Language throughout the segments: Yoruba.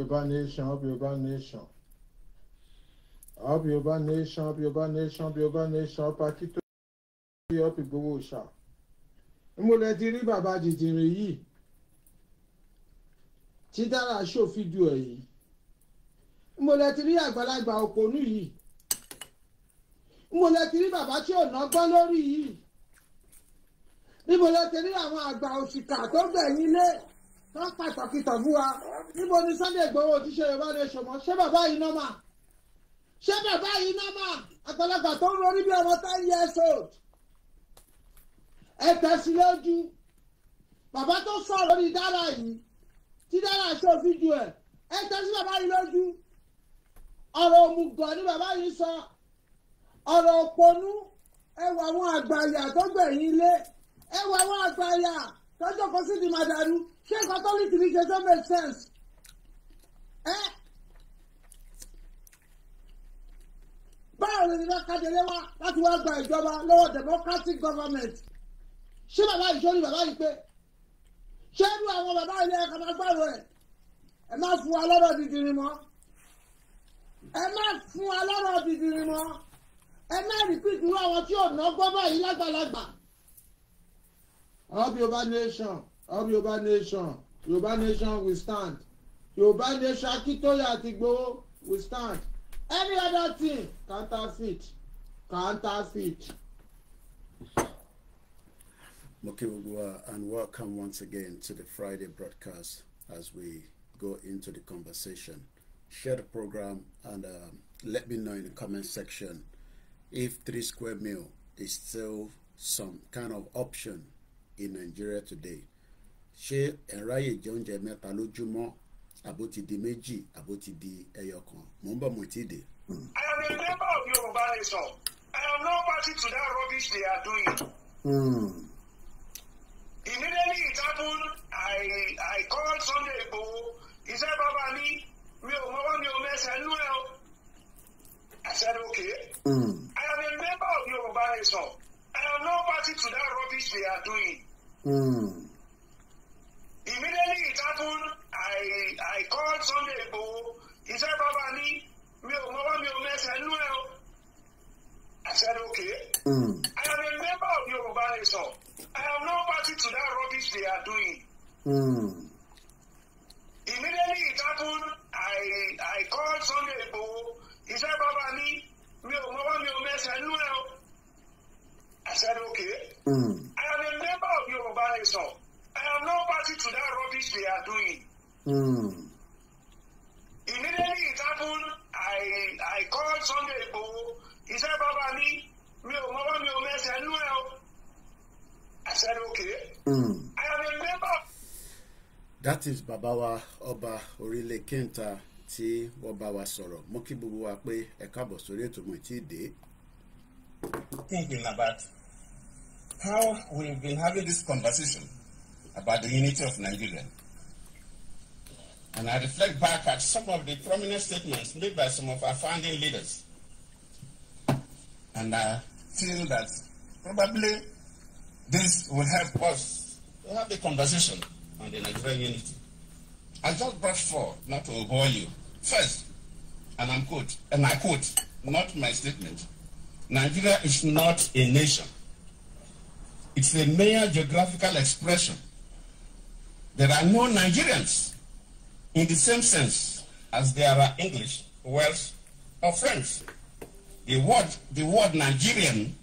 Yoruba nation, up Yoruba nation. Up Yoruba nation, up Yoruba nation, up Yoruba nation, up Akitoye, up Igboho Òòṣà. Mo lẹ ti rí bàbá jìjìnrìn yìí. Tí dára ṣòfin ju ẹ̀ yìí. Mo lẹ ti rí àgbàlagbà òpònú yìí. Mo lẹ ti rí bàbá tí ò ná gbọ́ lórí yìí. Níbo lẹ ti rí àwọn àgbà òṣìkà tó gbẹ̀yìn lé? tó pàtàkì tàbú wa níbo ni Sunday Igboho òjíṣẹ́ Yorùbá lè ṣọmọ ṣé bàbá yìí nọ́mà ṣé bàbá yìí nọ́mà àgbàlagbà tó ń rorí bí ọmọ ten years old ẹ tẹ̀sí lójú bàbá tó sọ lórí dára yìí tí dára ṣó fídíò ẹ ẹ tẹ̀sí bàbá yìí lójú ọ̀rọ̀ òmùgọ̀ ni bàbá yìí sọ ọ̀rọ̀ òponú ẹ wà àwọn àgbàyà tó gbẹ̀yìn ilé ẹ wà àwọn àgbàyà tọ́jọ́ kan sí ti máa dàrú ṣé catholic mi ṣe tó make sense. báwo ni bá kájọlé wá láti wá gba ìjọba lọ́wọ́ democratic government ṣé bàbá ìjọ ni bàbá yìí pé ṣé irú àwọn bàbá ilé ẹ̀ka máa gbàrú ẹ̀ ẹ má fún wa lọ́rọ̀ dìdìrín mọ́ ẹ má fún wa lọ́rọ̀ dìdìrín mọ́ ẹ má rìpíìtì irú àwọn tí ò ná gbọ́ báyìí lágbàlagbà up Yoruba nation up Yoruba nation Yoruba nation we stand Yoruba nation Akintoye àti Igboho we stand any other thing counterfeit counterfeit. Mokiwugwa and welcome once again to the Friday broadcast as we go into the conversation. Share the program and um, let me know in the comment section if three square meal is still some kind of option in Nigeria today ṣé ẹ̀ ráyè jẹ oúnjẹ mẹ́ta lójúmọ́ àbó ti di méjì àbó ti di ẹyọ mò ń bọ̀ mo ti dé. Hmm. I am a member of Yorùbá Nation. I am no party to that rubbish they are doing. Hmm. Immediately it happened, I I called Sunday Igboho. He said, Baba mi, mi ò mọ́wọ́ mi ò mẹ́sẹ̀ nú ẹ o. I said, okay. Hmm. I am a member of Yorùbá Nation. I am no party to that rubbish they are doing. Mm. Immediately it happened, I I called Sunday Igboho. He said, Baba ni mi ò mọ́wọ́ mi o mẹ́sẹ̀ nú ẹ o. I said, okay. Mm. I am a member of Yoruba Nation. I am no party to that rubbish they are doing. Mm. Immediately it happened, I I called Sunday Igboho. He said, Baba ni mi ò mọ́wọ́ mi o mẹ́sẹ̀ nú ẹ o. I said, okay. Mm. I am a member of Yoruba Nation. I am not party to that rubbish they are doing. Mm. Immediately it happened, I, I called Sunday Igboho. He said, Baba me mi ò mọ́wọ́ mi ò mẹ́sẹ̀ ẹnu ẹ̀ o. I said, okay. Mm. I am a member. That is Babawa Oba Orílẹ̀ Kenta tí wọ́n bá wa sọ̀rọ̀ mo kí gbogbo wa pé ẹ káàbọ̀ sórí ètò mo ti dé. Thank you, Nabat. how we've been having this conversation about the unity of Nigeria. And I reflect back at some of the prominent statements made by some of our founding leaders. And I feel that probably this will help us to have the conversation on the Nigerian unity. I just brought four, not to bore you. First, and I'm quote, and I quote, not my statement, Nigeria is not a nation. It's a mere geographical expression. There are no Nigerians in the same sense as there are English, Welsh, or French. The word, the word Nigerian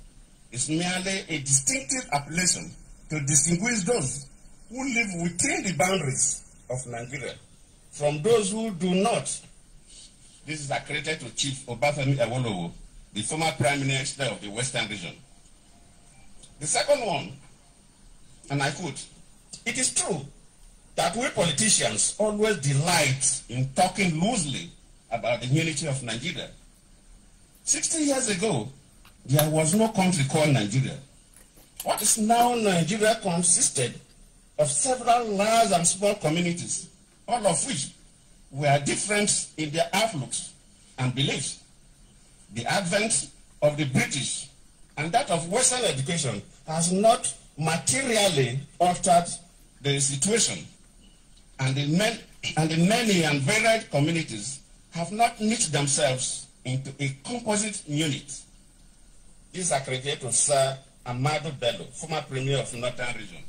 is merely a distinctive appellation to distinguish those who live within the boundaries of Nigeria from those who do not. This is accredited to Chief Obafemi Awolowo, the former Prime Minister of the Western Region. The second one, and I quote, it is true that we politicians always delight in talking loosely about the unity of Nigeria. 60 years ago, there was no country called Nigeria. What is now Nigeria consisted of several large and small communities, all of which were different in their outlooks and beliefs. The advent of the British and that of Western education has not materially altered the situation, and the, men, and the many and varied communities have not knit themselves into a composite unit. This accredited to Sir Amadu Bello, former Premier of Northern Region.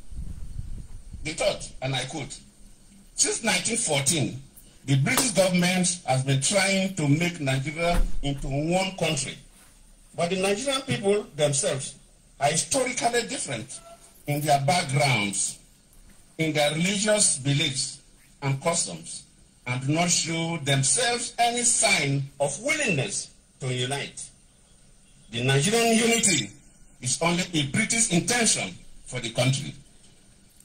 The third, and I quote, since 1914, the British government has been trying to make Nigeria into one country But the Nigerian people themselves are historically different in their backgrounds, in their religious beliefs and customs, and do not show themselves any sign of willingness to unite. The Nigerian unity is only a British intention for the country.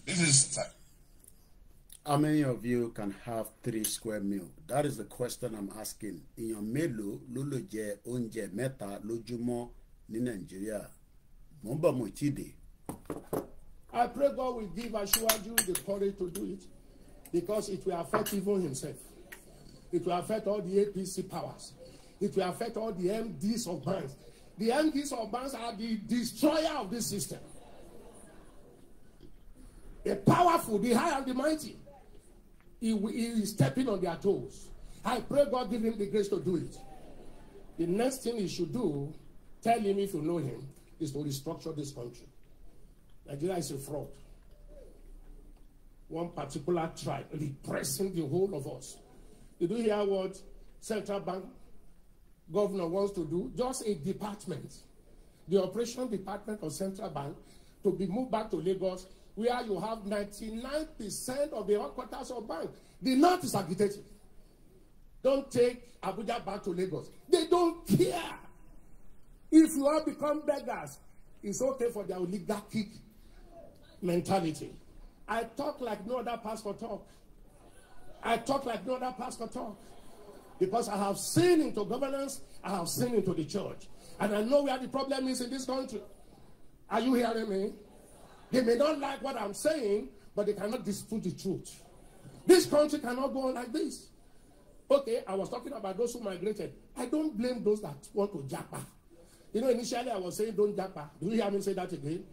This is How many of you can have three square meal? That is the question I'm asking. Èèyàn mélòó ló lè jẹ oúnjẹ mẹ́ta lójúmọ́ ní Nàìjíríà? Mo ń bọ̀ mo ti dé. I pray God will give Asiwaju the courage to do it because it will affect even himself. It will affect all the APC powers. It will affect all the MDs of banks. The MDs of banks are the destroyer of this system. The powerful, the high and the mighty. he, he is stepping on their toes. I pray God give him the grace to do it. The next thing he should do, tell him if you know him, is to restructure this country. Nigeria is a fraud. One particular tribe repressing the whole of us. Did you hear what central bank governor wants to do? Just a department, the operation department of central bank, to be moved back to Lagos where you have 99% of the headquarters of bank. The north is agitated. Don't take Abuja back to Lagos. They don't care. If you all become beggars, it's okay for their oligarchic mentality. I talk like no other pastor talk. I talk like no other pastor talk. Because I have seen into governance, I have seen into the church. And I know where the problem is in this country. Are you hearing me? They may not like what I'm saying, but they cannot dispute the truth. This country cannot go on like this. Okay, I was talking about those who migrated. I don't blame those that want to japa. You know, initially I was saying don't japa. Do you hear me say that again?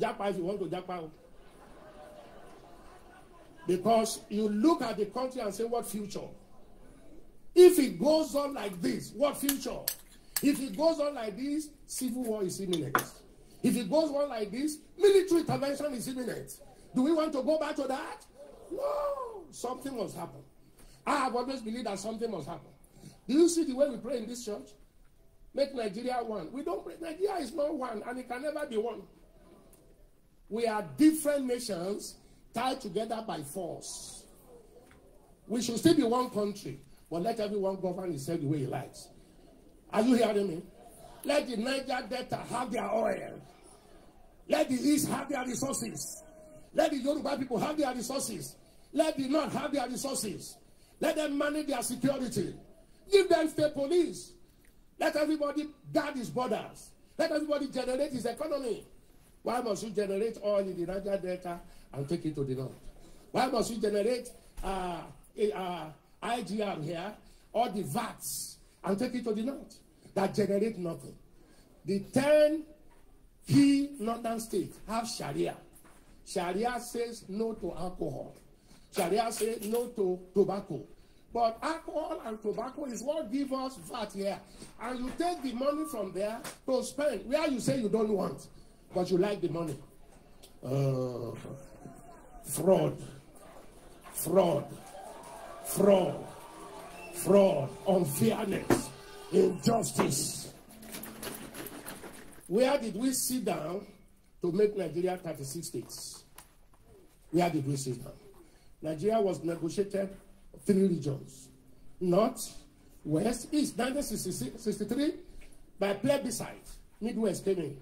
Japa if you want to japa. Oh. Because you look at the country and say, what future? If it goes on like this, what future? If it goes on like this, civil war is imminent. If it goes on like this, military intervention is imminent. Do we want to go back to that? No. Something must happen. I have always believed that something must happen. Do you see the way we pray in this church? Make Nigeria one. We don't pray. Nigeria is not one, and it can never be one. We are different nations tied together by force. We should still be one country, but let everyone govern himself the way he likes. Are you hearing me? Let the Niger Delta have their oil. Let the East have their resources. Let the Yoruba people have their resources. Let the North have their resources. Let them manage their security. Give them state police. Let everybody guard his borders. Let everybody generate his economy. Why must you generate oil in the Niger Delta and take it to the North? Why must you generate uh, uh, IGR here, all the VATs, and take it to the North that generate nothing? The 10 key northern states have sharia sharia says no to alcohol sharia says no to tobacco but alcohol and tobacco is what give us vat here and you take the money from there to spend where you say you don't want but you like the money uh, fraud fraud fraud fraud unfairness injustice Where did we sit down to make Nigeria 36 states? Where did we sit down? Nigeria was negotiated three regions, North, West, East, 1963, by plebiscite, Midwest came in.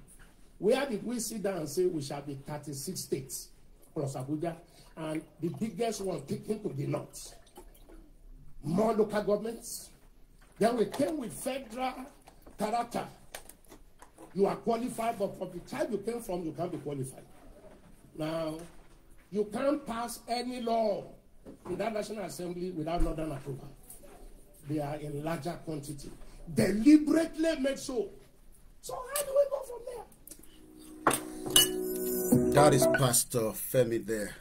Where did we sit down and say we shall be 36 states plus Abuja, and the biggest one taken to the North? More local governments. Then we came with federal character you are qualified, but from the tribe you came from, you can't be qualified. Now, you can't pass any law in that National Assembly without Northern approval. They are in larger quantity. Deliberately made so. So how do we go from there? That is Pastor Femi there.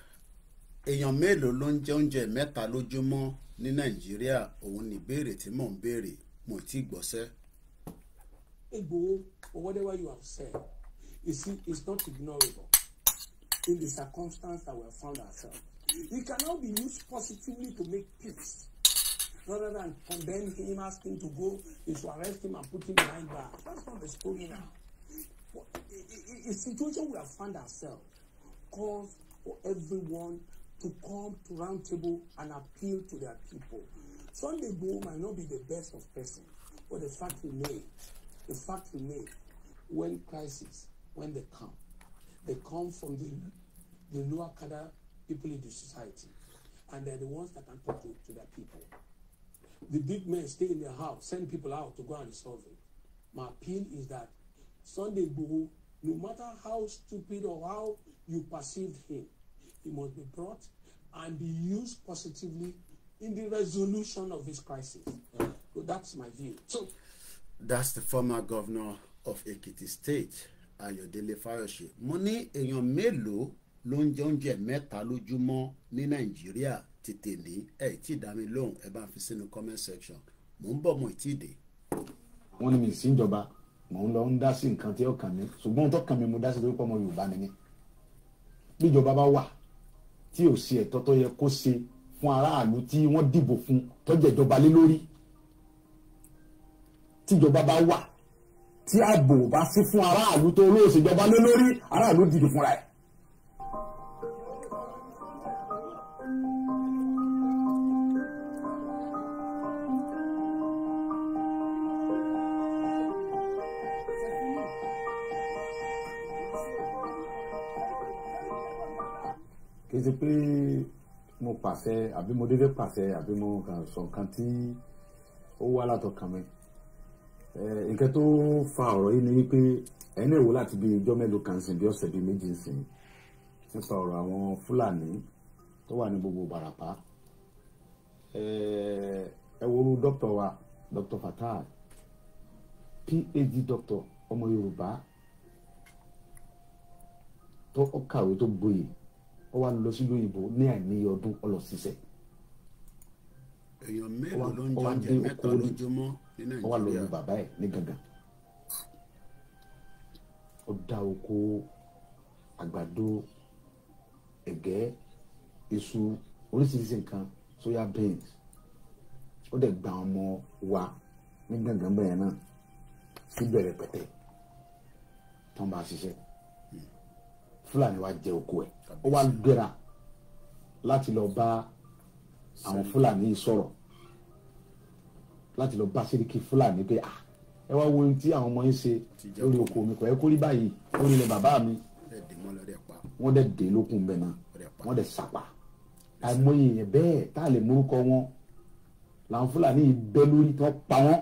Èèyàn mélòó ló ń jẹ oúnjẹ mẹ́ta lójúmọ́ ní Nàìjíríà? Òun ni ìbéèrè tí mò ń béèrè, mo ti gbọ́sẹ́. Igbo, or whatever you have said, you see, it's not ignorable in the circumstance that we have found ourselves. It cannot be used positively to make peace rather than condemn him, asking to go, is to arrest him and put him behind bars. That's not the story now. the situation we have found ourselves calls for everyone to come to round table and appeal to their people. Sunday Igboho might not be the best of person, but the fact remains The fact remains when crises, when they come, they come from the, the lower cadre people in the society, and they're the ones that can talk to, to their people. The big men stay in their house, send people out to go and resolve it. My appeal is that Sunday Buhu, no matter how stupid or how you perceived him, he must be brought and be used positively in the resolution of this crisis. So that's my view. So that's the former governor of Ekiti State Ayodele Fayose. mo ní èèyàn mélòó ló ń jẹ oúnjẹ mẹ́ta lójúmọ́ ní Nàìjíríà ti tèmi ẹ̀ tí ì dá mi lóhùn ẹ bá fi sínú comment section mò ń bọ̀ mọ́ ìtì dé. wọ́n ní mi síjọba mò ń lọ ń dá sí nǹkan tí ó kàn mí ṣùgbọ́n tó kàn mí mo dá sí torí pé ọmọ Yorùbá ni mí bíjọba bá wà tí ò sí ẹ̀tọ́ tó yẹ kó ṣe fún aráàlú tí wọ́n dìbò fún tó ìjọba lé lórí tíjọba bá wà tí ààbò bá sí fún aráàlú tó olóòṣèjọba lé lórí aráàlú dìde fúnra ẹ̀. kì í ṣe pé mo pàṣẹ àbí mo dédé pàṣẹ àbí mo kàn sọ nǹkan tí ó wá látọkàn mi. Eh, nǹkan tó fa ọ̀rọ̀ yìí ni wípé ẹni èwo láti bí ijọ́ mélòó kan sìn bí ọ̀sẹ̀ bíi méjì sìn nípa ọ̀rọ̀ àwọn Fúlàní tó wà ní gbogbo Ìbàràpá eh, ẹ wo dókítà wa dókítà Fatai PhD dókítà ọmọ Yorùbá tó kàwé tó gboyè ó wà lọ sílùú òyìnbó ní àìníye ọdún ọlọ́sísẹ́. èèyàn mélòó ló ń jẹ mẹ́ta lójúmọ́ ó wà lórí bàbá ẹ̀ ní gangan ó dá oko àgbàdo ẹ̀gẹ́ iṣu oríṣiríṣi nǹkan soya beans ó dẹ̀ gba ọmọ wa ní gangan bẹ́ẹ̀ náà síbẹ̀ rẹpẹtẹ tó ń bá a ṣiṣẹ́ hmm. fúlàní wa jẹ oko ẹ̀ ó wá gbéra láti lọ bá àwọn fúlàní sọ̀rọ̀ láti lọ bá Sẹ́ríkì Fúlàní pé ah ẹ wá wo ohun tí àwọn ọmọ yín ṣe lórí oko mi kò ẹ kó rí báyìí lórí ilẹ̀ bàbá mi wọ́n dẹ̀ dé lókun bẹ́ẹ̀ náà wọ́n dẹ̀ sàpà àìmọye yẹn bẹ́ẹ̀ tá a lè mórúkọ wọn làwọn Fúlàní yìí bẹ́ lórí tí wọ́n pa wọ́n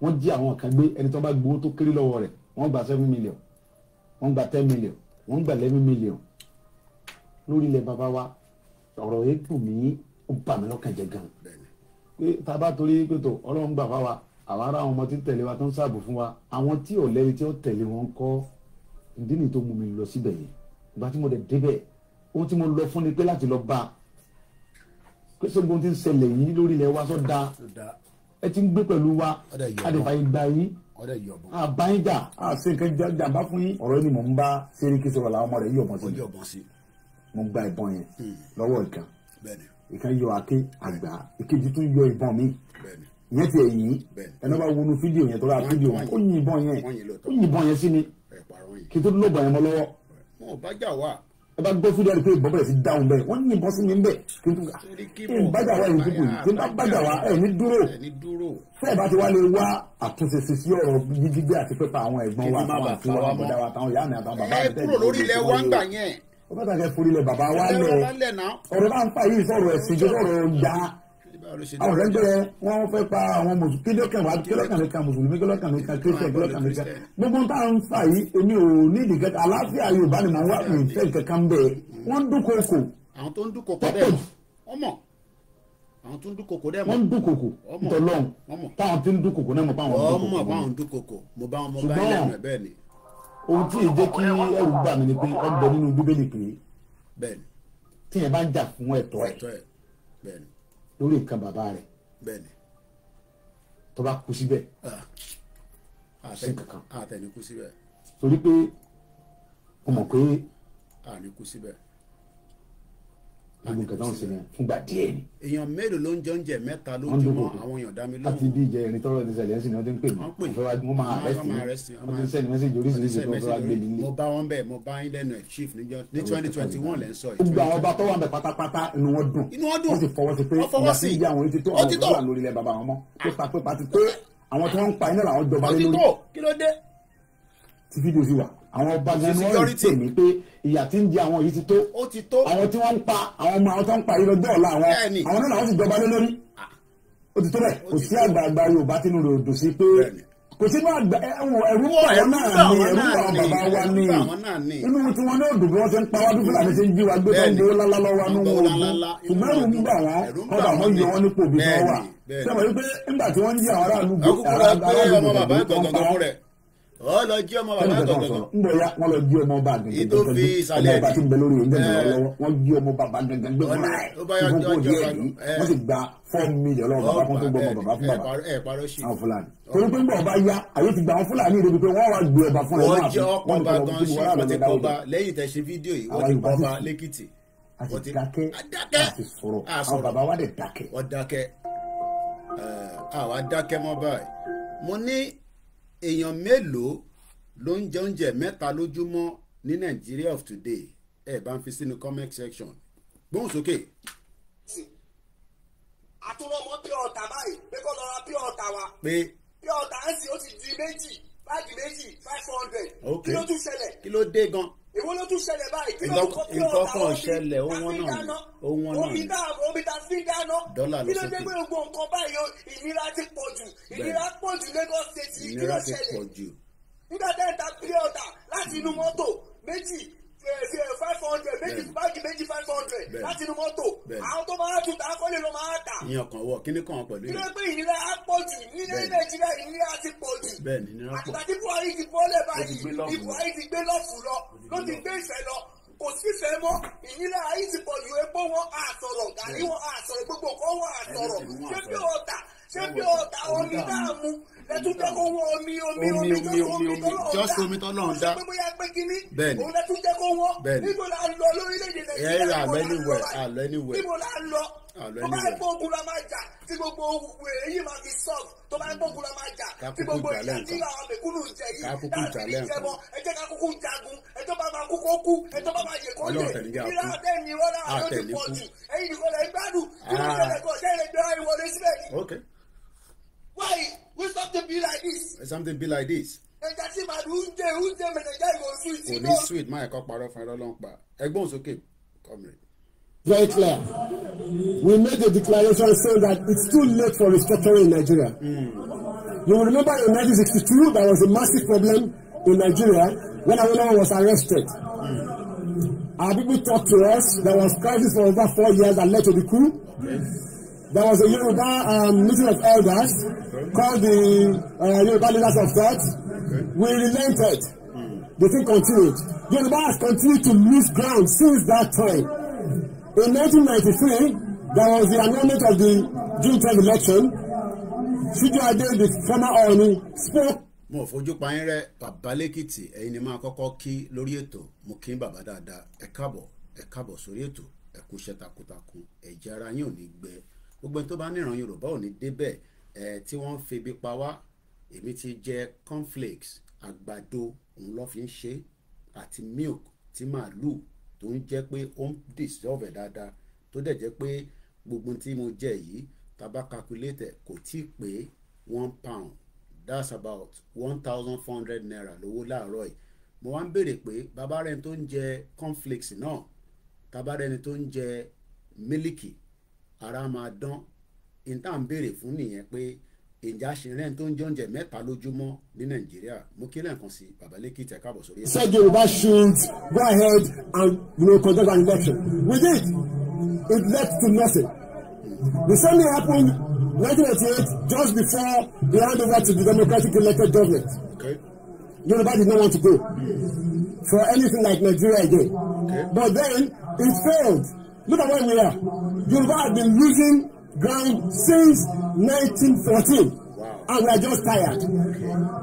wọ́n jí àwọn kan gbé ẹni tí wọ́n bá gbowó tó kéré lọ́wọ́ rẹ̀ wọ́n gba seven million wọ́n gba ten million wọ́n gba eleven million lórí ilẹ̀ bàbá wa ọ̀rọ̀ ètò mi ó bà mí lọ́kàn jẹ́ gan-an pé tá a bá torí pé tó ọlọ́run gbà fáwa àwọn ará àwọn ọmọ tí ń tẹ̀lé wa tó ń ṣààbò fún wa àwọn tí ò lẹ́ni tí ó tẹ̀lé wọn kọ́ ìdí nìyí tó mú mi lọ síbẹ̀ yìí ìgbà tí mo dẹ̀ débẹ̀ ohun tí mo lọ fún ni pé láti lọ bá a pé sógun ti ń ṣẹlẹ̀ yìí lórí ilẹ̀ wa sọ da ẹ ti ń gbé pẹ̀lú wa adìfàyè gba yín àbáyín jà àṣẹ nǹkan jàmbá fún yín ọ̀rọ̀ ni mò ń bá Seriki sọ̀rọ̀ làwọn ọmọ rẹ̀ yọ̀bọ̀n sí mo gba ìbọn yẹn hmm. lọ́wọ́ ìkan ìkan yọ àké àgbà ìkejì tún yọ ìbọn mi ìyẹn ti ẹ̀yìn ẹni bá wọnú fídíò yẹn tó rà fídíò wọn ó yin ìbọn yẹn ó yin ìbọn yẹn sí mi kí tó lóògbà yẹn mọ́ lọ́wọ́. wọn ò bá jà wá ẹ bá gbọ́ fúdà pé ìbọn bẹ̀rẹ̀ sí dáhùn bẹ́ẹ̀ wọ́n ní ìbọn sí mi ń bẹ̀ kí n tún ká ẹ ń bájà wá ìlú kùn kí n bá bájà wá ẹ ní dúró fẹ́ẹ̀ bá ti wá lè wá àtúnṣe sí sí ọ̀rọ̀ gbígbé àti pẹ́pà àwọn ẹ̀gbọ́n wa àtàwọn àti àbọ̀dá wa àtàwọn ìyá mi àtàwọn bàbá mi. ẹ kúrò lórí ilẹ̀ wa ń gbà yẹn ọba tà kẹ́ forí lẹ̀ bàbá wa lẹ̀ ọ̀rọ̀ bá ń pa yìí sọ̀rọ̀ ẹ̀sìn tó sọ̀rọ̀ gbà àwọn ọ̀rẹ́ gbẹ̀rẹ̀ wọ́n pa àwọn mùsùlùmí kí lọ́kàn wá kí lọ́kàn lè ka mùsùlùmí kí lọ́kàn lè ka kírísítẹ̀ kí lọ́kàn lè ka gbogbo tá ń fà yìí èmi ò ní ìdìgẹ́ àlàáfíà Yorùbá ni màá wà ní ìfẹ́ kankan bẹ́ẹ̀ wọ́n dúnkokò. ọmọ àwọn tó ń dúnkokò dẹ́ mọ́. ń dúnkokò tọ́lọ́n táwọn tó ń dúnkokò náà mọ̀ báwọn dúnkokò. ọmọ báwọn dúnkokò mo bá wọn mọ báyìí lẹ́nu ẹ̀ bẹ́ẹ̀ ni ohun tí èdè kí ẹrù gbà mí ni pé ó ń bẹ nínú bíbélì pé tí yẹn bá ń jà fún ẹ̀tọ́ ẹ̀ lórí nǹkan bàbá rẹ̀ tó bá kú síbẹ̀ sí kankan torí pé mo pé gbogbo nǹkan táwọn díẹ̀ ni. èèyàn mélòó ló ń jẹ oúnjẹ mẹ́ta lójúmọ́ àwọn èèyàn dá lóhùn. láti bí ìjẹ ìrìn tọrọ ti ṣẹlẹ̀ ẹsìn ni wọ́n ti ń pè mí wọ́n fẹ́ wá wọ́n máa arrest mi wọ́n ti ń sẹ́ni mẹ́sẹ̀jì oríṣiríṣi tó fẹ́ wá gbé mi mo bá wọn bẹ mo bá yín lẹ́nu ẹ chief ní twenty twenty one lẹ́ ń sọ gbogbo àwọn ọba tó wà bẹ pátápátá inú wọn dùn wọn ti fọwọ́ sí pé ìgbà àwọn ètò àwọn tó àwọn àwọn ọba gan ni wọ́n ń pè mí pé ìyà tí ń jẹ àwọn yìí ti tó àwọn tí wọ́n ń pa àwọn ọmọ àwọn tó ń pa yìí lọ́jọ́ ọ̀la àwọn àwọn náà làwọn ti jọba lé lórí ah. ó ti tó bẹ́ẹ̀ kò sí àgbààgbà Yorùbá tínú rẹ̀ òdò sí pé kò sínú àgbà ẹwọ ẹrú àwọn náà ni ẹrú àwọn bàbá wa ni inú tí wọn náà dùn bí wọn ti ń pa wá dúpẹ́ láti ṣe ń jí wa gbé tó ń gbowó lálálọ́ wa nínú wọn ògùn ṣùgbọ́n ẹrù ń bà wọ́n kọ́ bà wọ́n yọ wọ́n nípò òbí tó wà ṣé wọ́n yí pé nígbà tí wọ́n ń jí àwọn aráàlú gbé àwọn aráàlú gbé tó ń pa wọ́n ọ lọ jí ọmọ bàbá gangan. n bọ̀ ya wọn lọ jí ọmọ bàbá gangan. ètò fi ìsàlẹ̀ mi ọmọ bàbá tí ń bẹ lórí ìgbẹ́ ìgbẹ́ lọ́wọ́ wọn jí ọmọ bàbá gangan gbé wọn láì fún kó díẹ̀ yìí wọ́n sì gba four million lọ́wọ́ bàbá kan tó gbọ́ ọmọ bàbá fún bàbá àwọn fúlàní. torí pé ń bọ̀ ọba ya àyè ti gba àwọn fúlàní ìdòbí pé wọ́n wá gbé ọba fún ẹ̀ wọ́n jẹ́ ọkọ̀ bá gan ṣe wọ́n ti kọ́ bá lẹ́yìn tẹ̀ ṣe fídíò yìí wọ́n ti kọ́ bá lẹ́kìtì àti dákẹ́ àti sọ̀rọ̀ àwọn bàbá wa dẹ̀ dákẹ́. wọ́n dákẹ́ àwa dákẹ́ mọ́ báyìí mo ní èèyàn mélòó ló ń jẹ oúnjẹ mẹ́ta lójúmọ́ ní Nigeria of today ẹ bá ń fi sínú comment section gbóhùn sókè. àtúrọ̀ mọ́ pure water báyìí pé kó lọ ra pure water wa. pé pure water ẹ̀ sì ó ti di méjì báàgì méjì five hundred. ok kí ló tún ṣẹlẹ̀. kí ló dé gan-an ìwọ ló tún ṣẹlẹ̀ báyìí kí ló tún kọ́ kí ló tún náà omi tá omi tá fi dáná dọ́là ló sókè kí ló dé pé báyìí ìnira ti pọ̀ jù ìnira pọ̀ jù Lagos State kí ló ṣẹlẹ̀ nígbà tẹ́ ẹ̀ ta pílíọ̀tà láti inú mọ́tò méjì five hundred méjì báàgì méjì five hundred láti inú mọ́tò àwọn tó máa tún ta kọ́lé ló máa tà. ìyàn kan wọ kíní kan pẹ̀lú. kílẹ̀ pé ìnira á pọ̀ jù nílẹ̀ nàìjíríà ìnira ti pọ̀ jù. bẹ́ẹ̀ni ìnira pọ̀ àgbàdì buhari ti bọ́lẹ̀ báyìí buhari ti gbé lọ́fù lọ ló ti gbé ìfẹ́ lọ kò sífẹ̀ẹ́ mọ́ ìnira ayé ti pọ̀ jù epo wọn àtọ̀rọ̀ gàrí wọn àtọ̀rọ̀ gbogbo kan wọn àtọ̀rọ̀ ṣé bí ọ̀tà ṣé bí ọ̀tá omi náà mu lẹ́tún jẹ́ kó wọ omi omi omi omi tọ́nà ń dá bẹ́ẹ̀ni òun lẹ́tún jẹ́ lọ lórílẹ̀‐èdè nàìjíríà àlọ́ ẹniwẹ̀ àlọ́ ẹniwẹ̀ níbo la ká kúkú jagun ẹ tó bá kúkú kú ń lọ lẹ́kọ̀ọ́ sẹ́yìn lè gbé ìwọlé síbẹ̀ ni. Why will something be like this? Will something be like this? Ẹja tí màá dùn jẹ́ oúnjẹ mẹ̀tẹ̀já ìwọ̀ sweet. Kò ní sweet máa ẹ̀kọ́ parọ́ fún ẹ̀rọ ló ń pa. Ẹgbọ́n sókè comrade. Very clear. We made a declaration saying that it's too late for restructuring in Nigeria. Mm. You remember in 1962 there was a massive problem in Nigeria when Awolowo was arrested. Mm. Our people talked to us. There was crisis for over four years that led to the coup. Yes. There was a Yoruba um, meeting of elders called the uh, Yoruba Leaders of Thought. Okay. We relented. The thing continued. Yoruba has continued to lose ground since that time. In 1993, there was the annulment of the June 10 election. Ṣíjú Adé, the former Ọ̀ọ̀ni, spoke. Mo fojú pa yín rẹ́ bàbá lẹ́kìtì ẹ̀yin ni máa kọ́kọ́ kí lórí ètò mo kí ń bàbá dáadáa ẹ káàbọ̀ ẹ káàbọ̀ sórí ètò ẹ kú iṣẹ́ takuntakun ẹ̀jẹ̀ ara yín ò ní gbẹ gbogbo ẹni tó bá níran yorùbá ò ní débẹ̀ ẹ̀ tí wọ́n ń febi pa wá èmi ti jẹ cornflakes àgbàdo òun ló fi ń ṣe àti milk tí màálù tó ń jẹ́ pé ó ń dissolve dáadáa tó dẹ̀ jẹ́ pé gbogbo tí mo jẹ yìí taba calculator kò tí ì pé one pound that's about one thousand four hundred naira lówó láàárọ̀ yìí mo wá ń béèrè pé bàbá tó ń jẹ cornflakes náà taba rẹ̀ tó ń jẹ mílìkì ara máa dán n ń béèrè fún nìyẹn pé ìjà ṣẹlẹ̀ tó ń jọ́njẹ mẹ́ta lójúmọ́ ní nàìjíríà mú kílẹ̀ nǹkan sí babalékì tẹ̀ káàbọ̀ sórí. said Yorùbá should go ahead and you know, conduct an election we did it led to nothing the same thing happened 1988 just before the handover to the democratic elected government okay. Yorùbá did not want to go for anything like Nigeria again okay. but then it failed look at where we are. Yoruba have been losing ground since 1914. And we are just tired.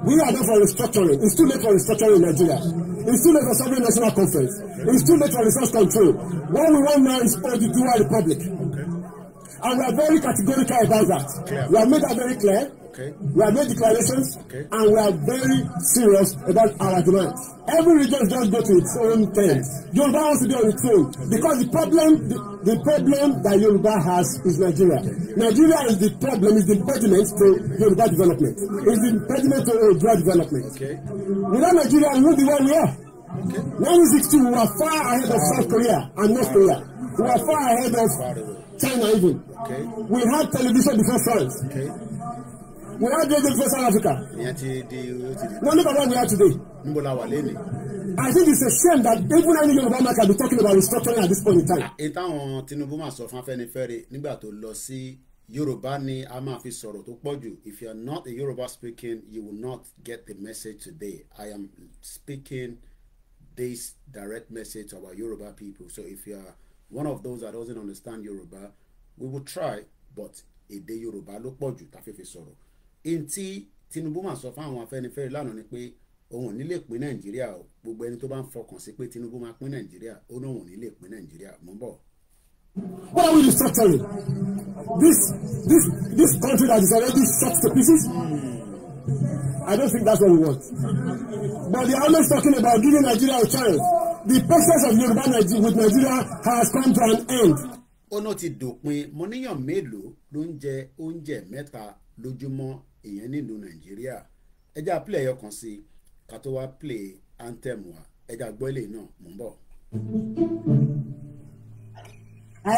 We are not for restructuring. It's too late for restructuring in Nigeria. It's too late for serving national conference. It's too late for resource control. What we want now is all the dual republic. And we are very categorical about that. We have made that very clear. Okay. We have made declarations okay. and we are very serious about our demand. Every region just go to its own terms. Yoruba wants to be on its own okay. because the problem the, the problem that Yoruba has is Nigeria. Nigeria is the problem is the impediment to Yoruba development. Okay. It's the impediment to Yoruba development. Okay. Without Nigeria, we won't be where we are. Okay. 1960, we were far ahead of South Korea and North Korea. We were far ahead of China even. Okay. We had television before France. Okay we are graduate from South Africa. ìyẹn wọ́n look at what we are today. níbo la wà lẹ́nu. I think it's a shame that even any Yoruba man can be talking about restructuring at this point in time. ìtàwọn Tinubu máa sọ fún Afẹ́nifẹ́re nígbà tó lọ sí Yorùbá ni a máa fi sọ̀rọ̀ tó pọ̀ jù if you are not a Yoruba speaking you will not get the message today I am speaking this direct message to our Yoruba people so if you are one of those that doesn't understand Yoruba we will try but èdè Yorùbá ló pọ̀ jù tá a fi fi sọ̀rọ̀ ihun Tinubu mà sọ fáwọn Afẹ́nifẹ́re lánàá ni pé òun ò ní lè pín Nàìjíríà o gbogbo ẹni tó bá ń fọkàn sí pé Tinubu máa pín Nàìjíríà ó náà òun ò ní lè pín Nàìjíríà mọ́ bọ̀. What are we restructuring? This this this country that is already shot to pieces? Hmm. I don't think that's what we want. But they are always talking about giving Nigeria a chance. The process of Yoruba Nigeria with Nigeria has come to an end. Ó náà ti dòpin mo níyàn mélòó ló ń jẹ oúnjẹ mẹ́ta lójúmọ́ ìyẹn nílùú nàìjíríà ẹja play ẹyọ kan sí ká tó wá play anthem wa ẹja gbọ́ ilé náà mò ń bọ̀. ẹ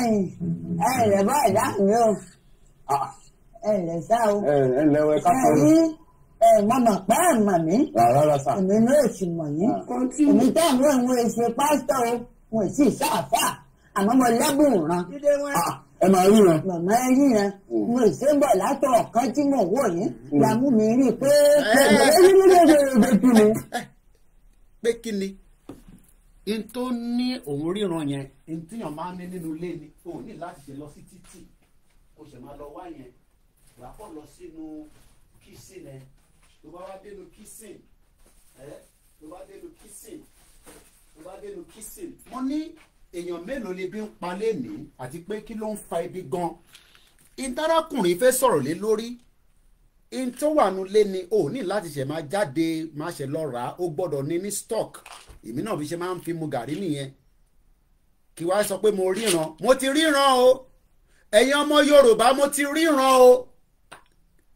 ẹ lè bá ìdáhùn mi o ah, ẹ lè sá o ẹ lè wẹ ká tó rí ẹ mọ̀mọ̀ pẹ́ ẹ mọ̀ mí èmi ló sì mọ̀ yín ah. èmi tẹ́ àwọn ìwé ṣe pásítọ̀ o wọn ò sì sáfà àmọ́ mo lẹ́bùn ràn ẹ máa ríran. màmá ẹ ríran mo ṣe ń bọ̀ látọ̀ kan tí mò ń wò yín làmú mi rí i pé pé kí ni n tó ní òun ríran yẹn n tíyàn máa ní nínú ilé ni òun ní láti ṣe lọ sí títì kò sì máa lọ wá yẹn wàá kọ́ lọ sínú kìsìn ẹ tó bá wá dénú kìsìn ẹ tó bá dénú kìsìn tó bá dénú kìsìn mo ní èèyàn mélòó lè bí ń pa lénìí àti pé kí ló ń fa ibi gan ìdárakùnrin fẹ́ sọ̀rọ̀ lé lórí in tó wà nù lé ni o ní láti ṣe máa jáde máa ṣe lọ rà á ó gbọ́dọ̀ ní ní stock èmi náà fi ṣe máa ń fi mu gàrí nìyẹn kí wàá sọ pé mo ríran mo ti ríran o ẹ̀yin ọmọ Yorùbá mo ti ríran o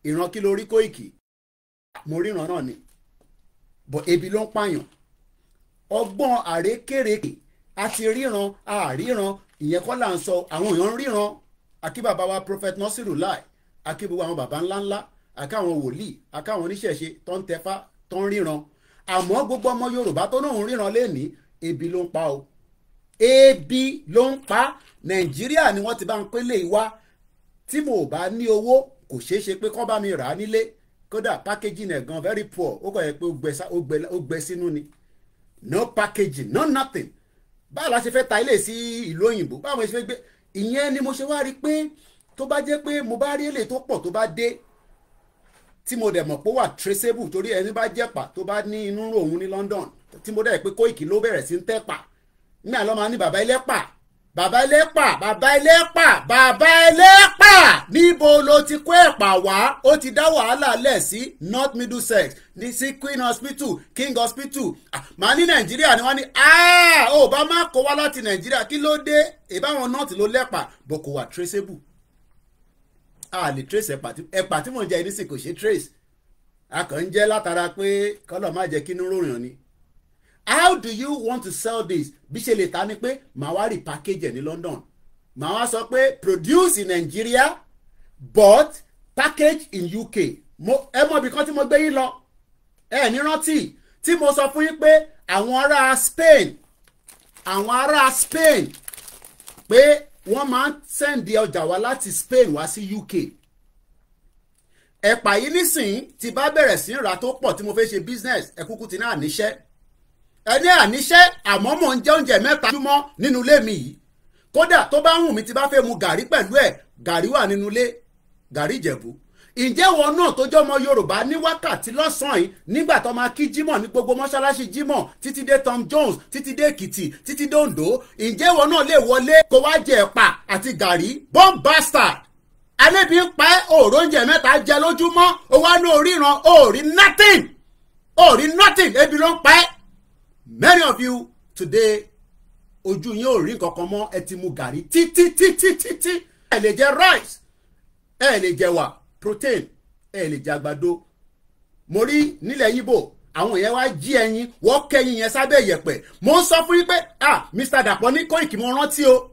ìran kí ló rí Kóìkì mo ríran náà ni bọ̀ ebi ló ń pààyàn ọgbọ́n àrékèrèké a ti ríran a ríran ìyẹn kọ́ là ń sọ àwọn èèyàn ríran àkí bàbá wa prophet nasiru lai àkí gbogbo àwọn bàbá ńláńlá àkí àwọn wòlíì àkí àwọn oníṣẹ̀ṣe tó ń tẹfá tó ń ríran àmọ́ gbogbo ọmọ yorùbá tó náà ń ríran lénìí ebi ló ń pa o ebi ló ń pa nàìjíríà ni wọ́n ti bá ń pélé ìwá tí mo bá ní owó kò ṣeé ṣe pé kán bá mi rà á nílé kódà packaging ẹ̀ gan very poor ó kọ̀ yẹ pé ó gbẹ sínú ni no packaging no nothing báwo la ṣe fẹ́ ta ilé sí ìlú òyìnbó báwo la ṣe fẹ́ gbé ìyẹn ni mo ṣe wá rí i pé tó bá jẹ́ pé mo bá rí èlé tó pọ̀ tó bá dé tí mo dẹ̀ mọ̀ pé wà traceable torí ẹni bá jẹ̀pà tó bá ní inú ròhun ní London tí mo dẹ̀ pé Kóìkì ló bẹ̀rẹ̀ sí ń tẹ̀pà ní àlọ́ máa ní bàbá ilé pà bàbá ẹlẹ́pà bàbá ẹlẹ́pà bàbá ẹlẹ́pà níbo ló ti kó ẹ̀pà wá ó ti dá wàhálà lẹ̀ sí north middlesex ní sí queen hospital king hospital màá ní nàìjíríà ni wọ́n ní ó bá má kó wá láti nàìjíríà kí ló dé ìbáwọn north ló lẹ́pà bó kò wà traceable a lè trace ẹ̀pà tí mò ń jẹ ní sì kò ṣe trace a kàn ń jẹ́ látara pé kọ́lọ̀ má jẹ́ kínú ròyìn ni how do you want to sell this bí ṣe lè ta ni pé màá wá repackage ẹ̀ ní London màá wá sọ pé produce in Nigeria but package in UK ẹ mọ̀ bí kan tí mo gbé yín lọ ẹ ní rántí tí mo sọ fún yín pé àwọn ará Spain àwọn ará Spain pé wọ́n máa ń sẹ́ǹdì ọjà wá láti Spain wá sí UK ẹ̀pà yìí nísìnyí ti bá bẹ̀rẹ̀ sí ra tó pọ̀ tí mo fẹ́ ṣe business ẹ̀kúkú ti náà níṣẹ́ ẹni àníṣe àmọ́ mò ń jẹ oúnjẹ mẹ́ta júmọ́ nínú ilé mi yìí kódà tó bá wù mí ti bá fẹ́ mu gàrí pẹ̀lú ẹ̀ gàrí wà nínú ilé gàrí ìjẹ̀bú ǹjẹ́ ìwọ náà tó jọmọ yorùbá ní wákàtí lọ́sàn-án yìí nígbà tó máa kí jímọ̀ ní gbogbo mọ́ṣáláṣí jímọ̀ títí dé Tom Jones títí dé èkìtì títí dé ondo ǹjẹ́ ìwọ náà lè wọlé kó wá jẹ ẹ̀pà àti gàrí bomb bastard alẹ́bí ń pa ẹ́ òòrò oúnjẹ mẹ́ta jẹ lójúmọ́ ó wá ní oríran ó rí nothing ó rí nothing ebi ló ń pa ẹ́ many of you today ojú yín ò rí nǹkan kan mọ́ ẹ ti mu gàrí títí títí títí ẹ lè jẹ rice ẹ lè jẹ wà protein ẹ lè jẹ àgbàdo mo rí nílẹ̀ yíbò àwọn yẹn wá jí ẹyin wọ́n kẹ́yìn yẹn sábẹ́ yẹ̀pẹ̀ mo ń sọ fún yín pé ah Mr Dàpọ̀ ní Kóìkì mo rántí o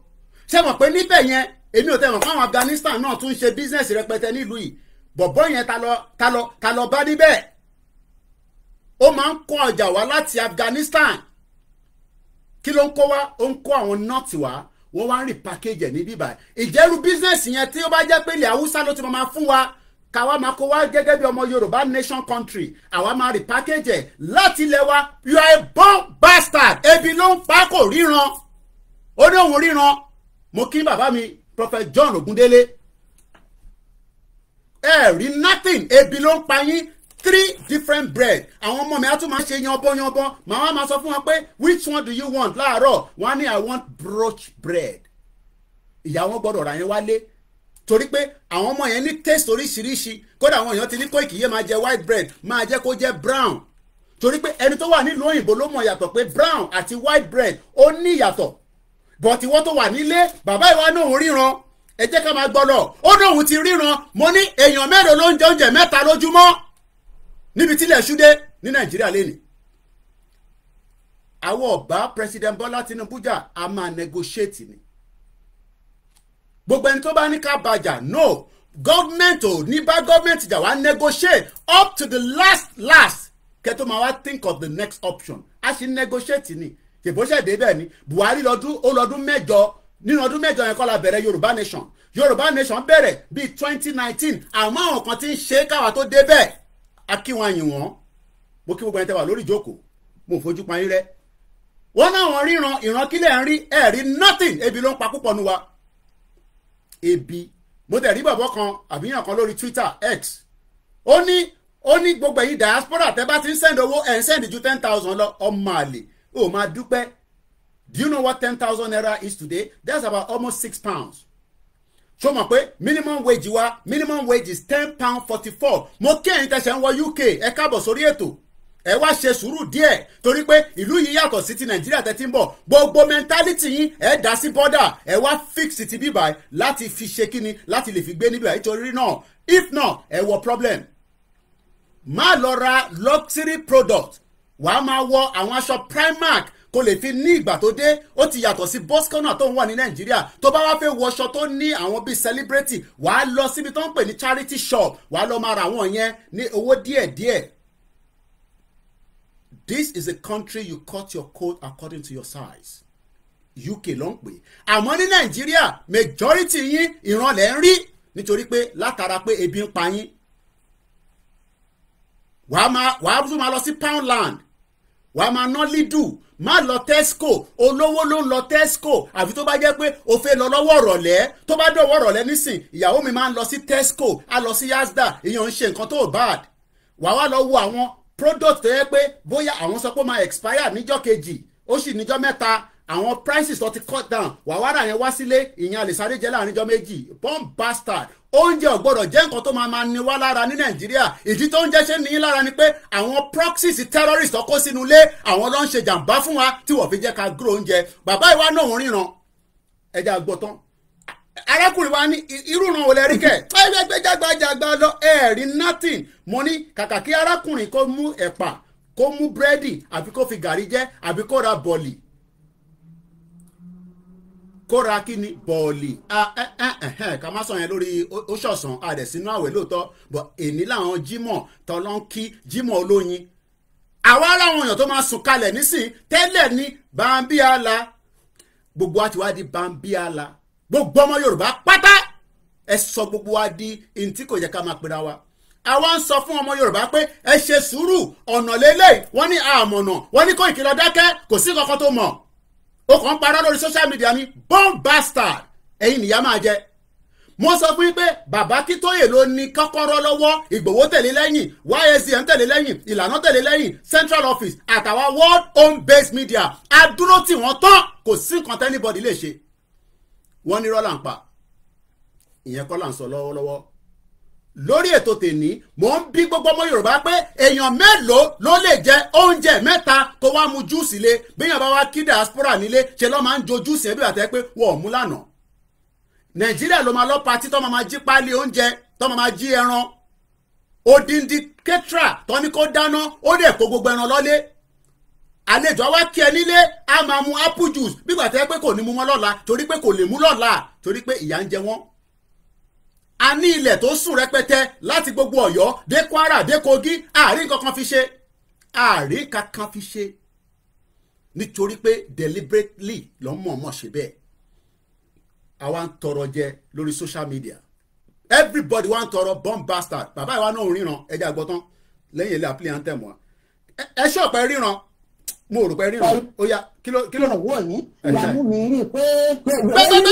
ṣé mọ̀ pé níbẹ̀ yẹn èmi ò tẹ̀ fáwọn Afghanistan náà tún ṣe business rẹpẹtẹ nílùú yìí bọ̀bọ́ yẹn ta lọ ta lọ ta lọ bá níbẹ̀ ó máa ń kó ọjà wá láti Afghanistan kí ló ń kó wá ó ń kó àwọn nọ́ọ̀tì wá wọ́n wá ń repackage ẹ̀ ní bíbá ìjẹ́rú bísínẹ́sì yẹn tí ó bá jẹ́ pé ilẹ̀ haúsá ló ti máa fún wa káwa máa kó wá gẹ́gẹ́ bí ọmọ yorùbá nation country àwa máa repackage ẹ̀ láti ilẹ̀ wa you are a born bastard ebi ló ń pa kò ríran ó ní òun ríran mo kí bàbá mi prophet john ogundele ẹ nothing ebi ló ń pa yín three different bread àwọn ọmọ mi á tún máa ṣe yanbọyanbọ màá wá máa sọ fún wọn pé which one do you want láàárọ̀ wọn á ní i want broch bread ìyá wọn gbọ́dọ̀ ra yẹn wálé torí pé àwọn ọmọ yẹn ní taste oríṣiríṣi kódà àwọn èèyàn ti ní Koiki yé máa jẹ white bread máa jẹ kó jẹ brown torí pé ẹni tó wà nílùú òyìnbó ló mọ̀ yàtọ̀ pé brown àti white bread ó ní ìyàtọ̀ but ìwọ tó wà nílé bàbá ìwà náà ò ríran ẹ jẹ́ ká máa gbọ́ lọ ó dóhun ti ríran mo ní èèyàn mẹ́rin ló ń jẹ oúnjẹ mẹ́ta lójúmọ́ níbi tílẹ̀ ṣúdé ní nàìjíríà lẹ́nu àwọn ọ̀bá president bọ́lá tinubu jà a máa negotiate ni gbogbo ẹni tó bá ní ká bàjà no government ò ní bá government jà wá negotiate up to the last last kẹtó máa wá think of the next option a sì negotiate ni ṣèbóṣẹ̀dé bẹ́ẹ̀ ni buhari lọ́dún ó lọ́dún mẹ́jọ nínú ọdún mẹ́jọ yẹn kọ́ la bẹ̀rẹ̀ yorùbá nation yorùbá nation bẹ̀rẹ̀ bíi twenty nineteen àmọ́ àwọn kan ti ń ṣe é káwa tó dé bẹ́ẹ̀ akínwá yìn wọ́n mo kí gbogbo ẹni tẹ́ wà lórí ìjókòó mo fojú pa yín rẹ́ wọ́n náwọn ríran ìran kílẹ̀ ń rí ẹ̀ rí nothing ebi ló ń pa púpọ̀ nu wa ebi mo tẹ̀ rí bàbá kan àbíyàn kan lórí Twitter X ó ní ó ní gbogbo ẹ̀yin diaspora tẹ́ bá ti ń send owó ẹ̀ ń send ju ten thousand lọ ọmọ àlè ó máa dúpẹ́ do you know what ten thousand naira is today that's about almost six pounds ṣó mọ̀ pé minimum wage wa minimum wage is ten pound forty four mo kí ẹ̀yin tẹ̀sẹ̀ ń wọ UK ẹ káàbọ̀ sórí ètò ẹ wá ṣe sùúrù díẹ̀ torí pé ìlú yìí yàtọ̀ sí ti nàìjíríà tẹ́tí ń bọ̀ gbogbo mẹ́ńtálítì yín ẹ dá sí bọ́dà ẹ wá fix ti bíbà láti fi ṣe kíni láti lè fi gbé níbà nítorí náà if not ẹ wọ problem má lọ ra luxury product wàá máa wọ àwọn aṣọ Primark tó lè fi ní ìgbà tó dé ó ti yàtọ̀ sí bọ́sikọ́nà tó ń wà ní nàìjíríà tó bá wá fẹ́ wọṣọ tó ní àwọn bíi celebrity wàá lọ síbi tó ń pè ní charity shop wàá lọ máa ra àwọn yẹn ní owó díẹ̀díẹ̀. this is a country you cut your coat according to your size UK ló ń pè àmọ́ ní nàìjíríà majority yín ìrànlẹ̀ ń rí nítorí pé látara pé ebi ń pa yín wàá tún máa lọ sí poundland wàá máa ná lídùú má lọ tesco olówó ló ń lọ tesco àfi tó bá jẹ́ pé o fẹ́ lọ lọ́wọ́ ọ̀rọ̀lẹ́ tó bá dọ̀wọ́ ọ̀rọ̀lẹ́ nísìn ìyàwó mi máa ń lọ sí tesco á lọ sí yasda èèyàn ń ṣe nǹkan tó bad wà wá lọ wo àwọn product tó yẹ pé bóyá àwọn sọ pé ó máa expire níjọ́ kejì ó sì níjọ́ mẹ́ta àwọn prices tó ti cut down wàhálà yẹn wá sílé ìyẹn àlèsáré jẹ láàrin ọjọ́ méjì bomb bastard oúnjẹ ọ̀gbọ́dọ̀ jẹ́ nǹkan tó máa máa ní wá lára ní nàìjíríà ìdí tó ń jẹ́ ṣe ní lára ni pé àwọn proxies terrorists tó kó sínú ilé àwọn ló ń ṣe jàǹbá fún wa tí wọ́n fi jẹ́ ká grow oúnjẹ bàbá ìwà náà ń ríran ẹja gbọ́tán arákùnrin wa ní irú ràn olè rí kẹ gbẹgbẹjàgbàjàgbà lọ ẹẹrí nothing mo ní kàkà kí arákùnrin kó mú ẹ̀pà kó mú búrẹ́dì àbí kó fi gàrí jẹ àbí kó ra bọ̀lì kóra kí ni bọ̀ọ̀lì ká má sọ yẹn lórí oṣọ̀sán àdẹ̀ sínú àwẹ̀ lóòótọ́ bọ̀ èní làwọn jímọ̀ tọ́lọ́n kí jímọ̀ olóyin àwa aráwọn èèyàn tó máa sùn kalẹ̀ nísìn tẹ́lẹ̀ ní bambiala gbogbo wa ti wá di bambiala gbogbo ọmọ Yorùbá pátá ẹ sọ gbogbo wa di ntí kò yẹ ká máa pera wa àwa ń sọ fún ọmọ yorùbá pé ẹ ṣe sùúrù ọ̀nà lélẹ̀ wọ́n ní àmọ̀nà wọ́n ní kó ìkìlọ̀ dákẹ́ kò sí kankan tó mọ̀ ó kàn ń parọ́ lórí social media ni born bastard ẹ̀yin nìyá máa jẹ mo sọ fún yín pé bàbá kítóyè ló ní kọ́kọ́rọ́ lọ́wọ́ ìgbòho tẹ̀lé lẹ́yìn yscm tẹ̀lé lẹ́yìn ìlànà tẹ̀lé lẹ́yìn central office àtàwọn world home based media adúró tí wọ́n tán kò sí nǹkan tẹ́nibọ́dì lè ṣe wọ́n ní rọ́là ń pa ìyẹn kọ́ là ń sọ lọ́wọ́lọ́wọ́ lórí ètò tèní mò ń bí gbogbo ọmọ yorùbá pé èèyàn mélòó ló lè jẹ oúnjẹ mẹ́ta kó wá mu júùsì lé béèyàn bá wá kí diaspora nílé ṣe lọ́ máa ń jo júùsì ẹbí àtẹ pé wọ́n ò mú lánàá nàìjíríà ló máa lọ́ patí tó máa máa jí páálí oúnjẹ tó máa máa jí ẹran odindi kẹtìrà tó ní kó dáná ó dẹ̀ kó gbogbo ẹran lọ́lé àlejò àwa kí ẹ nílé a máa mu apple juice bí gbàtẹ́ pé kò ní mu wọn lọ́la torí pé kò lè mu lọ́la torí pé ìyà ń jẹ wọ́n a ní ilẹ̀ tó sùn rẹpẹtẹ láti gbogbo ọ̀yọ́ dé kwara dé kogi àárín kankan fi ṣe àárín kankan fi ṣe nítorí pé deliberately ló ń mọ̀ọ́mọ̀ ṣe bẹ́ẹ̀ àwa ń tọrọ jẹ lórí social media everybody wa ń tọrọ bomb bastard bàbá ìwà náà ríran ẹja àgbọ̀tán lẹ́yìn ilé àpilẹ̀ àǹtẹ̀mọ́ ẹ ṣọ́ọ̀pẹ́ ríran mo rò pé ríran ó yá kí ló kí ló. ìyàwó mi ìyàwó mi rí i pé. pẹ́kíní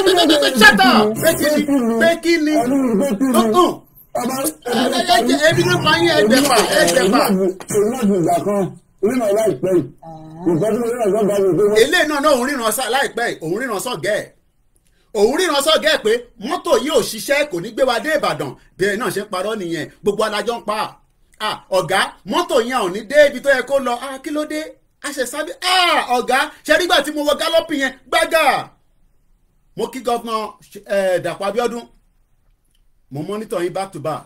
ṣẹ́tà pẹ́kíní pẹ́kíní ẹbí ló pa yín ẹgbẹ̀fà ẹgbẹ̀fà. ríran láìpẹ́ yìí ah. nǹkan tí mo ríran sọ́gà mi pé. eléyìí náà náà òun ríran sá láìpẹ́ yìí òun ríran sọ́gà ẹ̀ òun ríran sọ́gà ẹ̀ pé mọ́tò yìí ò ṣiṣẹ́ kò ní gbé wa dé Ìbàdàn bí ẹ náà ṣe ń parọ́ nìyẹn gbogbo alájọ ń pa ah, ọ̀gá mọ́tò yẹn ò ní dé ibi tó yẹ kó lọ ah, kí ló dé àṣẹ̀sáde ah, ọ̀gá ṣe nígbà tí mo wọ gálọ́pì yẹn gbága mo kí gọ́vnà Dàpọ̀ Abíọ́dún mo mọ́nítọ̀ yín back to back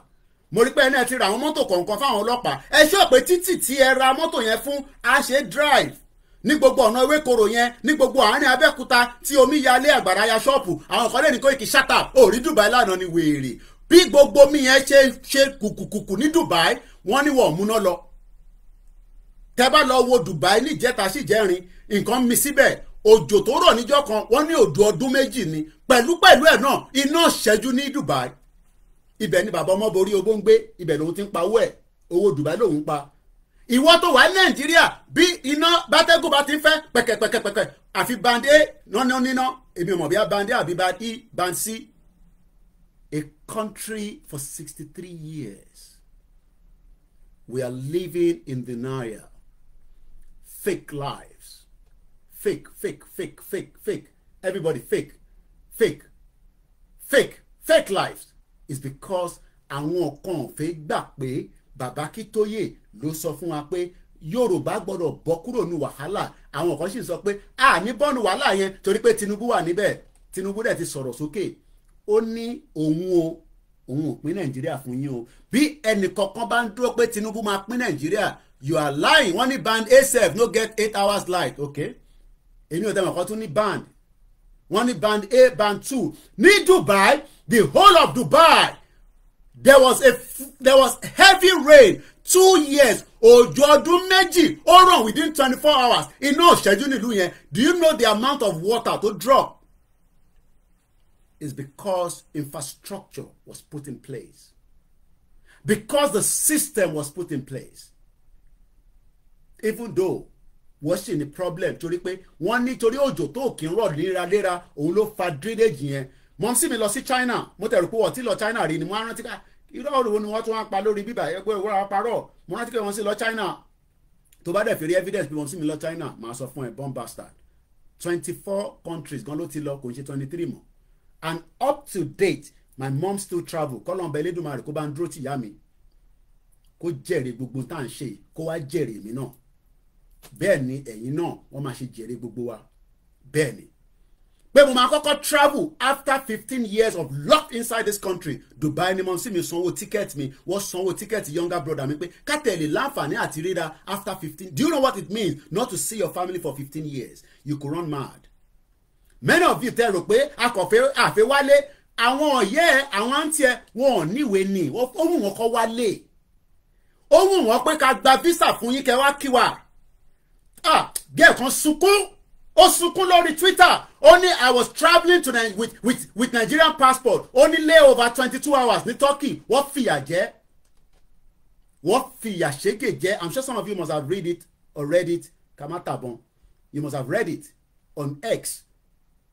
mo rí pé ẹ náà ti ra àwọn mọ́tò kọ̀ọ̀kan fáwọn ọlọ́pàá ẹ ṣe òpè títì tí ẹ ra mọ́tò yẹn fún àṣẹ drive ní gbogbo ọ̀nà ewékoro yẹn ní gbogbo àárín abẹ́òkúta tí omi yalé àgbàrá ya ṣọ́ọ̀pù àwọn kan lè ní kó ìkí ṣátà òrí Dubai lánàá ni wèrè bí gbogbo mi yẹn ṣe ṣe kùkùkùkù ní Dubai wọ́n ní wọ́n múná lọ tẹ́ bá lọ wo Dubai níjẹta sí jẹrin nǹkan mi síbẹ̀ òjò tó rọ̀ níjọ́ kan wọ́n ní òdò ọdún méjì ni pẹ̀lú pẹ̀lú ẹ̀ náà iná ṣẹ́jú ní Dubai ibẹ̀ ni bàbá ọmọborí owó ń gbé ibẹ̀ lòun ti ń pa owó ẹ̀ owó Dubai lòun pa ìwọ tó wà ní Nàìjíríà bí iná bátẹ́gùn bá ti ń fẹ́ pẹ̀kẹ̀pẹ̀kẹ̀pẹ̀kẹ̀ àfi band a nọ́nà èmi mọ̀ bí a band àbí band e band c a country for sixty three years we are living in denial fake lives. Fake, fake, fake, fake, fake. Everybody fake, fake, fake, fake lives. It's because àwọn kan fẹ́ gbà pé bàbá Kítóyè ló sọ fún wa pé Yorùbá gbọ́dọ̀ bọ́ kúrò ní wàhálà àwọn kan sì sọ pé a ní bọ́ọ̀nù wàhálà yẹn torí pé Tinubu wà níbẹ̀ Tinubu dẹ̀ ti sọ̀rọ̀ sókè ó ní òun o òun ò pín Nàìjíríà fún yín o bí ẹnì kọ̀ọ̀kan bá ń dúró pé Tinubu máa pín Nàìjíríà you are lying wọ́n ní band asef no get eight hours light okay èmi ò dẹ́mọ̀ kọ́ tún ní band wọ́n ní band a band two ní Dubai the whole of Dubai there was a there was heavy rain two years òjò ọdún méjì ó ràn within twenty four hours iná òṣèjú nílùú yẹn do you know the amount of water to drop is because infrastructure was put in place because the system was put in place even though wọ́n sì ní problem torí pé wọ́n nítorí òjò tó kì í rọ̀ léraléra òun ló fa drainage yẹn mọ́mísí mi lọ sí China mo tẹ̀rù pé wọ́n ti lọ China rí ni mo á rántí ká irọ́ òrùwò ni wọ́n tún wá pa lórí bíbà ẹgbẹ́ ìwé àwọn parọ́ mo rántí pé wọ́n sì lọ China tó bá dẹ̀ fi rí evidence pé wọ́n sì mi lọ China màá sọ fún ẹ bomb bastard twenty four countries gan ló ti lọ kò ń ṣe twenty three mọ́ and up to date my mom still travel kọ́lọ́n bẹ Elédùmarè kó bá ń dúró tìyá mi kó jèrè gbogbo tá à ń ṣe kó wá jèrè mi náà bẹ́ẹ̀ ni ẹ̀yin náà wọ́n máa ṣe jèrè gbogbo wa bẹ́ẹ̀ ni pé mo máa kọ́kọ́ travel after fifteen years of locked inside this country Dubai ni mo sì mi sanwó ticket mi wọ́n sanwó ticket younger brother mi pé kátẹ́lì láǹfààní àti ríra after fifteen do you know what it means not to see your family for fifteen years you could run mad many of you tẹ́ rò pé akọ̀fẹ́ àfẹ́wálé àwọn ọ̀yẹ́ àwọn àǹtí ẹ wọn ò níwèé ni ó mú wọn kọ́ wálé ó mú wọn pé ká gba visa fún yín kẹ́ wá ah bí ẹ̀kan sunkún ó sunkún lórí twitter ó ní i was travelling to with with with nigerian passport ó ní lay over twenty two hours ní turkey wọ́n fìyà jẹ wọ́n fìyà ṣégè jẹ i'm sure some of you must have read it or read it kamatabon you must have read it on x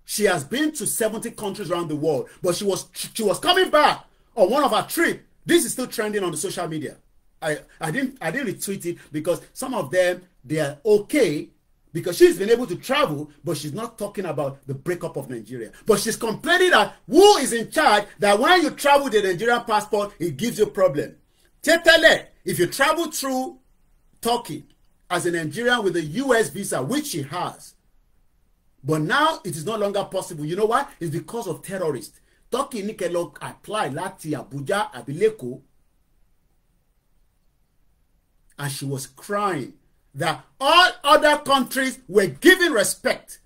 she has been to seventy countries around the world but she was she was coming back on one of her trip this is still trending on the social media I, I didn't I didn't retweet it because some of them they are okay because she's been able to travel, but she's not talking about the breakup of Nigeria. But she's complaining that who is in charge that when you travel the Nigerian passport, it gives you problem. Tetele, if you travel through Turkey as a Nigerian with a US visa, which she has, but now it is no longer possible. You know why? It's because of terrorists. Turkey ní kẹ́ apply lati Abuja abileko and she was crying that all other countries were giving respect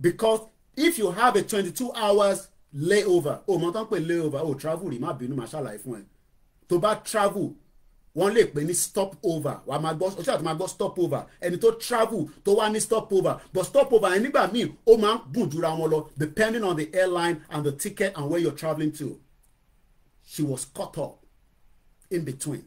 because if you have a twenty-two hours layover o mọ̀ tán pé layover o travel rí má bínú má ṣàlàyé fún ẹ tó bá travel wọ́n lè pè ní stop over wàá máa gbọ́ ọṣẹ́ àti máa gbọ́ stop ẹni tó travel to wá ní stop but stopover. over ẹni nígbà míì ó máa ń gùn jura wọn lọ depending on the airline and the ticket and where you're traveling to she was caught up in between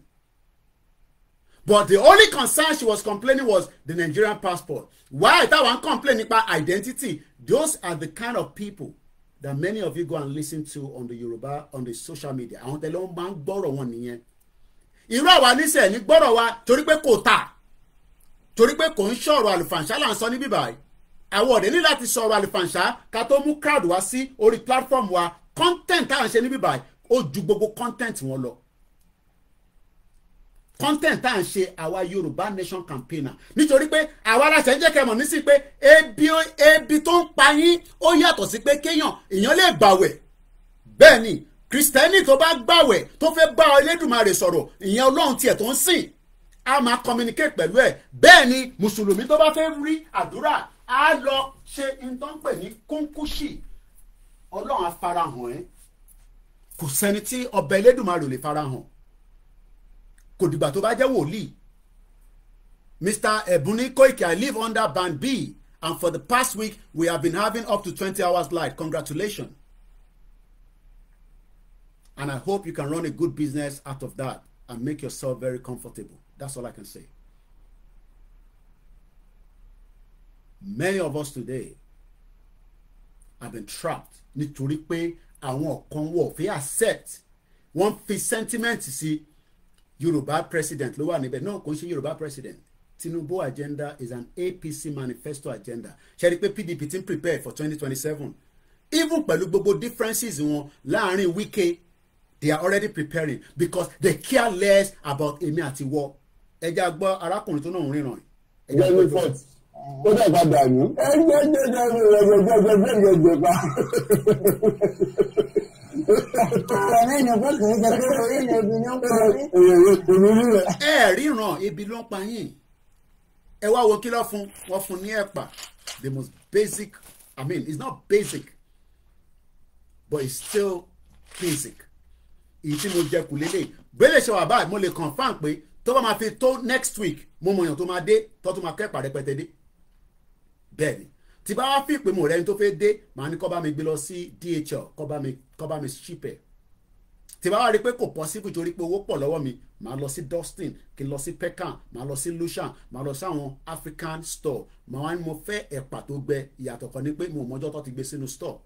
but the only concern she was complaining was the Nigerian passport why that one complain nípa identity those are the kind of people that many of you go and listen to on the Yoruba on the social media àwọn tẹ̀lé wọn máa ń gbọ́rọ̀ wọn nìyẹn irú àwa níṣẹ́ ní gbọ́rọ̀ wa torí pé kò tà torí pé kò ń ṣọ̀rọ̀ àlùfàǹṣá là ń sọ ní bíbáyìí àwọn ọ̀dẹ́ ní láti sọ̀rọ̀ àlùfàǹṣá ká tó mú crowd wá sí orí platform wa content tá à ń ṣe níbí báyìí ó ju gbogbo content wọn lọ content tá à ń ṣe àwa yorùbá nation campaigner nítorí pé àwa aláṣẹ ń jẹ́ kẹ́ mọ̀ ní sí pé ebi ebi tó ń pa yín ó yàtọ̀ sí pé kéèyàn èèyàn lè gbàwẹ̀ bẹ́ẹ̀ ni kristẹni tó bá gbàwẹ̀ tó fẹ́ bá Elédùmarè sọ̀rọ̀ ìyẹn ọlọ́run tiẹ̀ tó ń sìn a máa communicate pẹ̀lú ẹ̀ bẹ́ẹ̀ ni mùsùlùmí tó bá fẹ́ rí àdúrà á lọ ṣe ìtọ́npẹ̀ ní kúnkúṣì ọlọ́run á farahàn kò sẹ́ni tí ọba Elédùmarè ò lè farahàn kò dìgbà tó bá jẹ́ wòlíì Mr Ebuni Koiki I live under band B and for the past week we have been having up to twenty hours light congratulations and I hope you can run a good business out of that and make yourself very comfortable that's all I can say. Many of us today have been trapped nítorí pé àwọn kan wọ̀ fi accept wọ́n fi sentiment sí yorùbá president ló wà níbẹ̀ náà kò ń ṣe yorùbá president tinubu agenda is an apc manifesto agenda ṣe rí pé pdp ti ń prepare for twenty twenty seven even pẹ̀lú gbogbo differences wọn láàrin wike they are already preparing because they care less about èmi àti wọ ẹja gbọ́ arákùnrin tó náà ń ríran ẹja gbọ́ tó ó dàgbà dànù. ẹgbẹ́ gbẹgbẹgbẹgbẹgbẹgbẹgbẹ pa ẹ ríran ibi ló ń pa yín ẹ wá wo kí ló fún wọn fún ní ẹ̀pà the most basic i mean it's not basic but it's still basic èyí tí mo jẹ kù lélẹ̀ gbélé ṣe wà báyìí mo lè confam pé tó bá máa fi tó next week mo mọ̀yàn tó máa dé tó tó máa kẹ́pà rẹpẹtẹ dé bẹ́ẹ̀ ni tí bá wá fi ìpè mò rẹni tó fẹ́ dé màá ní kọ́ bá mi gbé lọ sí DHL kọ́ bá mi kọ́ mi ship ẹ̀ tí bá wá rí i pé kò possible torí pé owó pọ̀ lọ́wọ́ mi màá lọ sí Dustin kí n lọ sí Peckham màá lọ sí Lushan màá lọ sáwọn African store màá wá ní mo fẹ́ ẹ̀pà tó gbẹ ìyàtọ̀ kan ní pé mo mọ́jọ́ tó ti gbé sínú store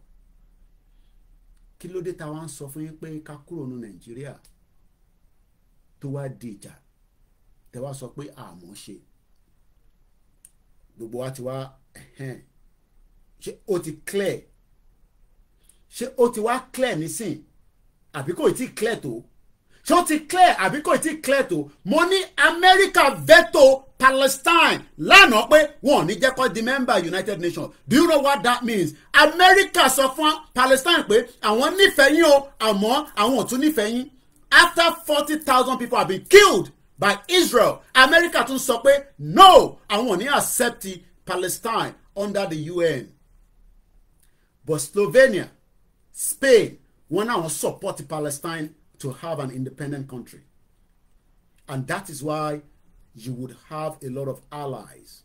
kí ló dé táwa ń sọ fún yín pé ká kúrò ní Nàìjíríà tó wá di ìjà tẹ wá sọ pé àmọ́ ṣe gbogbo wa ti wá ṣé ó ti clear ṣé ó ti wá clear nísìn àbí kò tí clear tó ṣé ó ti clear àbí kò tí clear tó mo ní America veto Palestine lánàá pé wọn ò ní jẹ́ kó di member United Nations do you know what that means America sọ fún Palestine pé àwọn nífẹ̀ẹ́ yín o àmọ́ àwọn ò tún nífẹ̀ẹ́ yín after forty thousand people have been killed by Israel America tún sọ pé no àwọn ò ní accept Palestine under the UN but Slovenia Spain wọn náà support Palestine to have an independent country and that is why you would have a lot of allies.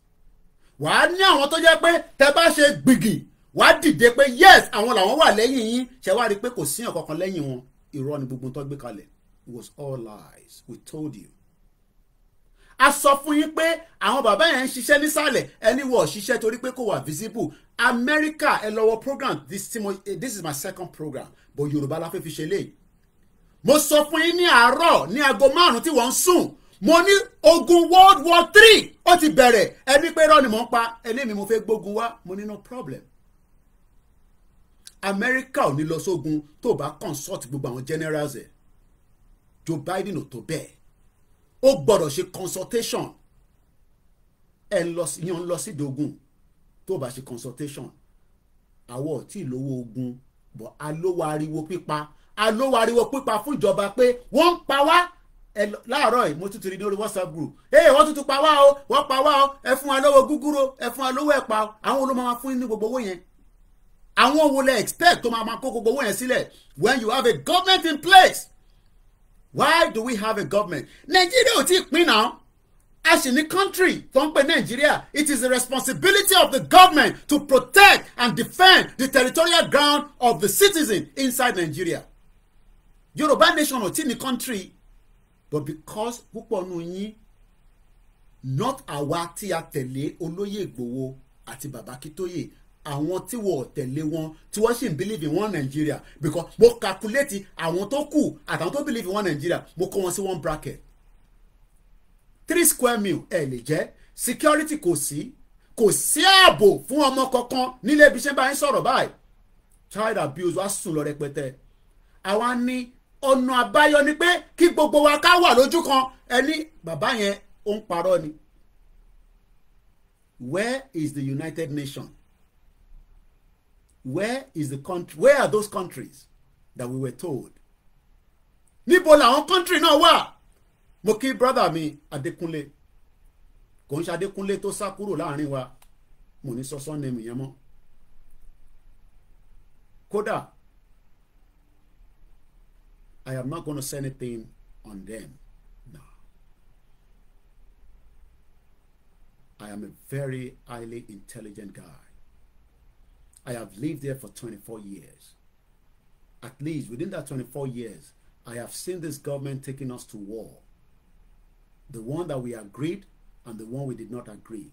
wàá ní àwọn tó jẹ́ pé tẹ́ bá ṣe gbìgì wàá dìde pé yes àwọn làwọn wà lẹ́yìn yín ṣe wá rí i pé kò síyàn kankan lẹ́yìn wọn irọ́ ni gbogbo tó gbé kalẹ̀ it was all lies we told you a sọ fún yín pé àwọn bàbá yẹn ń ṣiṣẹ́ nísàlẹ̀ ẹni wọ̀ ṣiṣẹ́ torí pé kò wà visible America ẹ lọ́wọ́ program this, this is my second program but Yorùbá la fẹ́ fi ṣe léyìí. mo sọ fún yín ní àárọ̀ ní aago márùn-ún tí wọ́n ń sùn mo ní ogun World War Three ó ti bẹ̀rẹ̀ ẹni pé irọ́ ni ń pa ẹni mi mo fẹ́ gbógun wá mo ní no problem. America ò ní lọ sógun tó bá consult gbogbo àwọn generals ẹ̀ Joe Biden ò tó bẹ́ẹ̀ ó gbọ́dọ̀ ṣe consultation ẹ̀ ń lọ sí yan lọ sí dogun tó bá ṣe consultation àwọ̀ tí ìlówó ogun bọ̀ alówó ariwo pípa alówó ariwo pípa fún ìjọba pé wọ́n ń pa wá láàárọ̀ yìí mo tún ti rí lórí whatsapp group ee wọ́n tún tún pa wá o wọ́n pa wá o ẹ fún wa lówó gúgúrò ẹ fún wa lówó ẹ̀pà o àwọn olómọ máa fún ní gbogbo owó yẹn àwọn wo lẹ expect tó máa máa kó gbogbo owó yẹn sílẹ̀ when you have a government in place why do we have a government Nigeria ò tí ì pín náà a sì ní country tó ń pè nàìjíríà it is the responsibility of the government to protect and defend the territorial ground of the citizen inside nigeria yorùbá nation ò tí ì ní country but because púpọ̀ nù yín not àwa tí a tẹ̀lé olóyè ìgbòho àti bàbá àwọn tí wọ́n tẹ̀lé wọn tí wọ́n sì ń in wọn nàìjíríà because mo calculate àwọn tó kù àtàwọn tó bílíìfì wọn nàìjíríà mo kó wọn sí one bracket three square meal ẹ lè jẹ́ security kò sí kò sí ààbò fún ọmọ kankan nílé ibi iṣẹ́ báyìí sọ̀rọ̀ báyìí child abuse wá sùn lọ rẹpẹtẹ àwa ní ọ̀nà àbáyọ ni pé kí gbogbo wa ká wà lójú kan ẹni bàbá yẹn ó ń parọ́ ni where is the United Nations where is the country where are those countries that we were told níbo làwọn country náà wà mo kí brother mi Adékúnlé kò ń ṣe Adékúnlé tó sá kúrò láàrin wa mo ní sọsọ nẹmù yẹn mọ́ kódà I am not gonna say anything on them now I am a very highly intelligent guy I have lived there for 24 years. At least within that 24 years, I have seen this government taking us to war. The one that we agreed and the one we did not agree.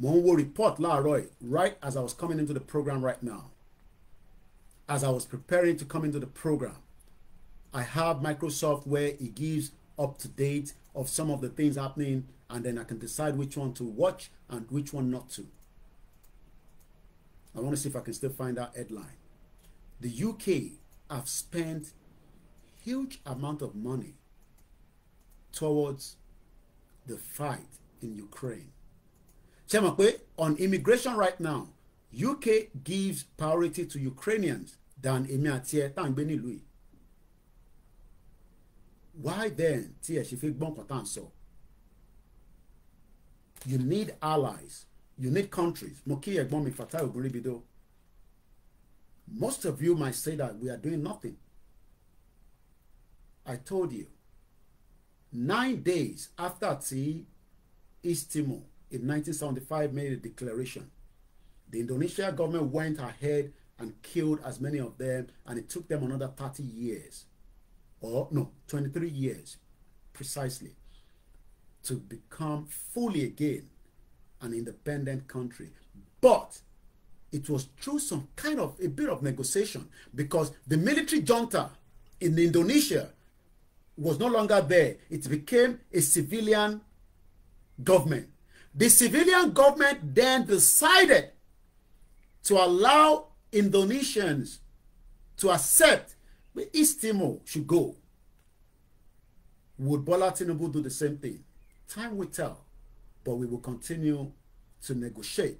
Mo report, report Roy. right as I was coming into the program right now. As I was preparing to come into the program, I have Microsoft where it gives up to date of some of the things happening and then I can decide which one to watch and which one not to. I want to see if I can still find that headline. The UK have spent huge amount of money towards the fight in Ukraine. Ṣé mọ̀ pé on immigration right now UK gives priority to Ukrainians than èmi àti ẹ tá Why then Tia, ẹ ṣe fi gbọ́n kan tá You need allies you need countries most of you might say that we are doing nothing I told you nine days after T, East Timor in 1975 made a declaration the Indonesian government went ahead and killed as many of them and it took them another 30 years or no 23 years precisely to become fully again an independent country. But it was through some kind of a bit of negotiation because the military junta in Indonesia was no longer there. It became a civilian government. The civilian government then decided to allow Indonesians to accept where East Timor should go. Would Bola Tinubu do the same thing? Time will tell. But we will continue to negotiate.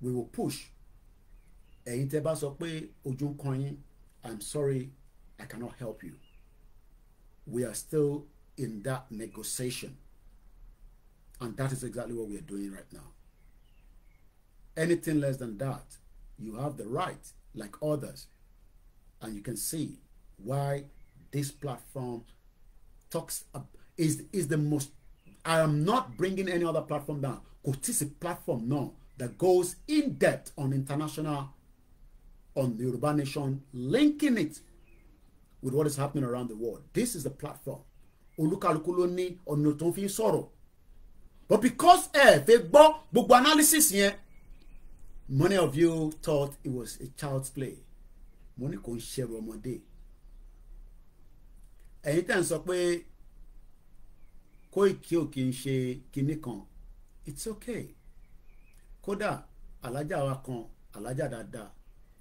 We will push. Ẹ̀yin tẹ́ bá sọ pé ojú ń kan yín, I'm sorry, I cannot help you. We are still in that negotiation. And that is exactly what we are doing right now. Anything less than that, you have the right, like others. And you can see why this platform talks is, is the most I am not bringing any other platform down. Kò tí sí platform now that goes in depth on international on the urban nation linking it with what is happening around the world. This is the platform. Olúkálùkù ló ní ọ̀nà tó But because ẹ fẹ́ gbọ́ gbogbo analysis yẹn many of you thought it was a child's play. Money ní kò ń ṣẹ̀rù ọmọdé. Ẹ̀yin tẹ̀ ń sọ pé Koiki ò kì í ṣe kinní kan it's okay kódà alájà wa kan alájà dáadáa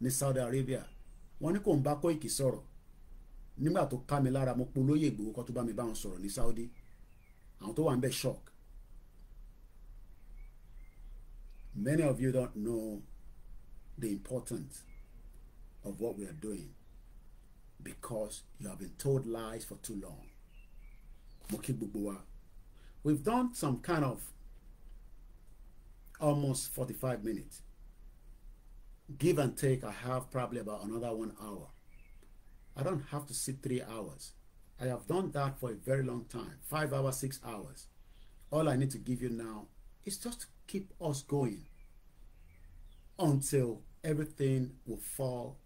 ní Saudi Arabia wọ́n ní kò ń bá Koiki sọ̀rọ̀ nígbà tó ká mi lára mo polóyè Ìgbòho kan tó bá mi bá wọn sọ̀rọ̀ ní Saudi àwọn tó wà ń bẹ̀ shock many of you don't know the importance of what we are doing because you have been told lies for too long mo kí gbogbo wa we've done some kind of almost 45 minutes give and take i have probably about another one hour i don't have to sit three hours i have done that for a very long time five hours six hours all i need to give you now is just to keep us going until everything will fall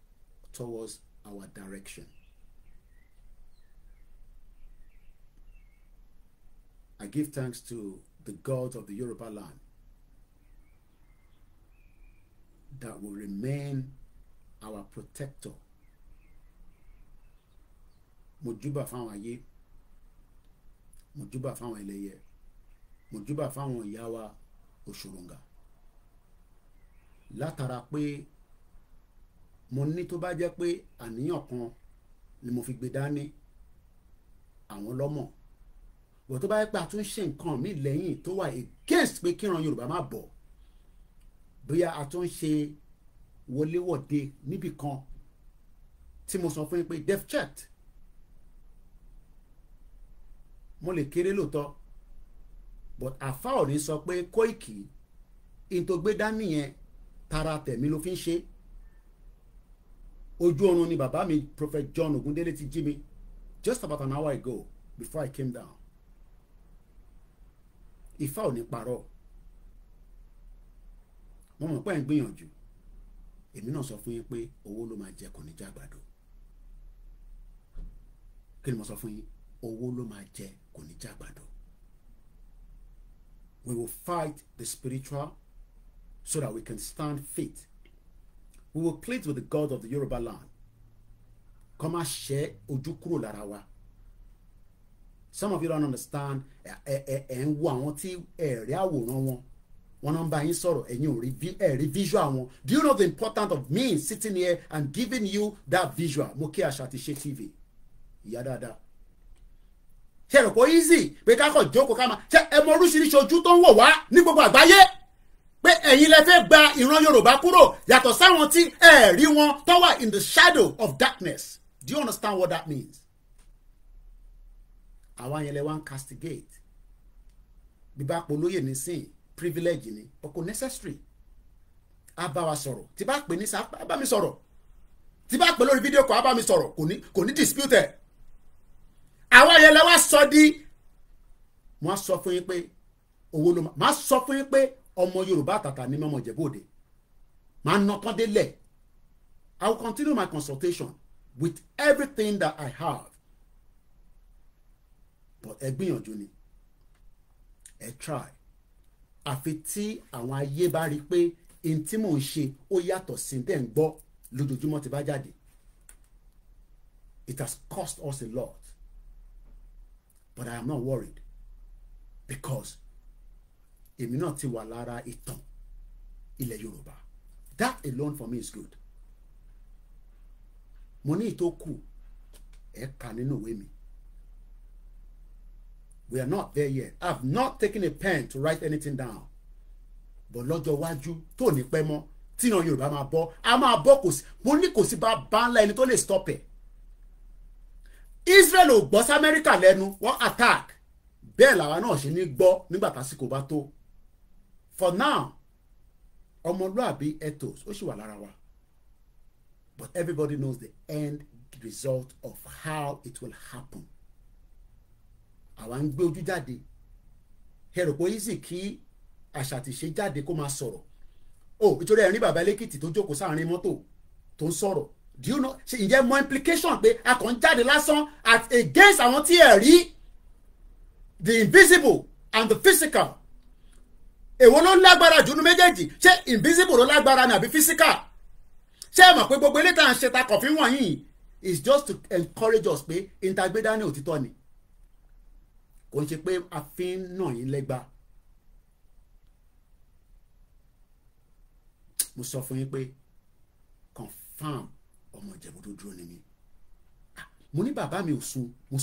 towards our direction I give thanks to the God of the Yoruba land that will remain our protector. Mo júbà fáwọn ayé, mo júbà fáwọn ẹlẹ́yẹ, mo júbà fáwọn ìyá wa òṣòròǹgà. Látara pé mo ní tó bá jẹ́ pé àníyàn kan ni mo fi gbé dání àwọn lọ́mọ̀ wọ́n tó bá yẹ pé a tún ṣe nǹkan míì lẹ́yìn tó wà against pé kíran Yorùbá má bọ̀ bóyá a tún ṣe wọléwọ̀de níbì kan tí mo sọ fún yín pé def checked mo lè kéré lóòótọ́ but àfa òní sọ pé Kóìkì ìtògbédá nìyẹn tara tẹ̀mí ló fi ń ṣe ojú oorun ni bàbá mi Prophet John Ogundele ti jí mi just about an hour ago before I came down ifá ò ní parọ́ mo mọ̀ pé ẹ̀ ń gbìyànjú èmi náà sọ fún yín pé owó ló máa jẹ kò ní jẹ àgbàdo kí ni mo sọ fún yín owó ló máa jẹ kò ní jẹ àgbàdo we will fight the spiritual so that we can stand faith we will plead with the God of the Yoruba land kó má ṣe ojú kúrò lára wa some of you don't understand ẹ ń wo àwọn tí ẹ rí àwòrán wọn wọn náà ń bá yín sọ̀rọ̀ ẹ̀yin ò rí ẹ rí visual wọn do you know the importance of me sitting here and giving you that visual mo kí àṣà ti ṣe tv ìyá dáadáa ṣe rò pé easy pé ká kọ̀ jókòó ká máa ṣe ẹ mọ oríṣiríṣi ojú tó ń wò wá ní gbogbo àgbáyé pé ẹ̀yin lẹ fẹ́ gba ìran yorùbá kúrò yàtọ̀ sáwọn tí ẹ wọn tó in the shadow of darkness do you understand what that means àwa yẹn lẹ wá ń castigate bíbá polóyè nísìn privilege ni but kò necessary á bá wa sọ̀rọ̀ tí bá pè ní sá á bá mi sọ̀rọ̀ tí bá pè lórí fídíò kan á bá mi sọ̀rọ̀ kò ní kò ní dispute ẹ̀ àwa yẹn lẹ wá sọ di mo á sọ fún yín pé owó ló máa sọ fún yín pé ọmọ Yorùbá àtàtà ni mọ́mọ́ Ìjẹ̀bú-Òde nà tán délẹ̀ I will continue my consultation with everything that I have but ẹ gbìyànjú ni ẹ try àfi tí àwọn ayé bá rí i pé n tí mò ń ṣe ó yàtọ̀ sí tẹ̀ ń gbọ́ lójoojúmọ́ ti bá jáde it has cost us a lot but I am not worried because èmi náà ti wà lára ìtàn ilẹ̀ Yorùbá that alone for me is good mo ní ìtókù ẹ̀ka nínú ìwé mi we are not there yet i have not taken a pen to write anything down but lọ́jọ́ iwájú tó ní pẹ́ mọ́ tíran yorùbá máa bọ́ a máa bọ́ kò sí mo ní kò sí bá bá ńlá ẹni tó lè stop ẹ̀ israel ò gbọ́ sí amẹ́ríkà lẹ́nu wọ́n attack bẹ́ẹ̀ làwa náà ṣe ní gbọ́ nígbà tásìkò bá tó for now ọmọlúàbí ethos ó sì wà lára wa but everybody knows the end result of how it will happen àwa ń gbé ojú jáde ẹ rò pé easy kí àṣàtìṣe jáde kó máa sọ̀rọ̀ o oh, ìtòrí ẹ̀rín bàbá lẹ́kìtì tó jókòó sáàrin mọ́tò tó ń sọ̀rọ̀ do you know ṣe ìyẹn mọ implication pé a kàn ń jáde lásán at against àwọn tí ẹ rí the invisible and the physical èwo ló ń lágbára jù nú méjèèjì ṣé invisible ló lágbára ni àbí physical ṣé ẹ mọ̀ pé gbogbo eléta ń ṣe ta kọ̀fín wọ̀nyí is just to encourage us pé ìtagbédání òtítọ́ ni kò ń ṣe pé a fi ń nà yín lẹ́gba. mo sọ fún yín pé confam ọmọ ìjẹ̀bú tó dúró ni mi mo ní bàbá mi ò sùn mo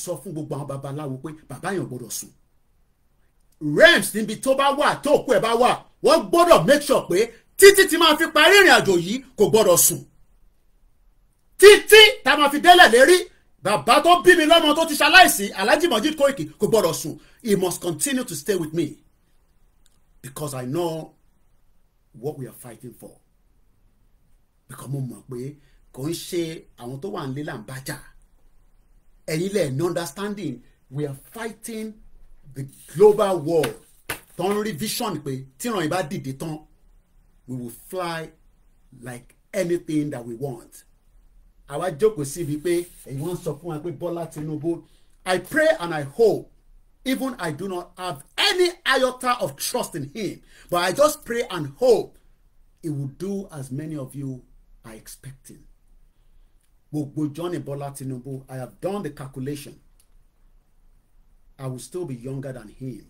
sọ fún gbogbo àwọn babaláwo pé bàbá yẹn ò gbọdọ̀ sùn rems níbi tó bá wà tó òkú ẹ̀ bá wà wọ́n gbọ́dọ̀ make sure pé títí tí máa fi parí ìrìn àjò yìí kò gbọ́dọ̀ sùn títí tá a máa fi délẹ̀ lérí bàbá tó bí mi lọ́mọ tó ti ṣaláìsí alhaji Mojeed Koiki kò gbọ́dọ̀ sùn he must continue to stay with me because I know what we are fighting for because mo mọ̀ pé kò ń ṣe àwọn tó wà nílé là ń bájà ẹ̀yin lẹ̀ ní understanding we are fighting the global war tó ń rí vision pé tíran ìbá dìde tán we will fly like anything that we want. àwa jókòó with pé èyí wọ́n sọ fún wa pé Bọ́lá Tinubu I pray and I hope even I do not have any iota of trust in him but I just pray and hope he will do as many of you are expecting gbogbo Johnny Bola Tinubu I have done the calculation I will still be younger than him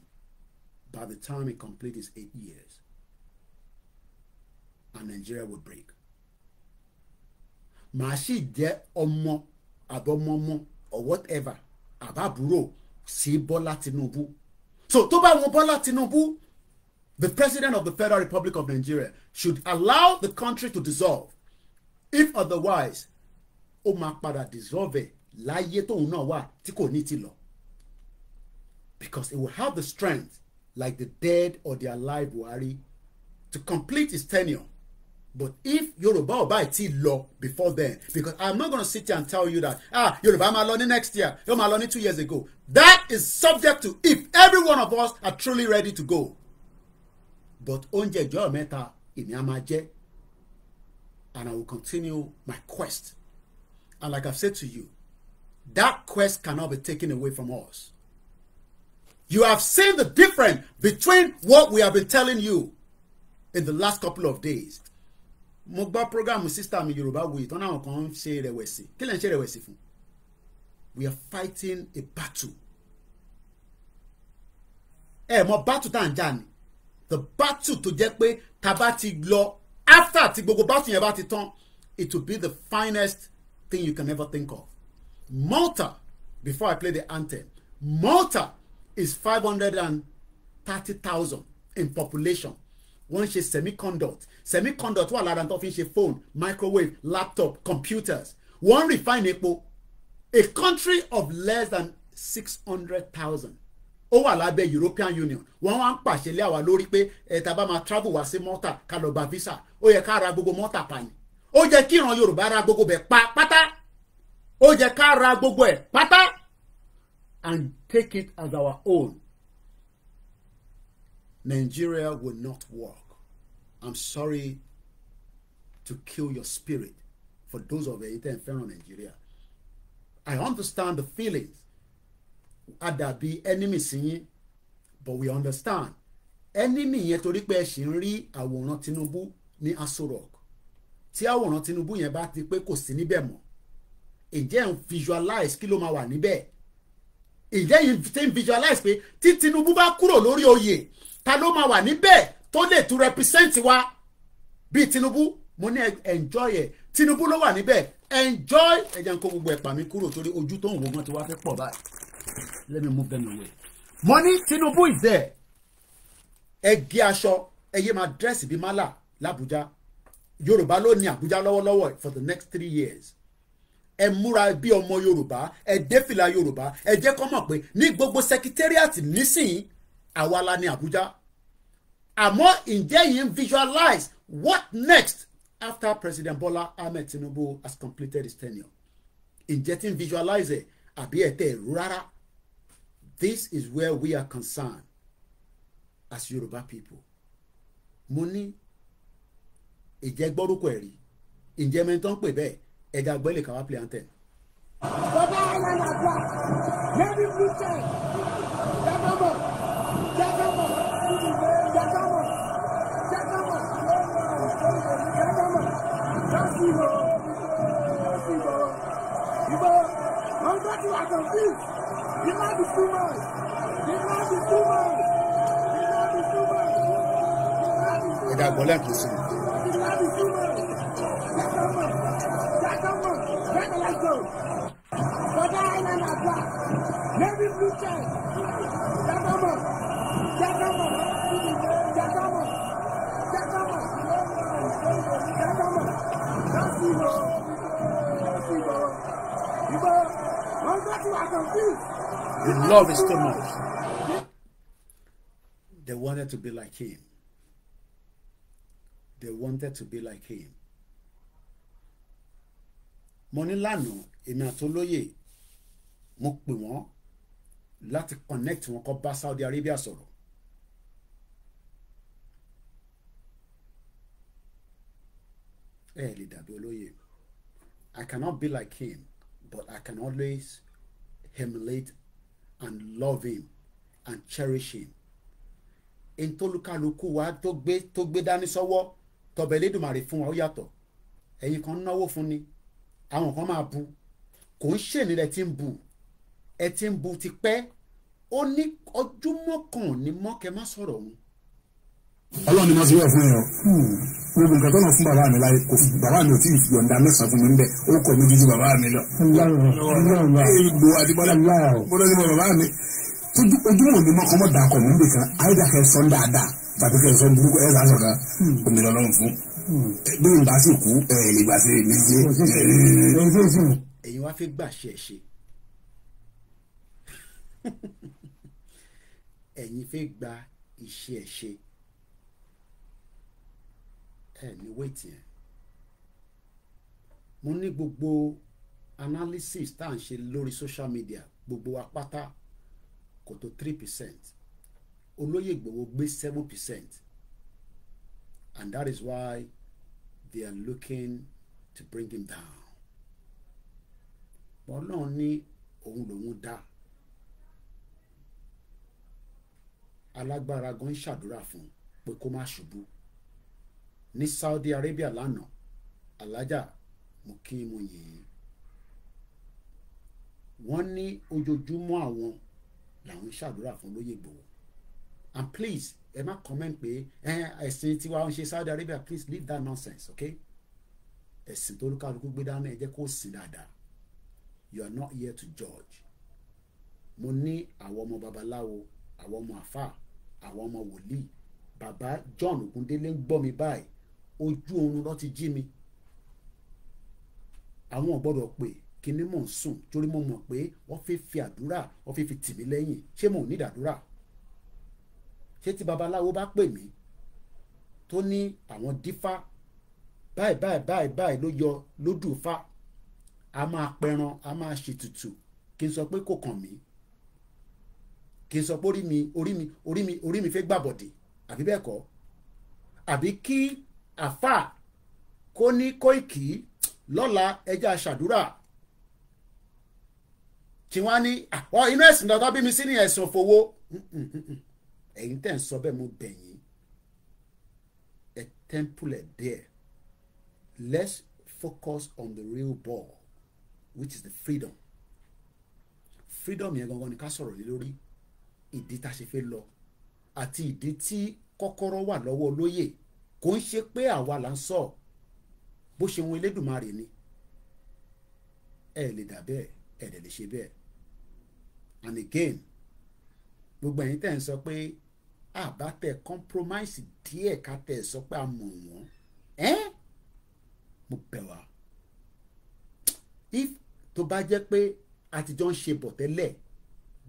by the time he completes his eight years and Nigeria will break màá sì jẹ́ ọmọ àbọ̀mọmọ or whatever àbábúrò sí Bọ́lá Tinubu so tó bá wọn Bọ́lá Tinubu the president of the Federal Republic of Nigeria should allow the country to dissolve if otherwise ó máa padà dissolve ẹ̀ láyé tóun náà wà tí kò ní ti lọ because it will have the strength like the dead or the alive Buhari to complete his tenure But if Yoruba ò báyìí ti lọ before then, because I'm not gonna sit here and tell you that ah Yoruba máa lọ ní next year, yóò máa lọ ní two years ago. That is subject to if every one of us are truly ready to go. But oúnjẹ ìjọ mẹ́ta èmi á máa jẹ and I will continue my quest. And like I've said to you, that quest cannot be taken away from us. You have seen the difference between what we have been telling you in the last couple of days mo gbọ́ program sista mi yorùbá wòye tán náà kan ń ṣe rẹ̀wẹ̀sì kí lẹ̀ ń ṣe rẹ̀wẹ̀sì fún we are fighting a battle ẹ mọ battle tá à ń jà ni the battle tó jẹ́ pé ta bá ti lọ after ti gbogbo battle yẹn bá ti tán it will be the finest thing you can ever think of Malta before I play the anthem Malta is five hundred and thirty thousand in population wọ́n ń ṣe semiconduct semiconduct wà lára tó fi ń ṣe phone microwave laptop computers wọ́n ń refine epo a country of less than six hundred thousand ó wà lábẹ́ European Union wọ́n wá ń pàṣẹ lé àwa lórí pé ẹ̀ta bá máa travel wá sí Malta ká lọ gba visa ó yẹ ká ra gbogbo Malta pààyàn ó jẹ́ kí ìran Yorùbá ra gbogbo bẹ̀ pa pátá ó jẹ́ ká ra gbogbo ẹ̀ pátá and take it as our own Nigeria will not work. I'm sorry to kill your spirit for those of ẹ̀yin tẹ́ ń Nigeria. I understand the feelings a dàbí enemy sí yín but we understand enemy yẹn torí pé ẹ ṣì ń rí àwòrán Tinubu ní Aso Rock tí àwòrán Tinubu yẹn bá ti pé kò sí níbẹ̀ mọ́ ǹjẹ́ ń visualize kí ló máa wà níbẹ̀ ǹjẹ́ ń visualize pé tí Tinubu bá kúrò lórí oyè ta ló máa wà níbẹ̀ tó lè tún represent wa bíi Tinubu mo ní enjoy ẹ Tinubu ló wà níbẹ̀ enjoy ẹ̀jẹ̀ ń kó gbogbo ẹ̀pà mi kúrò torí ojú tó ń wo gan ti wá fẹ́ pọ̀ báyìí let me move them away mo ní Tinubu is there ẹ gé aṣọ ẹ yé máa dírẹ́sì bíi málà làbújá Yorùbá ló ní Àbújá lọ́wọ́lọ́wọ́ for the next three years ẹ múra bí ọmọ Yorùbá ẹ dé fìlà Yorùbá ẹ jẹ́ kọ́ mọ̀ pé ní gbogbo secretariat nísìnyí àwa la ní Àbújá àmọ́ ǹjẹ́ yìí ń visualize what next after President Bola Ahmed Tinubu has completed his tenure ǹjẹ́ tí ń visualize ẹ̀ àbí ẹ̀ tẹ̀ rárá this is where we are concerned as Yoruba people mo ní ìjẹ́ gbọ́rúkọ ẹ̀rí ǹjẹ́ mi tó ń pè bẹ́ẹ̀ ẹ̀dá gbẹ́lẹ̀ káwá play anthem. bàbá ayélujára lẹ́ni fún tẹ̀. I'm not you are confused. The land is too much. The land is too much. The land is too much. Ẹ̀dá gbọ́lá kìí sí. Father Island at last. Navy blue chest. Jagama. Jagama. Jagama. Jagama. Jagama. The love is too much. They wanted to be like him. They wanted to be like him. Mo lano lánàá èmi àtolóyè mo pè wọ́n láti connect wọn kó bá Saudi Arabia sọ̀rọ̀ ẹ lè dàbí olóyè I cannot be like him but I can always emulate and love him and cherish him ntolukaluku wa tó gbé tó gbé dání sọ́wọ́ tọbẹ lẹdùnmarè fún wa ó yàtọ̀ ẹ̀yin kan náwó fún ni àwọn kan máa bu kò ń ṣèlè rẹ tí ń bu ẹ ti ń bu ti pẹ́ ó ní ọjọ́ mọ́kàn ní mọ́kẹ́ má sọ̀rọ̀ òun ọlọ́run ni wọ́n ti wẹ̀ fún yẹn o hmm. gbogbo nǹkan tó náà fún bàbá mi láyé kò fún bàbá mi ò tí ì yọ̀ǹda mẹ́sàn-án fún mi ń bẹ̀ ó kọ̀ mí jíjú bàbá mi lọ. ìgbò àti bọ́lá bọ́lá ti bọ́ bàbá mi ojúmọ̀ ni mọ́kàn mọ́ dàkọ̀ mọ́ bẹ̀ kan àyídàkẹ́ sọ ń dáadáa tàbí kẹ́ sọ burúkú ẹ̀ sàn sọ̀kan hmm. omi lọ́lọ́run fún bí n bá sì kú ẹ̀ lè gbà sí mi ṣe. ẹ̀yin wá fẹ́ gbà ṣe ṣe ẹ̀yin fẹ́ gba iṣẹ́ ṣe ẹ ní wéètì yẹn mo ní gbogbo analysis tá à ń ṣe lórí social media gbogbo wa pátá kò tó three percent olóyè Ìgbòho gbé seven percent and that is why they are looking to bring him down But náà ní òun lòun dá alágbára gan ṣàdúrà fún pé kó má ṣubú ní Saudi Arabia lánàá alájà mo kí mo yìn ín wọ́n ní ojoojúmọ́ àwọn làwọn ń ṣàdúrà fún lóyè gbòó and please ẹ má comment pé ẹ̀sìn tiwa ń ṣe Saudi Arabia please leave that nonsense okay ẹ̀sìn tó lùkàlùkù gbé dáná ẹ jẹ́ kó sìn dáadáa you are not here to judge mo ní àwọn ọmọ babaláwo àwọn ọmọ àfà àwọn ọmọ wòlíì bàbá John Ogundélé ń gbọ́ mi báyìí ojú oorun ló ti jí mi àwọn gbọ́dọ̀ pé kíní mò ń sùn torí mo mọ̀ pé wọ́n fi fi àdúrà wọ́n fi fi tì mí lẹ́yìn ṣé mò ń ní ìdàdúrà ṣé tí babaláwo bá pè mí tó ní àwọn dífá báyìí báyìí báyìí báyìí ló yọ lódùfá a máa pẹran a máa ṣètùtù kí n sọ pé kò kàn mí kí n sọ pé orí mi orí mi orí mi orí mi fẹ́ gbàbọ̀dì àbí bẹ́ẹ̀ kọ́ àbí kí Afa, kó ní Kóìkì lọ́la ẹjẹ́ àṣàdúrà kí wọ́n á ní àpọ̀ inú ẹ̀sìn dandan bí mi sí ní ẹ̀sùn fowó ẹ̀yin tẹ̀ ń sọ bẹ́ẹ̀ mo bẹ̀ yín a temple there let's focus on the real ball which is the freedom freedom yẹn gangan ni ká sọ̀rọ̀ lé lórí ìdí tá a ṣe fẹ́ lọ àti ìdí tí kọ́kọ́rọ́ wà lọ́wọ́ olóyè kò ń ṣe pé àwa là ń sọ bó ṣe wọn Elédùmarè ni ẹ lè dà bẹ́ẹ̀ ẹ lè lè ṣe bẹ́ẹ̀ and again gbogbo ẹ̀yin tẹ̀ ń sọ pé àbá tẹ̀ compromise díẹ̀ ká tẹ̀ sọ pé a mọ̀ wọ́n ẹ́ mo bẹ̀ wá if tó bá jẹ́ pé àtijọ́ ń ṣe bọ̀ tẹ́lẹ̀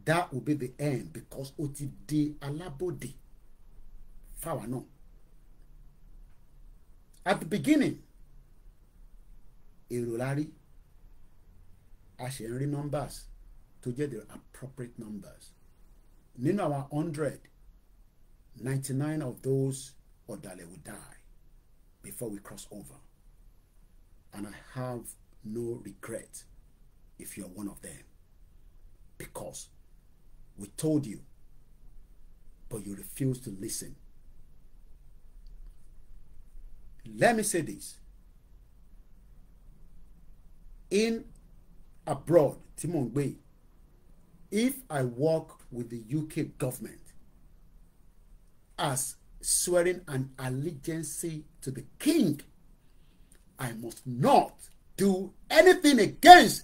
that will be the end because ó ti di alábòde fáwa náà at the beginning èrò la rí a ṣe ń rí numbers to get the appropriate numbers nínú àwọn hundred ninety nine of those ọ̀dàlẹ̀ will die before we cross over and I have no regret if you are one of them because we told you but you refused to listen Let me say this. In abroad, tí mò if I work with the UK government as swearing an allegiance to the king, I must not do anything against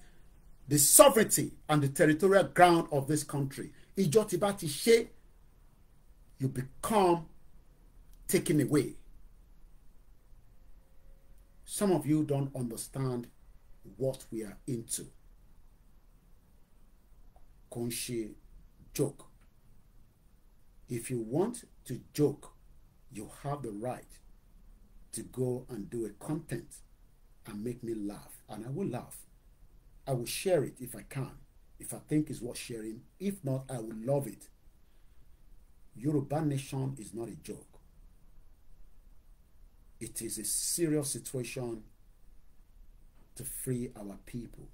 the sovereignty and the territorial ground of this country. Ìjọ tí you become taken away Some of you don't understand what we are into. Konshi joke. If you want to joke, you have the right to go and do a content and make me laugh. And I will laugh. I will share it if I can, if I think it's worth sharing. If not, I will love it. Yoruba Nation is not a joke. It is a serious situation to free our people.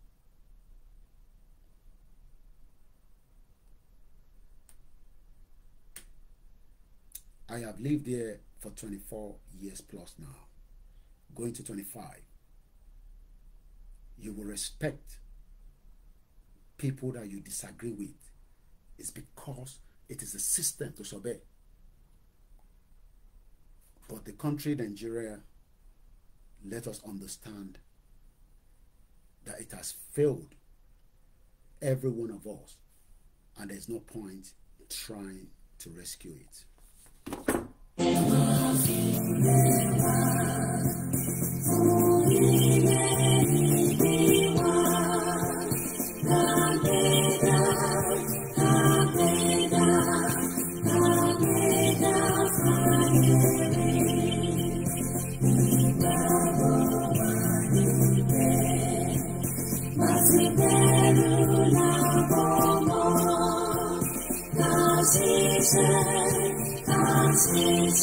I have lived there for 24 years plus now, going to 25. You will respect people that you disagree with. It's because it is a system to subvert. But the country, Nigeria, let us understand that it has failed every one of us, and there's no point trying to rescue it.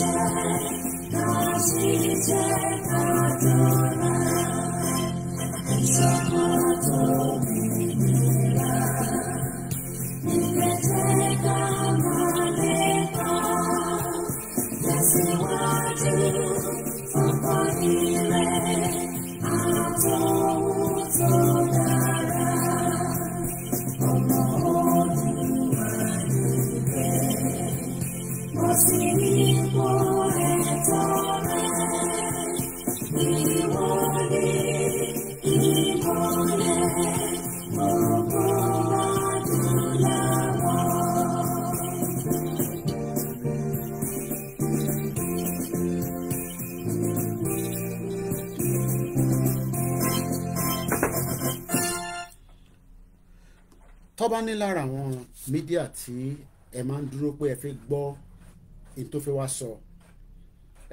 die, lost bá ní lára àwọn mídíà tí ẹ máa ń dúró pé ẹ fẹ́ gbọ́ ní tó fẹ́ wá sọ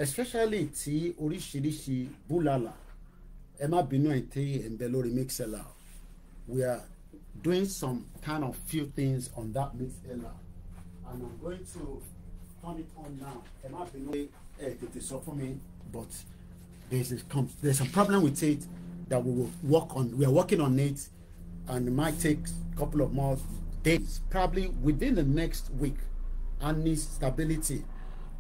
especially tí oríṣiríṣi búlàlà ẹ má bínú ẹ̀ tí ẹ̀ ń bẹ lórí mixlr we are doing some kind of few things on that mixella. and i'm going to turn it on now ẹ má bínú ẹ tètè sọ fún mi but there is a there's a problem with it that we will work on we are working on it and it might take a couple of more days, probably within the next week, and needs stability.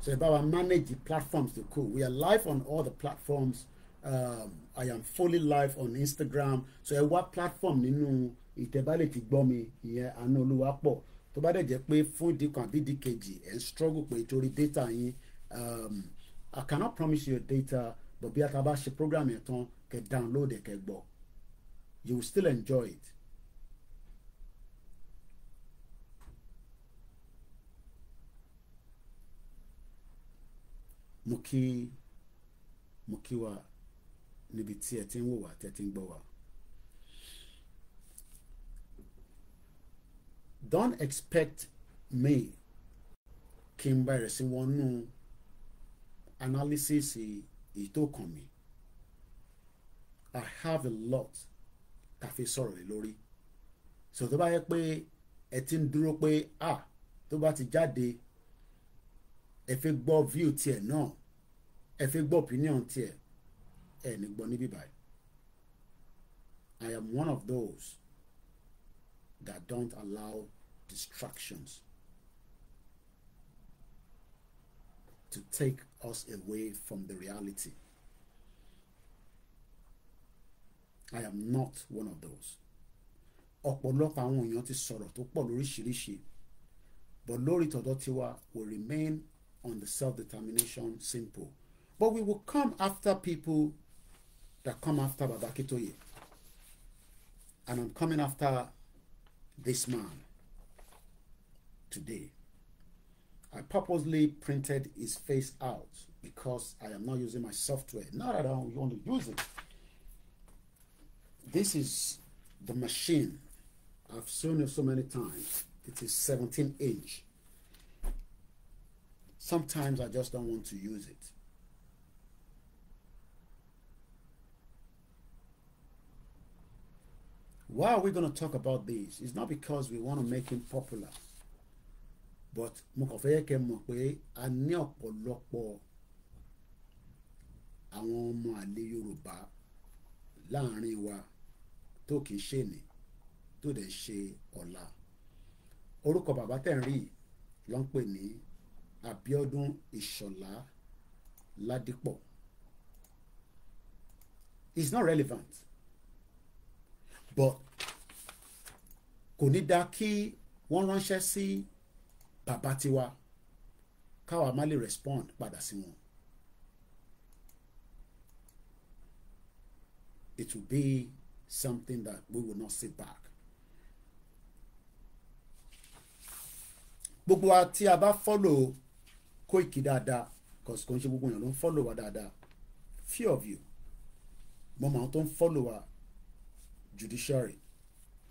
So if I manage the platforms to cool, we are live on all the platforms. Um, I am fully live on Instagram. So ẹ wá platform nínú ìtẹ̀bálẹ̀ ti gbọ́ mi ìyẹn Àánúolúwapọ̀ tó bá dẹ̀ jẹ́ pé fún ìdí kan àbí ìdí kejì ẹ̀ ń struggle pé torí data yín um, I cannot promise you data but bí a ta bá ṣe program yẹn tán kẹ́ download ẹ̀ kẹ́ gbọ́ you will still enjoy it. mo kí níbi tí ẹ ti ń wò wá tẹ́ ti ń gbọ́ wá. don't expect me kí n bẹ̀rẹ̀ sí wọnú analysis èyí tó kàn mí I have a lot tá a fi sọ̀rọ̀ lé lórí so tó bá yẹ pé ẹ ti ń dúró pé ah tó bá ti jáde ẹ fẹ́ gbọ́ view tiẹ̀ náà ẹ fi gbọ́ opinion tiẹ̀ ẹ ní gbọ́ níbí báyìí I am one of those that don't allow distractions to take us away from the reality. I am not one of those. ọ̀pọ̀lọpọ̀ àwọn èèyàn ti sọ̀rọ̀ tó pọ̀ lóríṣiríṣi but lórí tọ̀dọ̀ tiwa will remain on the self-determination simple But we will come after people that come after Babakitoye. And I'm coming after this man today. I purposely printed his face out because I am not using my software. Not at all. We only want to use it. This is the machine. I've shown you so many times. It is 17 inch. Sometimes I just don't want to use it. Why are we going to talk about this? It's not because we want to make him popular. But mo kàn fẹ́ kẹ́ mọ̀ pé a ní ọ̀pọ̀lọpọ̀ àwọn ọmọ àlè Yorùbá láàrin wa tó kì í ṣe tó dẹ̀ ṣe ọ̀la. Orúkọ bàbá tẹ̀ ń rí ló ń pè ní Abíọ́dún Ìṣọ̀lá Ládìpọ̀. It's not relevant but kò ní dáa kí wọ́n ránṣẹ́ sí bàbá tiwa káwa má lè respond padà sí wọn. It will be something that we will not sit back. gbogbo wa tí a bá follow Koiki dáadáa cause kò ń ṣe gbogbo èèyàn ló ń follow wa dáadáa few of you mo mọ àwọn tó ń follow wa judiciary.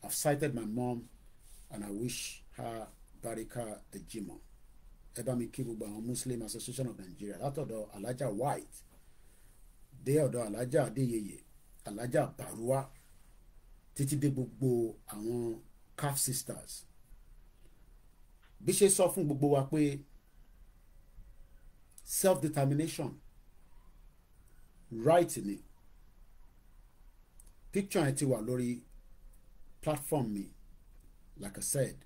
I've cited my mom and I wish her Barika Ejimo. Ẹ bá mi kí gbogbo Muslim Association of Nigeria That látọ̀dọ̀ Alhaja White dé ọ̀dọ̀ Alhaja Adéyeye Alhaja Barua títí dé gbogbo àwọn Caf sisters. Bí ṣe sọ fún gbogbo self-determination right it picture yẹn ti wà lórí platform mi like I said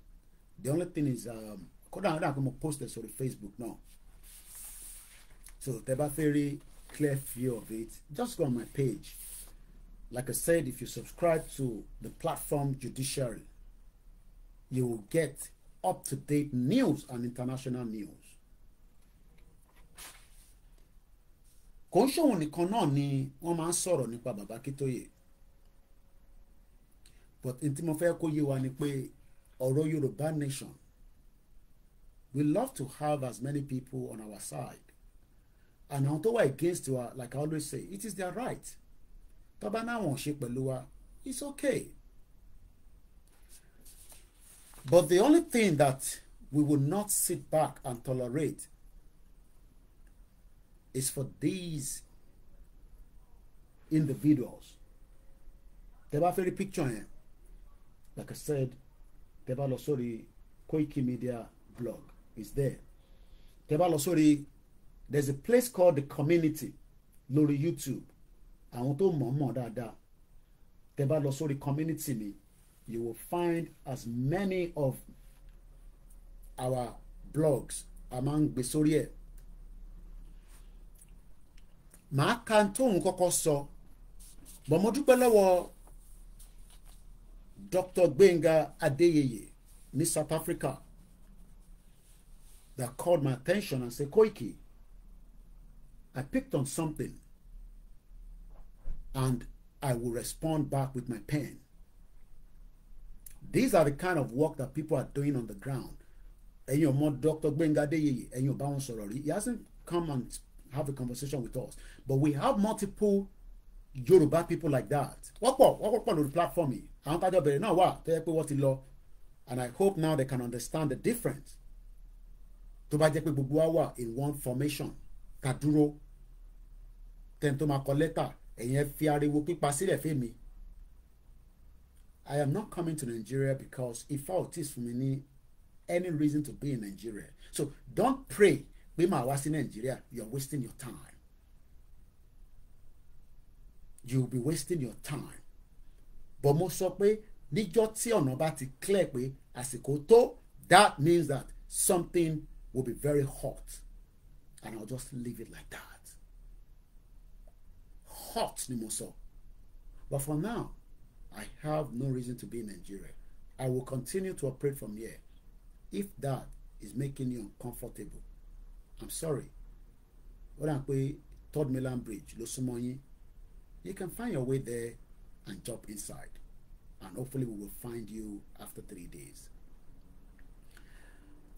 the only thing is um, kódà àwọn àgbẹ̀ mo post ẹ̀ sórí Facebook náà so tẹ́ bá fẹ́ rí clear view of it just go on my page like I said if you subscribe to the platform judiciary you will get up-to-date news and international news kò ń ṣòwò nìkan náà ni wọ́n máa ń sọ̀rọ̀ nípa bàbá Akíntóyè but n tí mo fẹ́ kó yé wa ni pé ọ̀rọ̀ Yorùbá nation we love to have as many people on our side and àwọn tó wà against wa like I always say it is their right tọ́ba náà wọ́n ṣe pẹ̀lú wa it's okay but the only thing that we will not sit back and tolerate is for these individuals tẹ́ bá fẹ́ rí picture yẹn like I said tebalosori bá Koiki Media blog is there Tebalosori, there's a place called the community lori YouTube I want to mama da da. Tebalosori community me, you will find as many of our blogs among máa ń gbé sórí ẹ̀ màá ka tóun Dr. Gbenga Adeyeye Miss South Africa that called my attention and said, Koiki, I picked on something and I will respond back with my pen. These are the kind of work that people are doing on the ground. And your ọmọ Dr. Gbenga Adeyeye, and your wọn sọ̀rọ̀ He hasn't come and have a conversation with us. But we have multiple Yoruba people like that. What what what what Wọ́pọ̀ wọ́pọ̀ lórí platform yìí àwọn tájọ bẹ̀rẹ̀ náà wà tó yẹ pé wọ́n ti lọ and I hope now they can understand the difference tó bá jẹ́ pé gbogbo wa wà in one formation ká dúró tẹ́ni tó máa kọ lẹ́tà ẹ̀yin ẹ fi ariwo pípa sílẹ̀ fèmí I am not coming to Nigeria because if I tíì fún mi ní any reason to be in Nigeria so don't pray pé màá wá sí Nigeria you are wasting your time you will be wasting your time but mo sọ pé níjọ́ tí ọ̀nà bá ti clear pé àsìkò tó that means that something will be very hot and I'll just leave it like that hot ni mo sọ but for now I have no reason to be in Nigeria I will continue to operate from here if that is making you uncomfortable I'm sorry ó dà pé Third Mainland Bridge ló súnmọ́ yín you can find your way there and jump inside. And hopefully we will find you after three days.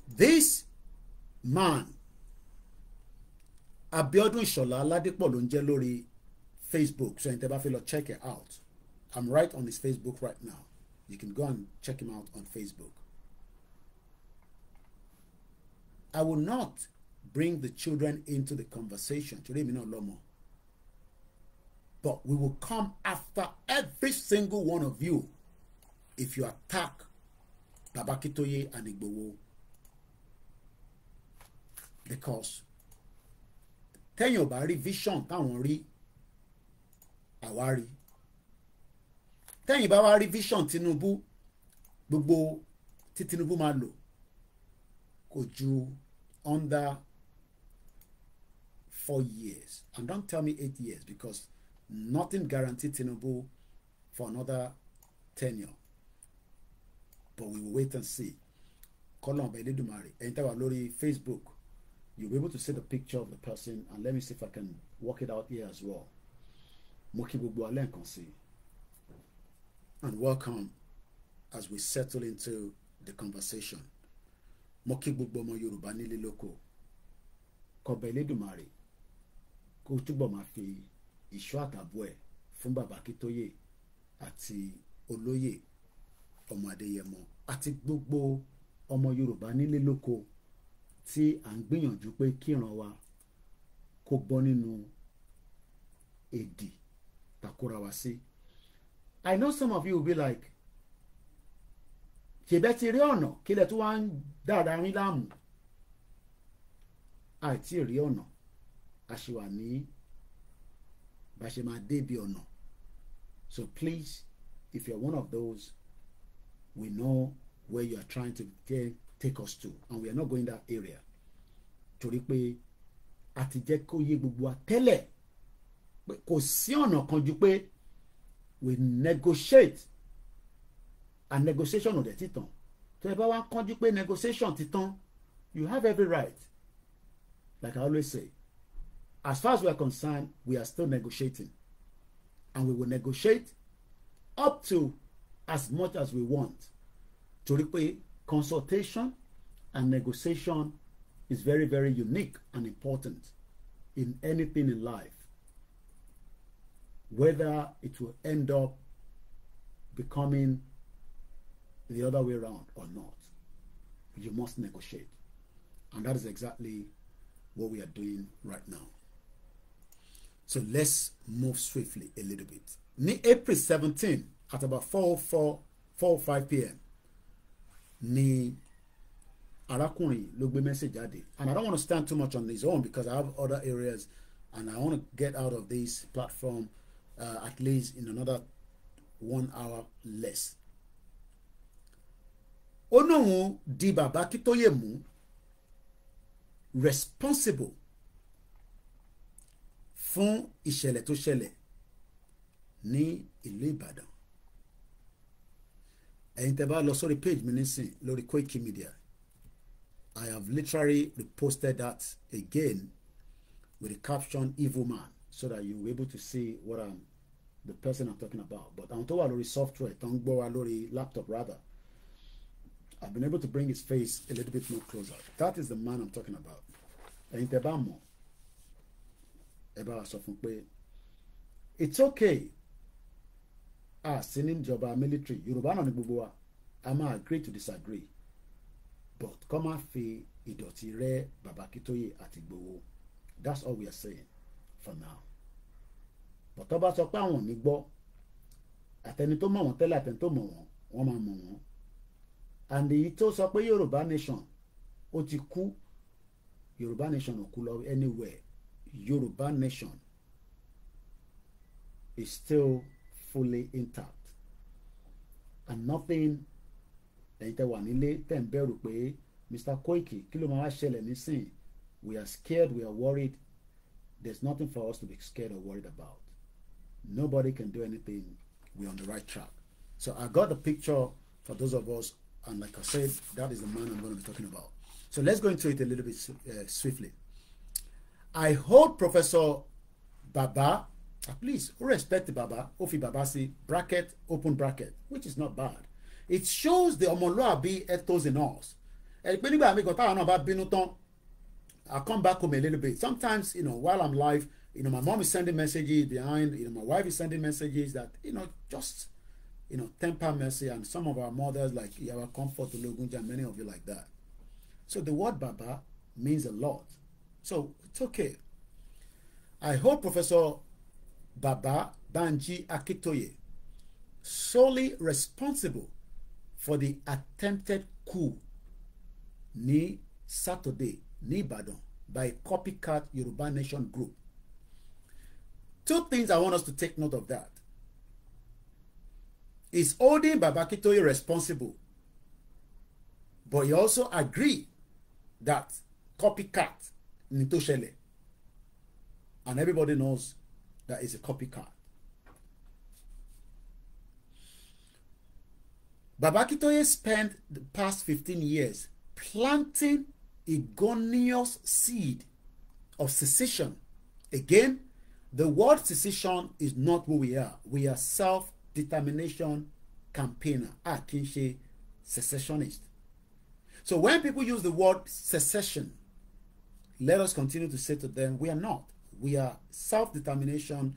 This man, Abiodun Shola Ladipo ló ń jẹ́ lórí Facebook. So tẹ́ bá fẹ́ check it out. I'm right on his Facebook right now. You can go and check him out on Facebook. I will not bring the children into the conversation. Torí mi No more. But we will come after every single one of you if you attack Babakitoye and Igbowo. Because tẹ́yìn ò rí vision táwọn rí àwa rí tẹ́yìn bá rí vision Tinubu gbogbo tí Tinubu máa lò kò ju under four years and don't tell me eight years because Nothing guaranteed Tinubu for another tenure. But we will wait and see. Column by Lidumari. Enter our Lori Facebook. You'll be able to see the picture of the person and let me see if I can work it out here as well. Moki Bubualen And welcome as we settle into the conversation. Moki Bubomo Yoruba Nili Loko. Kọ̀bẹ̀ Elédùmarè kó túbọ̀ máa fi ìṣọ́ àtàbọ̀ ẹ̀ fún bàbá Akíntóyè àti olóyè ọmọ Adéyẹmọ àti gbogbo ọmọ Yorùbá nílé lóko tí à ń gbìyànjú pé kíran wa kó bọ́ nínú èdè takora wa sí. I know some of you will be like ṣèbẹ́ ti rí ọ̀nà kílẹ̀ tó wá ń dára rí láàmú àìtí rí ọ̀nà a ṣì wà ní bá ṣe máa débi ọ̀nà so please if you are one of those we know where you are trying to get, take us to and we are not going that area torí pé a ti jẹ́ kó yé gbogbo wa tẹ́lẹ̀ pé kò sí ọ̀nà kan ju pé we negotiate a negotiation ò dẹ̀ ti tàn tó ẹ bá wá kánjú pé negotiation ti tán you have every right like I always say As far as we are concerned, we are still negotiating. And we will negotiate up to as much as we want. Torí consultation and negotiation is very, very unique and important in anything in life. Whether it will end up becoming the other way around or not, you must negotiate. And that is exactly what we are doing right now. So let's move swiftly a little bit. Ní April seventeen at about four four four five pm ni arákùnrin ló gbé message jáde and I don't want to stand too much on his own because I have other areas and I want to get out of this platform uh, at least in another one hour less. ó náà di bàbá Akíntóyè mú responsible fún ìṣẹ̀lẹ̀ tó ṣẹlẹ̀ ní ìlú Ìbàdàn ẹ̀yin tẹ́ bá lọ sórí page mi nísìn lórí Koiki Media I have literally reposted that again with the caption evil man so that you will be able to see what I'm the person I'm talking about but àwọn tó wà lórí software tó ń gbọ́ wa lórí laptop rather I've been able to bring his face a little bit more closer that is the man I'm talking about ẹ̀yin tẹ́ bá mọ̀ ẹ bá wa sọ fún pé it's okay a sí ní ìjọba military yorùbá náà ni gbogbo wa a máa agree to disagree but kọ́ máa fi ìdọ̀tí rẹ bàbá Akíntóyè àti Ìgbòho that's all we are saying for now but tó bá sọ pé àwọn ò ní gbọ́ àtẹni tó mọ̀ wọ́n tẹ́lẹ̀ àtẹni tó mọ̀ wọ́n wọ́n máa mọ̀ wọ́n and èyí tó sọ pé yorùbá nation ó ti kú yorùbá nation ò kú lọ anywhere Yoruba nation is still fully intact and nothing ẹ̀yin tẹ́ wà nílé tẹ́ Mr. Koiki kí ló máa wá we are scared we are worried there's nothing for us to be scared or worried about nobody can do anything we're on the right track so I got the picture for those of us and like I said that is the man I'm going to be talking about so let's go into it a little bit uh, swiftly. I hold Professor Baba, at uh, least respect Baba, Ofi Baba say bracket, open bracket, which is not bad. It shows the ọmọlúàbí ethos in us. Ẹni pé nígbà mi kan táwọn náà bá bínú tán, I come back home a little bit. Sometimes, you know, while I'm live, you know, my mom is sending messages behind, you know, my wife is sending messages that, you know, just, you know, temper mercy and some of our mothers like Yawa Comfort Ologunja, many of you like that. So the word Baba means a lot. So it's okay. I hope Professor Baba Banji Akitoye, solely responsible for the attempted coup Ni Saturday ni badon by copycat Yoruba Nation group. Two things I want us to take note of that. Is holding Baba Akitoye responsible, but he also agree that copycat ní tó and everybody knows that is a copycat. Babakitoye spent the past fifteen years planting ignominious seed of secession. Again, the word secession is not who we are. We are self-determination campaigner. A secessionist. So when people use the word secession, let us continue to say to them, we are not. We are self-determination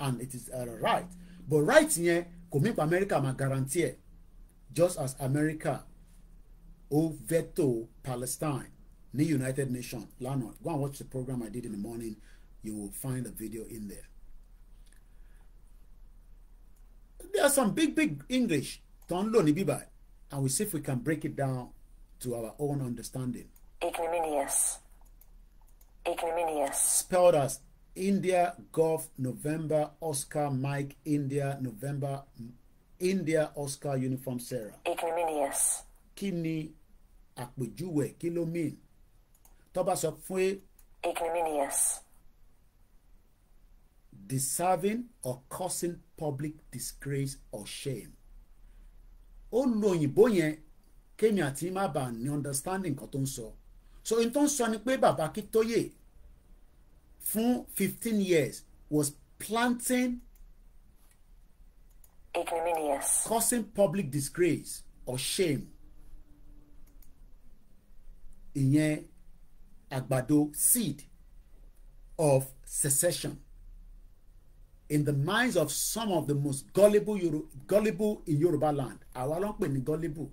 and it is our uh, right. But right yẹn kò mí pa America máa guarantee just as America ó veto Palestine the United Nations Lano, Go and watch the program I did in the morning. You will find the video in there. There are some big big English tó ń lò and we see if we can break it down to our own understanding. Ignominious ignominious. Spelled as India Golf November Oscar Mike India November India Oscar Uniform Sarah. Ignominious. Kini ni àpèjúwe kí ló mean? Tó bá sọ Ignominious. Deserving or causing public disgrace or shame. Ó lo òyìnbó yẹn kémi àti má bàa ní understanding nǹkan tó so in tó ń sọ ni pé bàbá Akíntóyè fún fifteen years was planting ignominious causing public disgrace or shame ìyẹn àgbàdo seed of secession in the minds of some of the most gullible, Euro gullible in Yoruba land àwa ló ń pè ní gullible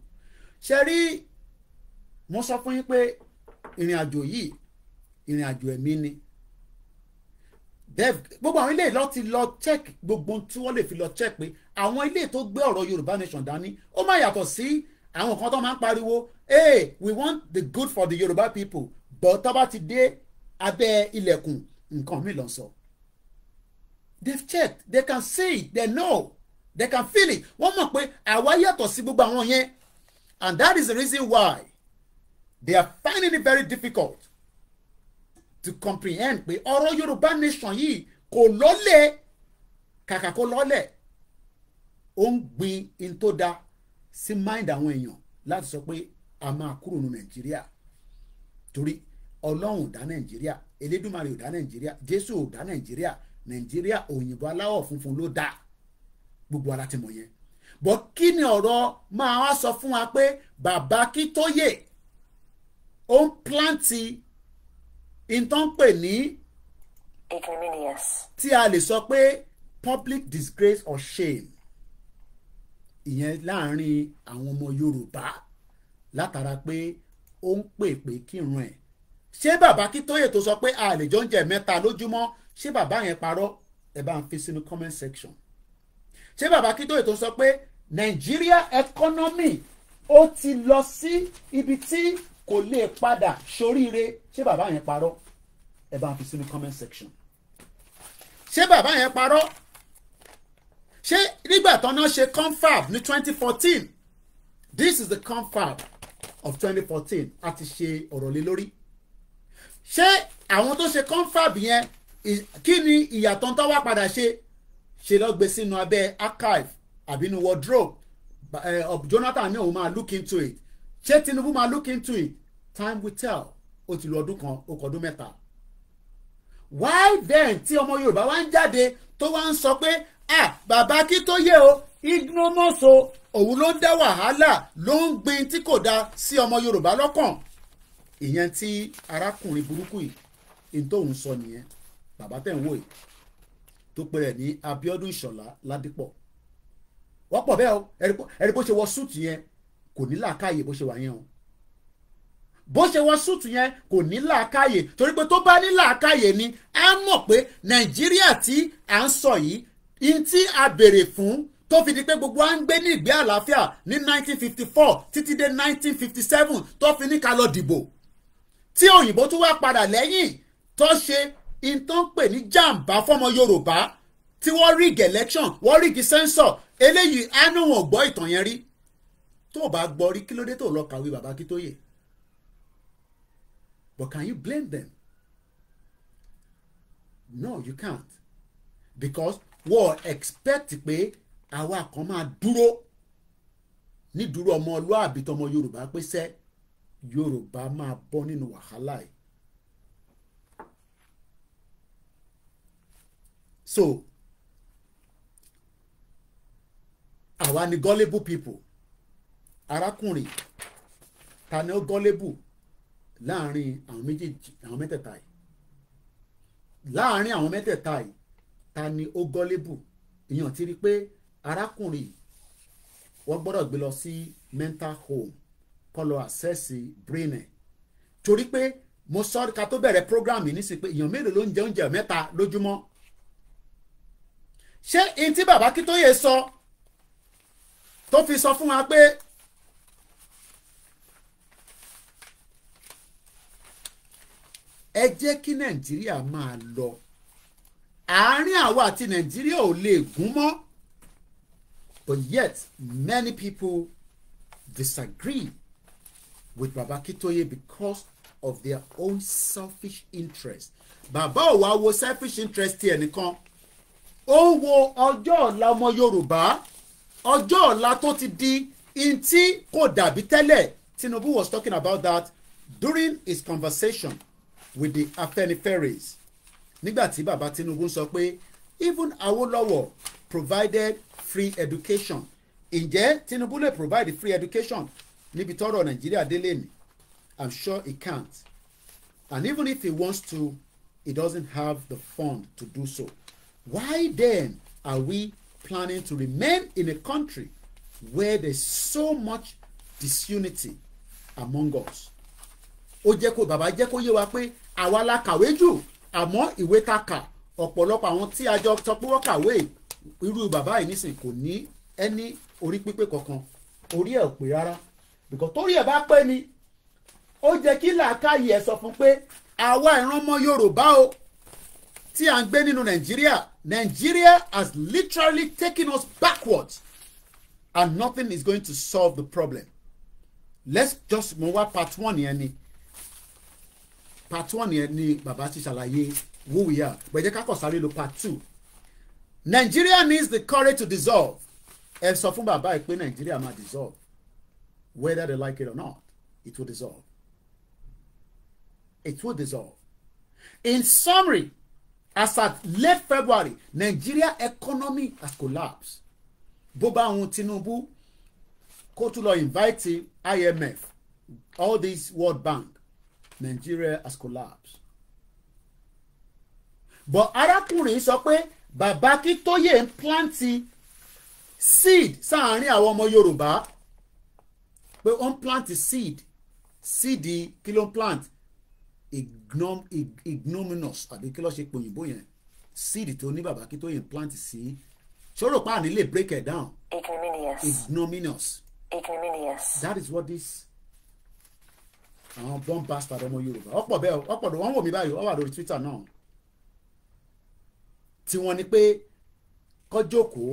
ṣe rí mo sọ fún yín pé ìrìn àjò yìí ìrìn àjò ẹ̀mí ni gbogbo àwọn ilé ìlọ ti lọ check gbogbo tí wọ́n lè fi lọ check pé àwọn ilé tó gbé ọ̀rọ̀ Yorùbá nation dání ó má yàtọ̀ sí àwọn kan tó máa ń pariwo hey we want the good for the Yorùbá people but tó bá ti dé abẹ́ ilẹ̀kùn nǹkan mi lọ sọ they've checked they can see it they know they can feel it wọ́n mọ̀ pé àwa yàtọ̀ sí gbogbo àwọn yẹn and that is the reason why they are finding it very difficult to comprehend pé ọ̀rọ̀ Yorùbá nation yìí kò lọ́lẹ̀ kàkà kó lọ́lẹ̀ ó ń gbin in tó da sí mind àwọn èèyàn láti sọ pé a máa kúrò ní Nàìjíríà torí Ọlọ́run ò dá Nàìjíríà Elédùmarè ò dá Nàìjíríà Jésù ò dá Nàìjíríà Nàìjíríà òyìnbó aláwọ̀ funfun ló dá gbogbo ara ti mọ̀ yẹn bọ́ kí ni ọ̀rọ̀ máa wá sọ fún wa pé bàbá kí tó yè ó ń pláǹtì ìtàn pè ní ignominious tí a lè sọ pé public disgrace or shame ìyẹn láàrin àwọn ọmọ Yorùbá látara pé ó ń pè pé kírun ẹ̀ ṣé bàbá Akíntóyè tó sọ pé a lè jọ ń jẹ mẹ́ta lójúmọ́ ṣé bàbá yẹn parọ́ ẹ bá ń fi sínú comment section ṣé bàbá Akíntóyè tó sọ pé Nigeria economy ó ti lọ sí ibi tí kò lè padà soríire ṣé bàbá yẹn parọ́ ẹ bá fi sínú comment section ṣé bàbá yẹn parọ́ ṣé nígbà tán náà ṣe confab ní 2014. this is the confab of 2014. fourteen a ti ṣe ọ̀rọ̀ lé lórí ṣé àwọn tó ṣe confab yẹn kí ni ìyàtọ̀ tó wá padà ṣe ṣe lọ gbé sínú abẹ́ archive àbí ní wardrobe uh, Jonathan ní òun máa look into it ṣé Tinubu máa look into it time will tell ó ti lò ọdún kan ó kọ ọdún mẹ́ta why then tí ọmọ Yorùbá wá ń jáde tó wá ń sọ pé ah bàbá kí tó yé o ignomos o òun ló ń dá wàhálà ló ń gbin tí kò dáa sí ọmọ Yorùbá lọ́kàn ìyẹn tí arákùnrin burúkú yìí ní tóun sọ nìyẹn bàbá tẹ̀ ń wò yìí tó pe rẹ̀ ní Abíọ́dún Ìṣọ̀lá Ládìpọ̀ wọ́n bẹ́ẹ̀ o ẹ̀rí bó ṣe wọ súùtù yẹn kò ní làákàyè bó ṣe wà yẹn o bó ṣe wọ súùtù yẹn kò ní làákàyè torí pé tó bá ní làákàyè ni á mọ̀ pé nàìjíríà tí à ń sọ yìí ní tí a béèrè fún tó fi di pé gbogbo à ń gbé ní ìgbé àlàáfíà ní 1954 títí dé 1957 tó fi ní ká lọ dìbò tí òyìnbó tún wá padà lẹ́yìn tó ṣe ìtàn pè ní jàǹbá fọmọ yorùbá tí wọ́n rig election wọ́n rig sensor eléyìí á ní wọn gbọ́ ìtàn yẹn rí tó bá gbọ́ rí kí ló dé tó lọ kàwé bàbá kí tó yè but can you blame them no you can't because wọ́n expect pé àwa kan máa dúró ní dúró ọmọlúàbí tọmọ Yorùbá pé sẹ́ Yorùbá máa bọ́ nínú wàhálà yìí. so àwa ni gullible people arákùnrin ta ni ó gọ́lébù láàrin àwọn méjèèjì àwọn mẹ́tẹ̀ẹ̀ta yìí láàrin àwọn mẹ́tẹ̀ẹ̀ta yìí ta ni ó gọ́lébù èèyàn ti rí pé arákùnrin wọ́n gbọ́dọ̀ gbé lọ sí mental home kọ́ lọ àṣẹ́sì brain ẹ̀ torí pé mo sọ ká tó bẹ̀rẹ̀ program yìí nísìnyí pé èèyàn mélòó ló ń jẹ oúnjẹ mẹ́ta lójúmọ́ ṣé ihun tí bàbá Akíntóyè sọ tó fi sọ fún wa pé ẹ jẹ́ kí nàìjíríà máa lọ àárín àwa àti nàìjíríà ò lè gún mọ́ but yet many people disagree with baba kitoye because of their own selfish interest bàbá ò wá wo selfish interest tiẹ̀ nìkan ó wo ọjọ́ ọ̀la ọmọ yorùbá ọjọ́ ọ̀la tó ti di ntí kò dàbí tẹ́lẹ̀ Tinubu was talking about that during his conversation with the Afẹ́nifẹ́res nígbà tí bàbá Tinubu sọ pé even Awolowo provided free education ǹjẹ́ Tinubu lè provide free education níbi tọ́rọ̀ Nàìjíríà délé ni I'm sure he can't and even if he wants to he doesn't have the fund to do so why then are we planning to remain in a country where there's so much disunity among us ó jẹ́ kó bàbá jẹ́ kó yé wa pé àwa la kàwé jù àmọ́ ìwé ta kà ọ̀pọ̀lọpọ̀ àwọn tí a jọ sọ pé wọ́n kàwé irú bàbá yìí nísìn kò ní ẹni orí pípé kankan orí ẹ̀ ò pé rárá bìkọ́ torí ẹ̀ bá pẹ́ ni ó jẹ́ kí làákàyè ẹ̀ sọ fún pé àwa ìran ọmọ Yorùbá o tí à ń gbé nínú Nàìjíríà Nigeria has literally taken us backwards and nothing is going to solve the problem let's just mo wá part one yẹn ni part one yẹn ni bàbá ti ṣàlàyé who we are gbẹ̀jẹ̀ ká sáré lo part two Nigeria needs the courage to dissolve ẹ sọ fún bàbá ẹ pé Nigeria máa dissolve whether they like it or not it will dissolve it will dissolve in summary as at late February Nigeria economy has collapsed bó bá ohun Tinubu kó tún lọ invite IMF all these World Bank Nigeria has collapsed. but arákùnrin sọ pé bàbá Akíntóyè ń planti seed sáàárín àwọn ọmọ Yorùbá pé ó ń planti seed seed kí ló ń plant ignom ignominious àbí kí ló ṣe pòyìnbó yẹn seed tó ní bàbá Akíntóyè ń planti sí ṣòro pa lè break it down ignominious Ignominous. that is what this àwọn born bastard ọmọ yorùbá ọ̀pọ̀ bẹ́ẹ̀ ọ̀pọ̀ wọ́n wò mí báyìí ó wà lórí twitter náà tí wọ́n ní pé kó jókòó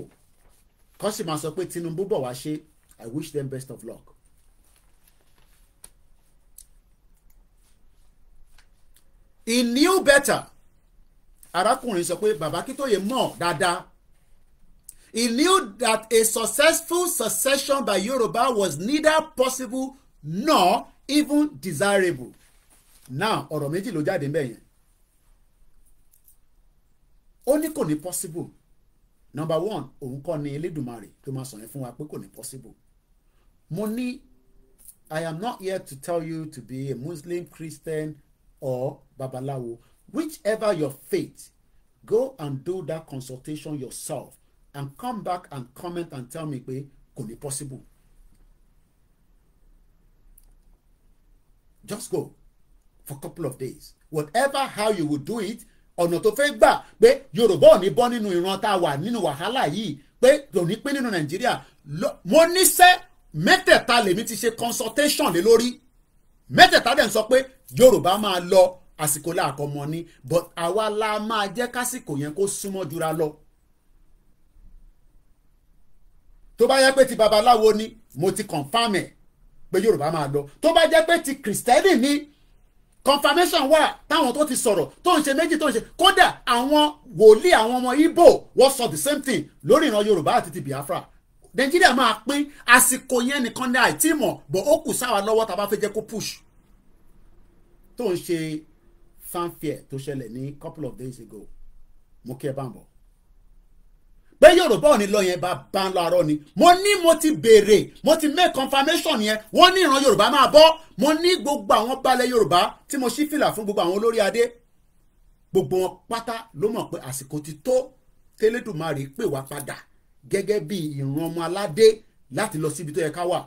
kó sì máa sọ pé tinubu bọ̀ wá ṣe i wish them best of luck. he knew better arákùnrin sọ pé bàbá kítóyè mọ̀ dáadáa he knew that a successful succession by Yorùbá was neither possible nor even desirable now ọ̀rọ̀ méjì ló jáde ńbẹ̀ yẹn ó ní kò ní possible number one òun kọ́ ni elédùnmarè tó máa sọ̀rọ̀ fún wa pé kò ní possible mo ní I am not here to tell you to be a Muslim Christian or Babalawo. whichever your faith go and do that consultation yourself and come back and comment and tell me pé kò ní possible just go for a couple of days whatever how you would do it ọ̀nà tó fẹ́ gbà pé yorùbá ò ní bọ́ nínú ìran tá a wà nínú wàhálà yìí pé kò ní pín nínú nàìjíríà mo níṣẹ́ mẹ́tẹ̀ẹ̀ta lèmi ti ṣe consultation lé lórí mẹ́tẹ̀ẹ̀ta dẹ̀ ń sọ pé yorùbá máa lọ àsìkò láàkọ́ mọ́ ni but àwa la máa jẹ́ kásìkò yẹn kó súnmọ́ jura lọ. tó bá yẹ pé ti babaláwo ni mo ti confam ẹ̀ pé yorùbá máa lọ tó bá jẹ́ pé ti kìrìsìtẹ́nì ni confirmation wà táwọn tó ti sọ̀rọ̀ tó ń ṣe méjì tó ń ṣe kódà àwọn wòlíì àwọn ọmọ ibo. wọ́n sọ the same thing lórí ìran yorùbá àti ti biafra nàìjíríà máa pín àsìkò yẹn nìkan ní àìtí mọ̀ bọ̀ ó kù sáwa lọ́wọ́ tá a bá fẹ́ jẹ́ kó push tó ń ṣe fanfare tó ṣẹlẹ̀ ní couple of days ago mo kí ẹ bá ń bọ̀ pé yorùbá ò ní lọ yẹn bàbá ńlá arọ ni mo ní mo ti béèrè mo ti make confirmation yẹn wọ́n ní ìran yorùbá máa bọ́ mo ní gbogbo àwọn balẹ̀ yorùbá tí mo ṣí fìlà fún gbogbo àwọn olórí adé gbogbo wọn pátá ló mọ̀ pé àsìkò ti tó tẹ́lẹ̀dùmarè pè wá padà gẹ́gẹ́ bí ìran ọmọ aládé láti lọ síbi tó yẹ ká wà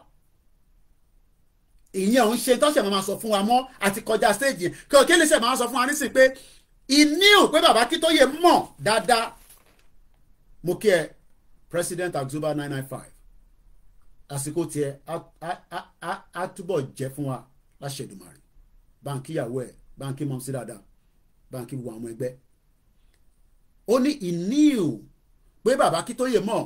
ìyẹn òun ṣe tọ́sẹ̀ máa sọ fún wa mọ́ àti kọjá stage yẹn kí òkè lè máa sọ fún wa nísìnyí pé ìníhùn pé bàbá Akíntóyè mọ̀ dáadáa mo kí ẹ president October nine nine five àsìkò tiẹ̀ á túbọ̀ jẹ́ fún wa láṣẹ Èdùmàrè báńkì ìyàwó ẹ̀ báńkì mọ̀mísí dáadáa báńkì wo àwọn ẹgbẹ́ ó ní ìníhù pé bàbá kí tó yè mọ́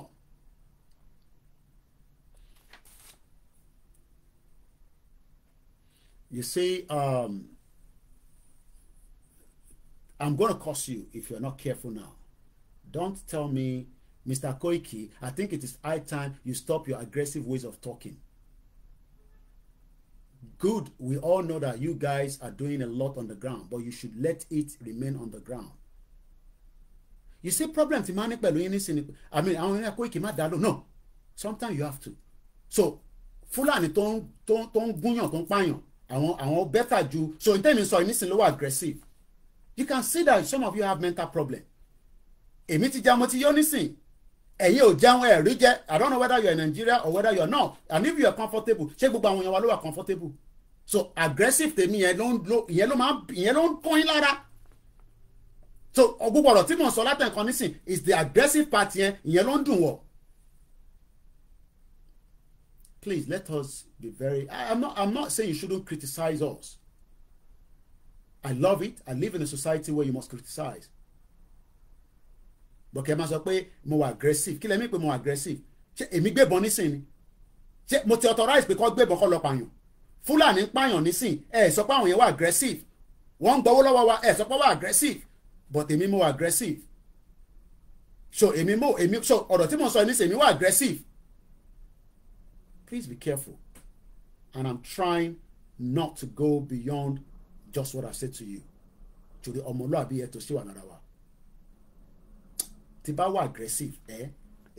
You see, um, I'm going to curse you if you're not careful now. Don't tell me, Mr. Koiki, I think it is high time you stop your aggressive ways of talking. Good, we all know that you guys are doing a lot on the ground, but you should let it remain on the ground. You see, problem ti máa ní pẹ̀lú yín nísìnyí, I mean, àwọn ẹ̀yà Koiki má dá lò, no, sometimes you have to. So, Fúlàní tó ń tó ń tó ń gúnyàn tó ń pààyàn, àwọn àwọn bẹ́tà ju, so ntẹ́mi sọ ìnísìnyí ló wà aggressive. You can see that some of you have mental problem èmi ti já mo ti yó nísìn ẹ̀yin ò jẹun ẹ̀rí jẹ i don't know whether you are in nigeria or whether you are not and if you are comfortable ṣé gbogbo àwọn èèyàn wa ló wà comfortable so aggressive tèmi yẹn ló ń lo ìyẹn ló máa ìyẹn ló ń kún lára so gbogbo ọ̀rọ̀ tí mò ń sọ látẹ̀kan nísìn is the aggressive part yẹn ìyẹn ló ń dùn wọ̀ please let us be very I, i'm not i'm not saying you shouldn't criticize us i love it i live in a society where you must criticize bọ̀kẹ́ máa sọ pé mo wà aggressive kí lẹ mí pé mo wà aggressive ṣé èmi gbébọn nísìn ni ṣé mo ti authorize pé kọ́ gbébọn kọ́ lọ pààyàn fúlàní ń pààyàn nísìn ẹ sọ pé àwọn yẹn wà aggressive wọ́n ń gbowó lọ́wọ́ wa ẹ sọ pé wà aggressive but èmi mo wà aggressive so èmi mo èmi so ọ̀rọ̀ tí mo sọ nísìn èmi wà aggressive please be careful and I'm trying not to go beyond just what I said to you torí ọmọlúwàbí ẹ tó ṣì wà lára wa tí bá wà aggressive ẹ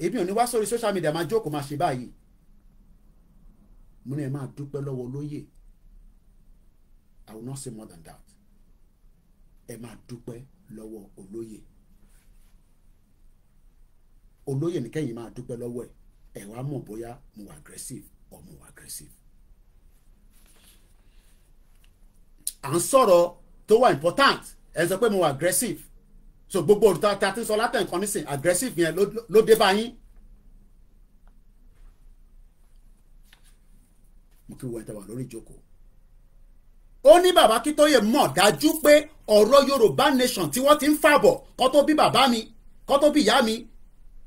èmi ò ní wá sórí social media máa jókòó máa ṣe báyìí mo ní ẹ máa dúpẹ́ lọ́wọ́ olóyè i will not say more than that ẹ máa dúpẹ́ lọ́wọ́ olóyè olóyè nìkẹ́yìn máa dúpẹ́ lọ́wọ́ ẹ̀ ẹ̀ wá mọ̀ bóyá mo wà aggressive or mo wà aggressive. à ń sọ̀rọ̀ tó wà important ẹ sọ pé mo wà aggressive so gbogbo òrùta ta ti sọ látẹ̀kọ́ nísìn aggressive yẹn ló dé bá yín. mo kí wọ́n ẹ̀ tẹ̀ wá lórí ìjókòó. ó ní bàbá Akíntóyè mọ̀ dájú pé ọ̀rọ̀ Yorùbá nation tí wọ́n ti ń fàbọ̀ kó tó bí bàbá mi kó tó bí ìyá mi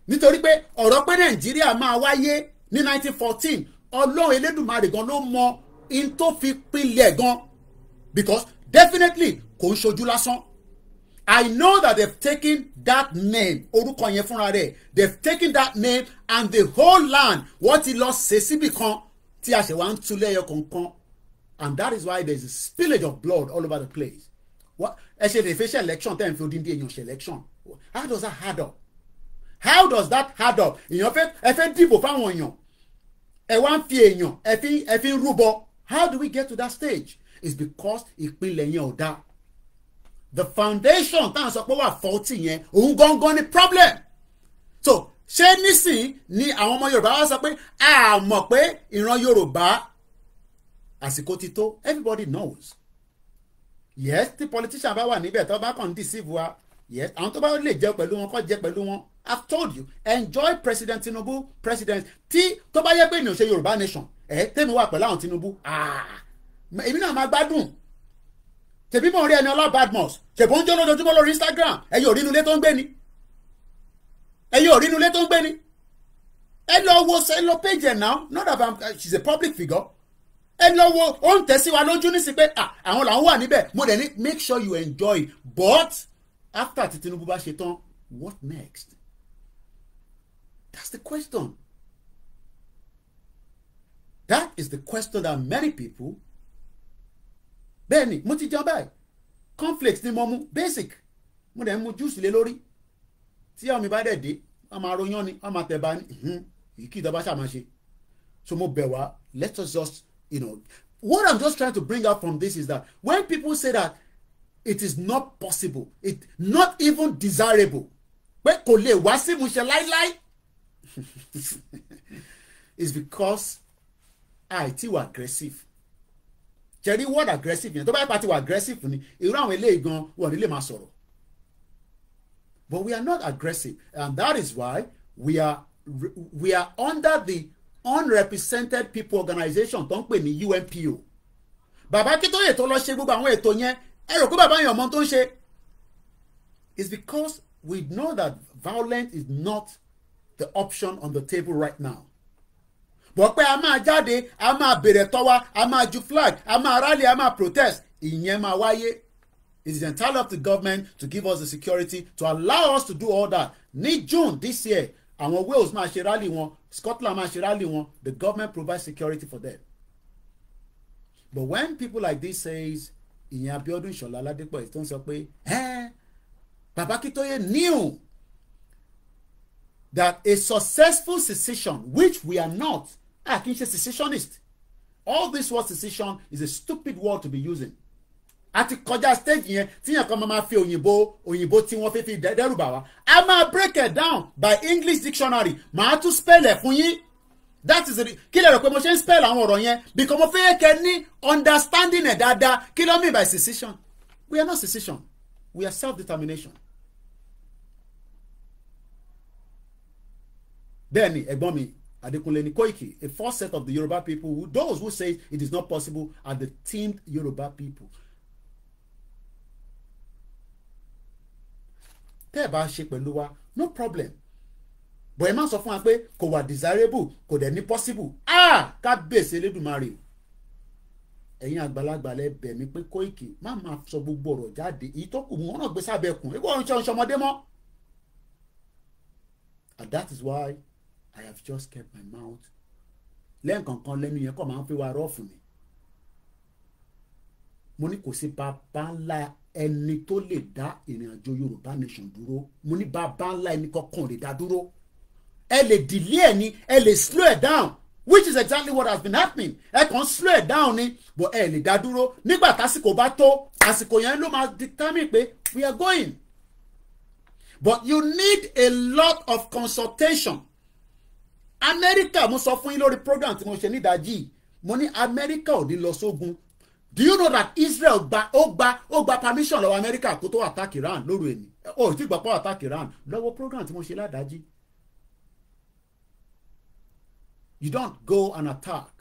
nítorí pé ọ̀rọ̀ pé Nàìjíríà máa wáyé ní 1914 Ọlọ́run Elédùmarè gan ló mọ in tó fi pinlẹ̀ gan because definitely kò ń ṣojú lásán I know that they've taken that name orúkọ yẹn fúnra rẹ̀ they've taken that name and the whole land What ti lost, ṣe síbi kan tí a ṣe wá ń tú lẹ́yọ kankan and that is why there is a spillage of blood all over the place ẹ ṣe lè fi ṣe election tẹ́ ẹ̀ ń fi odindi èèyàn ṣe election how does that add up how does that add up èèyàn fẹ́ ẹ fẹ́ dìbò fáwọn èèyàn ẹ wá ń fi èèyàn ẹ fi ẹ fi rúbọ how do we get to that stage it's because ìpínlẹ̀ yẹn ò dáa the foundation táwọn sọ pé wà faulty yẹn òun gangan ni problem so ṣé nísìn ni àwọn ọmọ yorùbá wa sọ pé a mọ̀ pé ìran yorùbá àsìkò ti tó everybody knows yes tí politician bá wà níbẹ̀ tó bá kàn ń deceive wa yes àwọn tó bá lè jẹ pẹ̀lú wọn kọ́ jẹ pẹ̀lú wọn i've told you enjoy president tinubu president tí tó bá yẹ pé ènìyàn ṣe yorùbá nation ẹ̀ tẹ́mi wà pẹ̀lú àwọn tinubu ah èmi náà máa gbádùn tèmi mọ̀ rí ẹni ọlá badmus ṣèbó ń jó lójoojúmọ́ lórí Instagram ẹ̀yin ò rí inú ilé tó ń gbé ni ẹ̀yin ò inú ilé tó ń gbé ni ẹ lọ wo ẹ lọ page ẹ̀ náà not that I'm, uh, she's a public figure ẹ lọ wo ó ń tẹ̀sí wa lójú ní sí pé ah, àwọn làwọn wà níbẹ̀ mo dẹ̀ ní make sure you enjoy but after tí Tinubu bá ṣe tán what next that's the question that is the question that many people bẹ́ẹ̀ ni mo ti jẹun báyìí cornflakes ni mo mu basic mo dẹ̀ ń mu juice lé lórí tí àwọn mi bá dẹ̀ dé wọ́n máa ronyán ni wọ́n máa tẹ̀bá ni yìí kí ìjọba ṣàmà ṣe so mo bẹ̀ wá let us just you know what i'm just trying to bring out from this is that when people say that it is not possible it not even desirable pé kò lè wá sí ìmúṣẹ láíláí it's because i too aggressive tẹ̀rí word aggressive yẹn tó bá yẹ pa wà aggressive ni irú àwọn eléyìí gan wọn ò lè máa sọ̀rọ̀ but we are not aggressive and that is why we are we are under the unrepresented people organization tó ń pè ní UNPO bàbá kítóyè tó lọ ṣe gbogbo àwọn ètò yẹn ẹ rò pé bàbá yẹn ọmọ tó ń ṣe it's because we know that violence is not the option on the table right now bọ́ pé a máa jáde a máa bèrè tọ́wa a máa ju flag a máa rally a máa protest ìyẹn máa wáyé it is entirely up to government to give us the security to allow us to do all that ní June this year àwọn Wales máa ṣe rally wọn Scotland máa ṣe rally wọn the government provides security for them but when people like this says ìyẹn Abiodun Ìṣọ̀lá Ládépọ̀ tó ń sọ pé Baba Kitoye knew that a successful secession which we are not I ah, kì í secessionist all this word secession is a stupid word to be using a ti kọjá stage yẹn tíyàn kan máa fi òyìnbó òyìnbó tí wọ́n fi fi dẹ́rùbà wá a máa break it down by English dictionary màá tún spell ẹ̀ fún yín that is kí lè rò pé mo ṣe ń spell àwọn ọ̀rọ̀ yẹn because mo fẹ́ kẹ́ ní understanding ẹ̀ dáadáa kí ló mean by secession we are not secession we are self-determination. bẹ́ẹ̀ ni ẹ̀gbọ́n mi Adekunle Koiki, a first set of the Yoruba people, who, those who say it is not possible are the teamed Yoruba people. Tẹ́ ẹ̀ bá ṣe pẹ̀lú wa, no problem. Bọ̀ ẹ má sọ fún wa pé kò wà desirable, kò dẹ̀ ní possible. Ah! Kábíyèsí Elédùmarè o ẹ̀yin àgbàlagbà lẹ bẹ̀ mí pé Koiki má máa sọ gbogbo ọ̀rọ̀ jáde èyí tó kù mú wọn náà gbé sábẹ́ ẹkùn èyí kò ń ṣe ọ̀ṣọ́mọdé mọ́ and that is why I have just kept my mouth lẹ́ǹkankan lẹ́nu yẹn kọ́ máa ń fi wa rọ́ọ̀fù mi mo ní kò sí bàbá ńlá ẹni tó lè dá ìrìn àjò Yorùbá nation dúró mo ní bàbá ńlá ẹni kankan lè dá dúró ẹ lè delay ẹ ní ẹ lè slow ẹ down which is exactly what has been happening ẹ kàn slow ẹ down ni but ẹ lè dá dúró nígbà tásìkò bá tó àsìkò yẹn ló máa determine pé we are going but you need a lot of consultation amẹ́ríkà mo sọ fún yín lórí program tí mo ṣe nídàájí mo ní amẹ́ríkà ò ní lọ sógun do you know that israel gba ó gba ó gba permission lọ́wọ́ amẹ́ríkà kó tó attack iran lóru èmi ó ti gbà pọ́ attack iran lọ́wọ́ program tí mo ṣe ládàájí you don't go and attack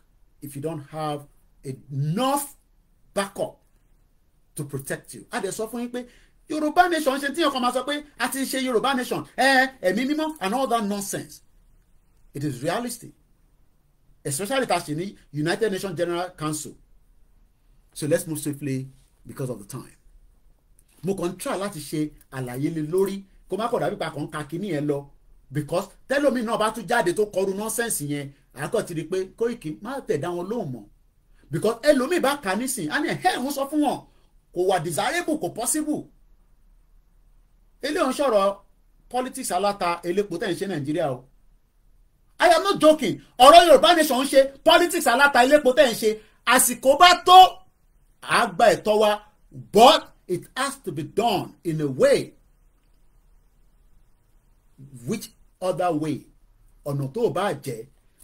if you don't have enough backup to protect you a dẹ̀ sọ fún yín pé yorùbá nation ṣe tí ọkọ̀ máa sọ pé a ti ṣe yorùbá nation ẹ̀ẹ́mí mímọ́ and all that nonsense it is realistic especially tá a ṣe United Nations General Council so let's move swiftly because of the time mo kàn try láti ṣe àlàyé lé lórí kó má kọ̀ dàbí pa kàn ka kíní yẹn lọ because tẹ́lómi náà bá tún jáde tó kọrú nọ́sẹ̀nsì yẹn àkọ́ ti di pé Kóìkì má tẹ̀dá wọn lóhùn mọ́ because ẹlòmíì bá kà nísìn á ní ẹ̀hẹ́ ń sọ fún wọn kò wà desirable kò possible eléyìí ń sọ̀rọ̀ politics aláta elépo tẹ̀ ń ṣe Nàìjíríà o I am not joking ọ̀rọ̀ Yorùbá nation ń ṣe politics aláta iléepo tẹ̀ ń ṣe àsìkò bá tó àgbà ẹ̀tọ́ wa but it has to be done in a way which other way ọ̀nà tó bá jẹ́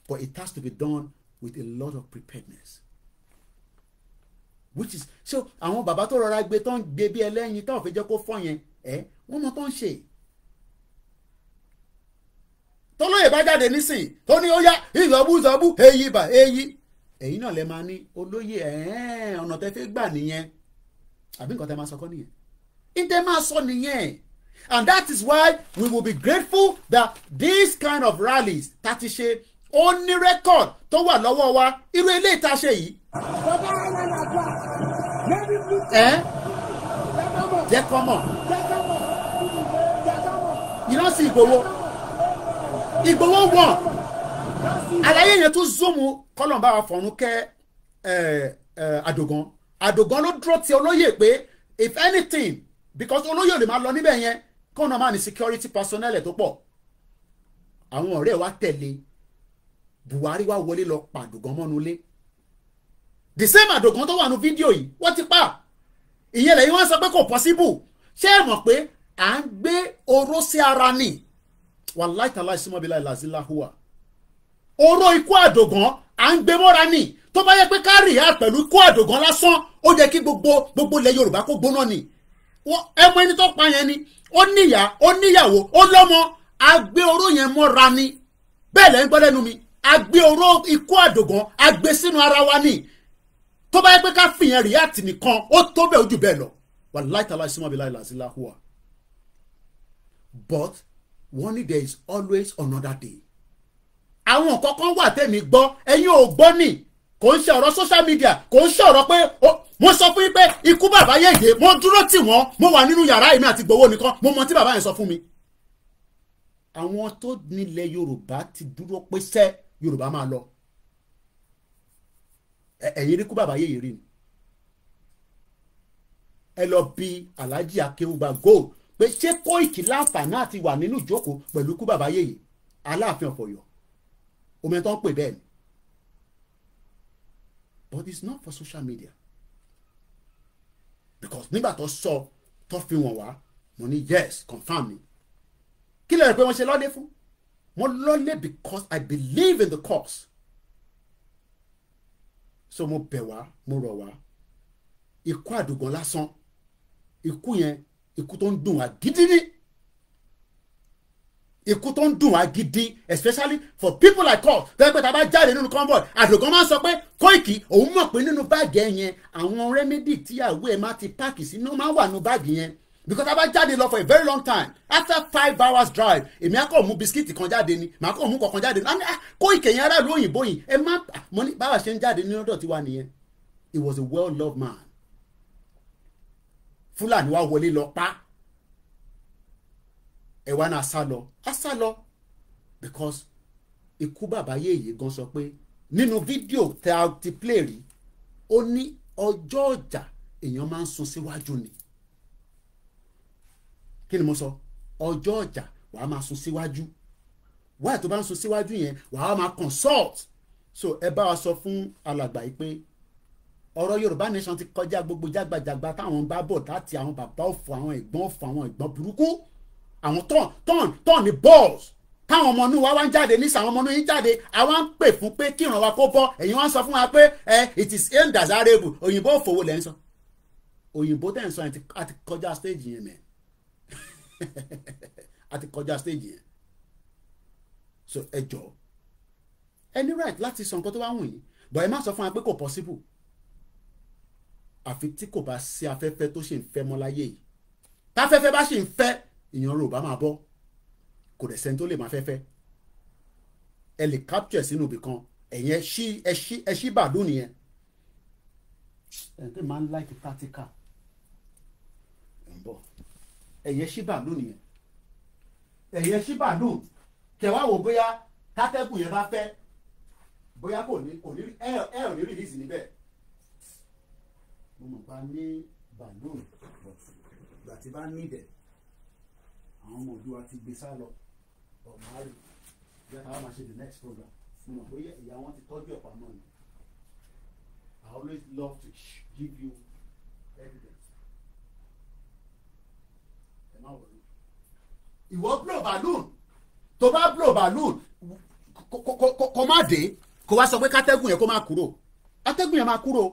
but it has to be done with a lot of preparedness which is so àwọn bàbá tó rọra gbé tó ń gbé bí ẹlẹ́yin tó ń fi jẹ́ kó fọ́ yẹn ẹ wọ́n mọ tó ń ṣe tọ́lóyè bá jáde nísìnyí tó ní ó yá ìzọ́bú ìzọ́bú èyí bà èyí èyí náà lè máa ní olóyè ọ̀nà tẹ́ fẹ́ gbà nìyẹn àbí nǹkan tẹ́ máa sọ kọ́ nìyẹn ìtẹ́ máa sọ nìyẹn and that is why we will be grateful that this kind of rallies ta ti ṣe ó ní record tó wà lọ́wọ́ wa irú ilé ìta ṣe yìí. bàbá àwọn àgbà lẹ́bí bí. ẹ jẹ́ kọ́mọ̀. jẹ́ kọ́mọ̀. you don see Igboho. Ìgbòho wọ̀ àlàyé yẹn tó zoomu kọ́lọ̀mbà àfọ̀rún kẹ́ àdògán àdògán ló dúró ti olóyè pé if anything because olóyè ò lè máa lọ níbẹ̀ yẹn kó náà máa ní security personnel ẹ̀ tó pọ̀ àwọn ọ̀rẹ́ wa tẹ̀lé Buhari wá wọlé lọ pa àdògán mọ́nu lé the same àdògán tó wà nù fídíò yìí wọ́n ti pa ìyẹn lẹ́yìn wọ́n sọ pé kò possible ṣé ẹ mọ̀ pé à ń gbé oró sí ara nìyí wàláì tàláì símọ́bílà ìlàzílà hùwà oró ikú àdògán à ń gbé mọ́ra ni tó bá yẹ pé ká react pẹ̀lú ikú àdògán lásán ó yẹ kí gbogbo gbogbo ilẹ̀ yorùbá kó gbóná ni ẹ mọ ẹni tó pa yẹn ni ó níyà ó níyàwó ó lọ́mọ a gbé oró yẹn mọ́ra ni bẹ́ẹ̀ lẹ́ ń gbọ́ lẹ́nu mi a gbé oró ikú àdògán a gbé sínú ara wa ni tó bá yẹ pé ká fìyẹn react nìkan ó tó bẹ́ẹ̀ ojú bẹ́ẹ̀ lọ wàláì tàláì símọ́bílà ìlàzílà hùwà but wọ́n ní there is always another day. àwọn kọ̀ọ̀kan wà tẹ̀mí gbọ́ ẹ̀yin ò gbọ́ nì kò ń ṣe ọ̀rọ̀ social media kò ń ṣe ọ̀rọ̀ pé mo sọ fún yín pé ikú bàbá yéèyé mo dúró tì wọ́n mo wà nínú yàrá èmi àti gbowó nìkan mo mọ tí bàbá yẹn sọ fún mi. àwọn tó nílẹ̀ yorùbá ti dúró pé sẹ́ yorùbá máa lọ ẹ̀yin rí kú bàbá yéèyé rí ni ẹ lọ bí alhaji akéwùgbà gold pé ṣé Koiki láǹfààní àti wà nínú ìjókòó pẹ̀lú ikú bàbá yèyè aláàfin ọ̀fọ̀yọ́ omi tó ń pè bẹ́ẹ̀ ni but it's not for social media because nígbà tó sọ tó fi wọ̀n wá mo ní yes confam mi kí lè rẹ̀ pé wọ́n ṣe lọ́dẹ fún wọ́n lọ́lẹ̀ because I believe in the cause so mo bẹ̀ wá mo rọ̀ wá ikú àdùgbọ́n lásán ikú yẹn ikú tó ń dùn wá gidi ni ikú tó ń dùn wá gidi especially for people like us tó yẹ pé tá a bá jáde nínú convoy àdògán máa ń sọ pé Kóìkì òun mọ̀ pé nínú báàgì ẹ̀ yẹn àwọn rẹ́mídì tíyàwó ẹ̀ máa ti páàkì sí náà máa wà nínú báàgì yẹn because tá a jáde lọ for a very long time after five hours drive èmi á kò mú bisikíìtì kan jáde ni màá kò mú kọ̀ọ̀kan jáde ni ah Kóìkì yẹn aráàlú òyìnbó yìí ẹ má ah, mọ ní báwa ṣe ń jáde ní ọ̀dọ̀ tiwa nìyẹn he was a well-loved man fúlàní wa wọlé lọ pa ẹ wá náà sá lọ á sá lọ because ikú bàbá yéèyé gan sọ pé nínú fídíò tẹ ti play rí ó ní ọjọ́ ọjà èèyàn máa ń sun síwájú ni kí ni mo sọ ọjọ́ ọjà wàá máa sun síwájú wáyà tó bá ń sun síwájú yẹn wàá máa consult so ẹ bá wa sọ fún alàgbà yìí pé ọ̀rọ̀ Yorùbá nation ti kọjá gbogbo jágbajàgba táwọn bá bọ̀ láti àwọn bàbá òfò àwọn ẹ̀gbọ́n òfò àwọn ẹ̀gbọ́n burúkú àwọn tọ́n tọ́n tọ́n ní balls táwọn ọmọ inú wa wá ń jáde nísà àwọn ọmọ inú yín jáde àwa ń pè fún pé kí ìrànwá kó bọ́ ẹ̀yin wá ń sọ fún wa pé ẹ it is undesirable òyìnbó òfòwò lẹ́ ń sọ òyìnbó tẹ̀ ń sọ àti kọjá stage yẹn mẹ́ àti kọjá stage yẹn so ẹ jọ ẹ ní right láti sọ nǹkan tó bá wù yín bọ̀ ẹ má sọ fún wa pé kò possible àfi tí kò bá sí afẹ́fẹ́ tó ṣì ń fẹ́ mọ́ láyé yìí táfẹ́fẹ́ bá ṣì ń fẹ́ ìyàn rò bá máa bọ́ kò dẹ̀ sẹ́ni tó lè máa fẹ́fẹ́ ẹ lè capture sínú ibì kan ẹ̀yìn ẹṣí ẹṣí ẹṣí bàdó nìyẹn ẹ̀ǹtẹ̀ máa ń láìkí practical ẹ̀ ń bọ̀ ẹ̀yìn ẹṣí bàdó nìyẹn ẹ̀yìn ẹṣí bàdó kẹwàá wò bóyá tátẹ́kùn yẹn bá fẹ́ bóyá kò ní kò ní ẹ̀ ẹ̀ ò ní release níbẹ̀ mo mọ̀ pa ní balloon but ìgbà tí bá nídẹ̀ àwọn ọmọ òdua ti gbé sá lọ but màá rí máa ṣe the next program mo mọ̀ pé ìyá wọn ti tọ́jú ẹ̀ pamọ́ ni I always love to give you evidence ẹ má wọlé ìwọ blow balloon tó bá blow balloon kó má dé kó wá sọ pé kátẹ́gùn yẹn kó má kúrò atẹ́gùn yẹn má kúrò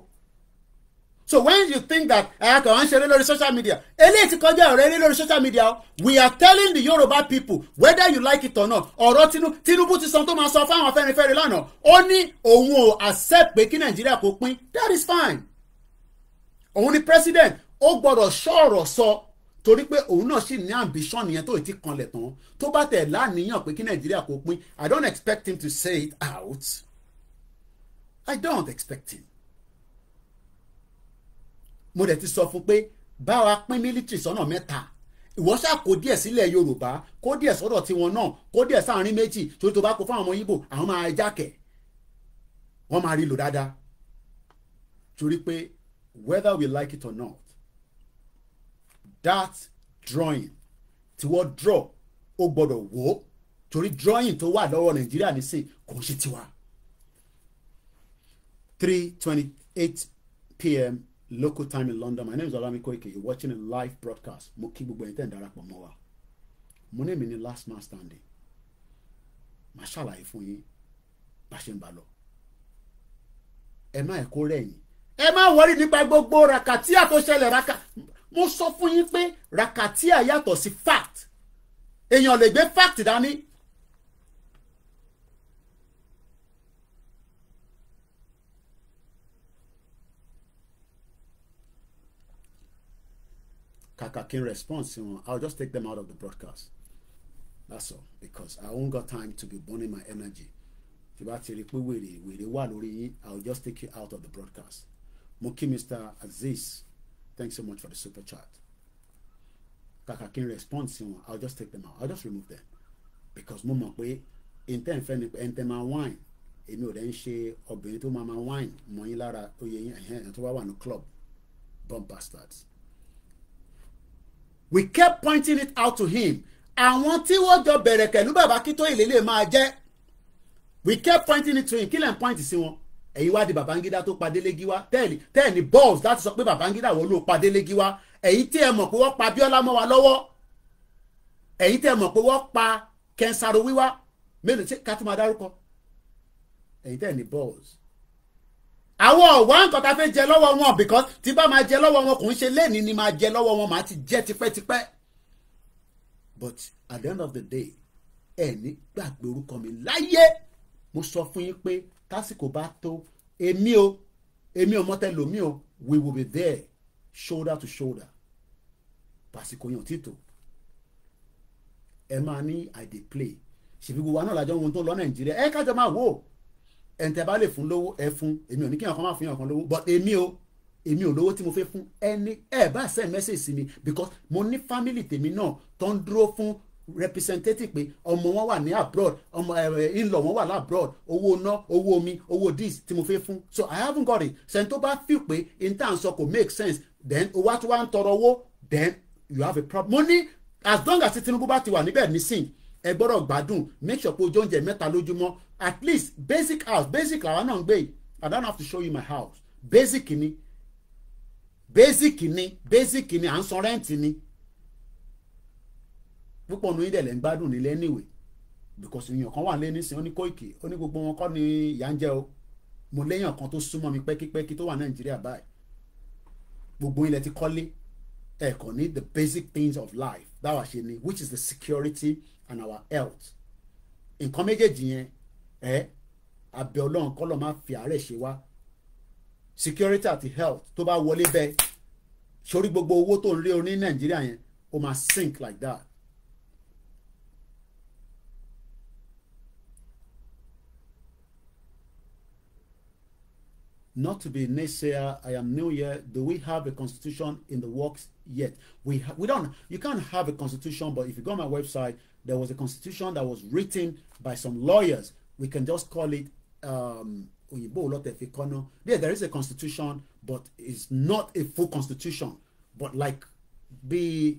so when you think that ẹ̀ka wọn ń ṣeré lórí social media eléyìí ti kọjá ọ̀rọ̀ eré lórí social media o we are telling the Yoruba people whether you like it or not ọ̀rọ̀ Tinubu Tinubu ti sọ tó máa sọ fáwọn Afẹ́nifẹ́re lánàá ó ní òun ò accept pé kí Nàìjíríà kò pín that is fine òun ni president ó gbọ́dọ̀ ṣọ̀rọ̀ sọ torí pé òun náà sì ní ambition nìyẹn tó ti kanlẹ̀ tán tó bá tẹ̀ láàníyàn pé kí Nàìjíríà kò pín I don't expect him to say it out I don't expect him mo dẹ̀ ti sọ fún pé báwa pín mílítìrì sọ́nà mẹ́ta ìwọ ṣáà kó díẹ̀ sílẹ̀ yorùbá kó díẹ̀ sọ́dọ̀ tiwọn náà kó díẹ̀ sáàrin méjì torí tó bá kó fáwọn ọmọ yíbò àwọn máa jákẹ́ wọ́n máa rí lò dáadáa torí pé whether we like it or not that drawing tí wọ́n draw ó gbọ́dọ̀ wò ó torí drawing tó wà lọ́wọ́ nàìjíríà nísìn kò ń ṣe tiwa. three twenty eight pm local time in London my name is Olami Koike you're watching a live broadcast mo kí gbogbo ẹni tẹ́ ń darapọ̀ mọ́ wa mo ní mi ní last man standing màá ṣàlàyé fún yín bá ṣe ń bá lọ ẹ má ẹ̀kọ́ rẹ̀ yín ẹ má wọrí nípa gbogbo rakatia tó ṣẹlẹ̀ raka mo sọ fún yín pé rakatia yàtọ̀ sí fact èèyàn lè gbé fact dání Kakakin, response sí wọn i just take them out of the broadcast that's all because i won't got time to be burning my energy If you ti rí pé wèrè wèrè wà lórí yín i will just take you out of the broadcast Muki, kí mr aziz thanks so much for the super chat Kakakin, response sí wọn i just take them out I'll just remove them because mo mọ̀ pé intent fẹ́ ni pé ẹ̀ńtẹ́ máa wine èmi ò dẹ̀ ń ṣe obìnrin tó máa máa wine mọ́ yín lára oyè yín ẹ̀hẹ́n tó bá wà ní club bomb bastards we kept pointing it out to him àwọn tí wọ́n jọ bẹ̀rẹ̀ kẹ̀lú bàbá Akíntóyè lélẹ̀ máa jẹ́ we kept pointing it to him kí lẹ́n point sí wọn ẹ̀yin wá di Babangida tó pa Délégi wá tẹ́ẹ̀ni tẹ́ẹ̀ni balls láti sọ pé Babangida wọ́n ló pa Délégi wá ẹ̀yin tí ẹ mọ̀ pé wọ́n pa Abíọ́lá mọ́ wa lọ́wọ́ ẹ̀yin tí ẹ mọ̀ pé wọ́n pa Kẹ́nsaro wíwá mélòó ṣe ká máa dárúkọ ẹ̀yin tẹ́ẹ̀ni balls àwọn ọ̀wá nǹkan tá a fẹ́ jẹ lọ́wọ́ wọn because tí bá máa jẹ lọ́wọ́ wọn kò ń ṣe lẹ́ni ni máa jẹ lọ́wọ́ wọn máa ti jẹ́ tipẹ́tipẹ́ but at the end of the day ẹ ní gbàgbé orúkọ mi láyé mo sọ fún yín pé tásìkò bá tó èmi o èmi ò mọ́tẹ́ lòmí o we will be there shoulder to shoulder pàṣípò yàn títò ẹ máa ní i dey play ṣèbí gbogbo wa náà làjọ ohun tó lọ nàìjíríà ẹ kájọ máa wò ó ẹ̀ǹtẹ̀ bá lè fún lówó ẹ fún èmi ò ní kí nǹkan má fún yàn kan lówó but èmi o èmi ò lówó tí mo fẹ́ fún ẹni ẹ bá send message sí mi because mo ní family tèmi náà tó ń dúró fún representative pé ọmọ wọn wà ní abroad ọmọ eh, eh, in-law wọn wà ní abroad owó ná owó omi owó dis tí mo fẹ́ fún so i haven't got it ṣẹ́ni tó bá feel pé in town sọ kò make sense then owó àti wà ń tọrọ owó then you have a problem. mo ní as long as Tinubu bá ti wà níbẹ̀ nísìn ẹ gbọ́dọ̀ gbádùn make sure pé ojú oúnjẹ mẹ́ta lójúmọ́ at least basic house basic làwa náà ń gbé yìí I don't have to show you my house basic ni basic ni basic ni à ń san rent ni púpọ̀ nu ilẹ̀ lẹ́ ń gbádùn nílé anyway because èèyàn kan wà lé nísìnyí ó ní Kóìkì ó ní gbogbo wọn kọ́ ni ìyà ń jẹ o mo léèyàn kan tó súnmọ́ mi pẹ́kípẹ́kí tó wà Nàìjíríà báyìí gbogbo ilẹ̀ ti kọ́lé ẹ̀kọ́ ní the basic things of life báwa ṣe ni which is the security and our health nǹkan méjèèjì yẹn ẹ abẹ ọlọ́run kọ́lọ̀ máa fi àárẹ̀ ṣe wá security àti health tó bá wọlé bẹ́ẹ̀ sórí gbogbo owó tó ń rí orí nàìjíríà yẹn ó máa sink like that. Not to be naysayer, I am new here. Do we have a constitution in the works yet? We we don't. You can't have a constitution, but if you go on my website, there was a constitution that was written by some lawyers we can just call it um, there there is a constitution but it's not a full constitution but like bí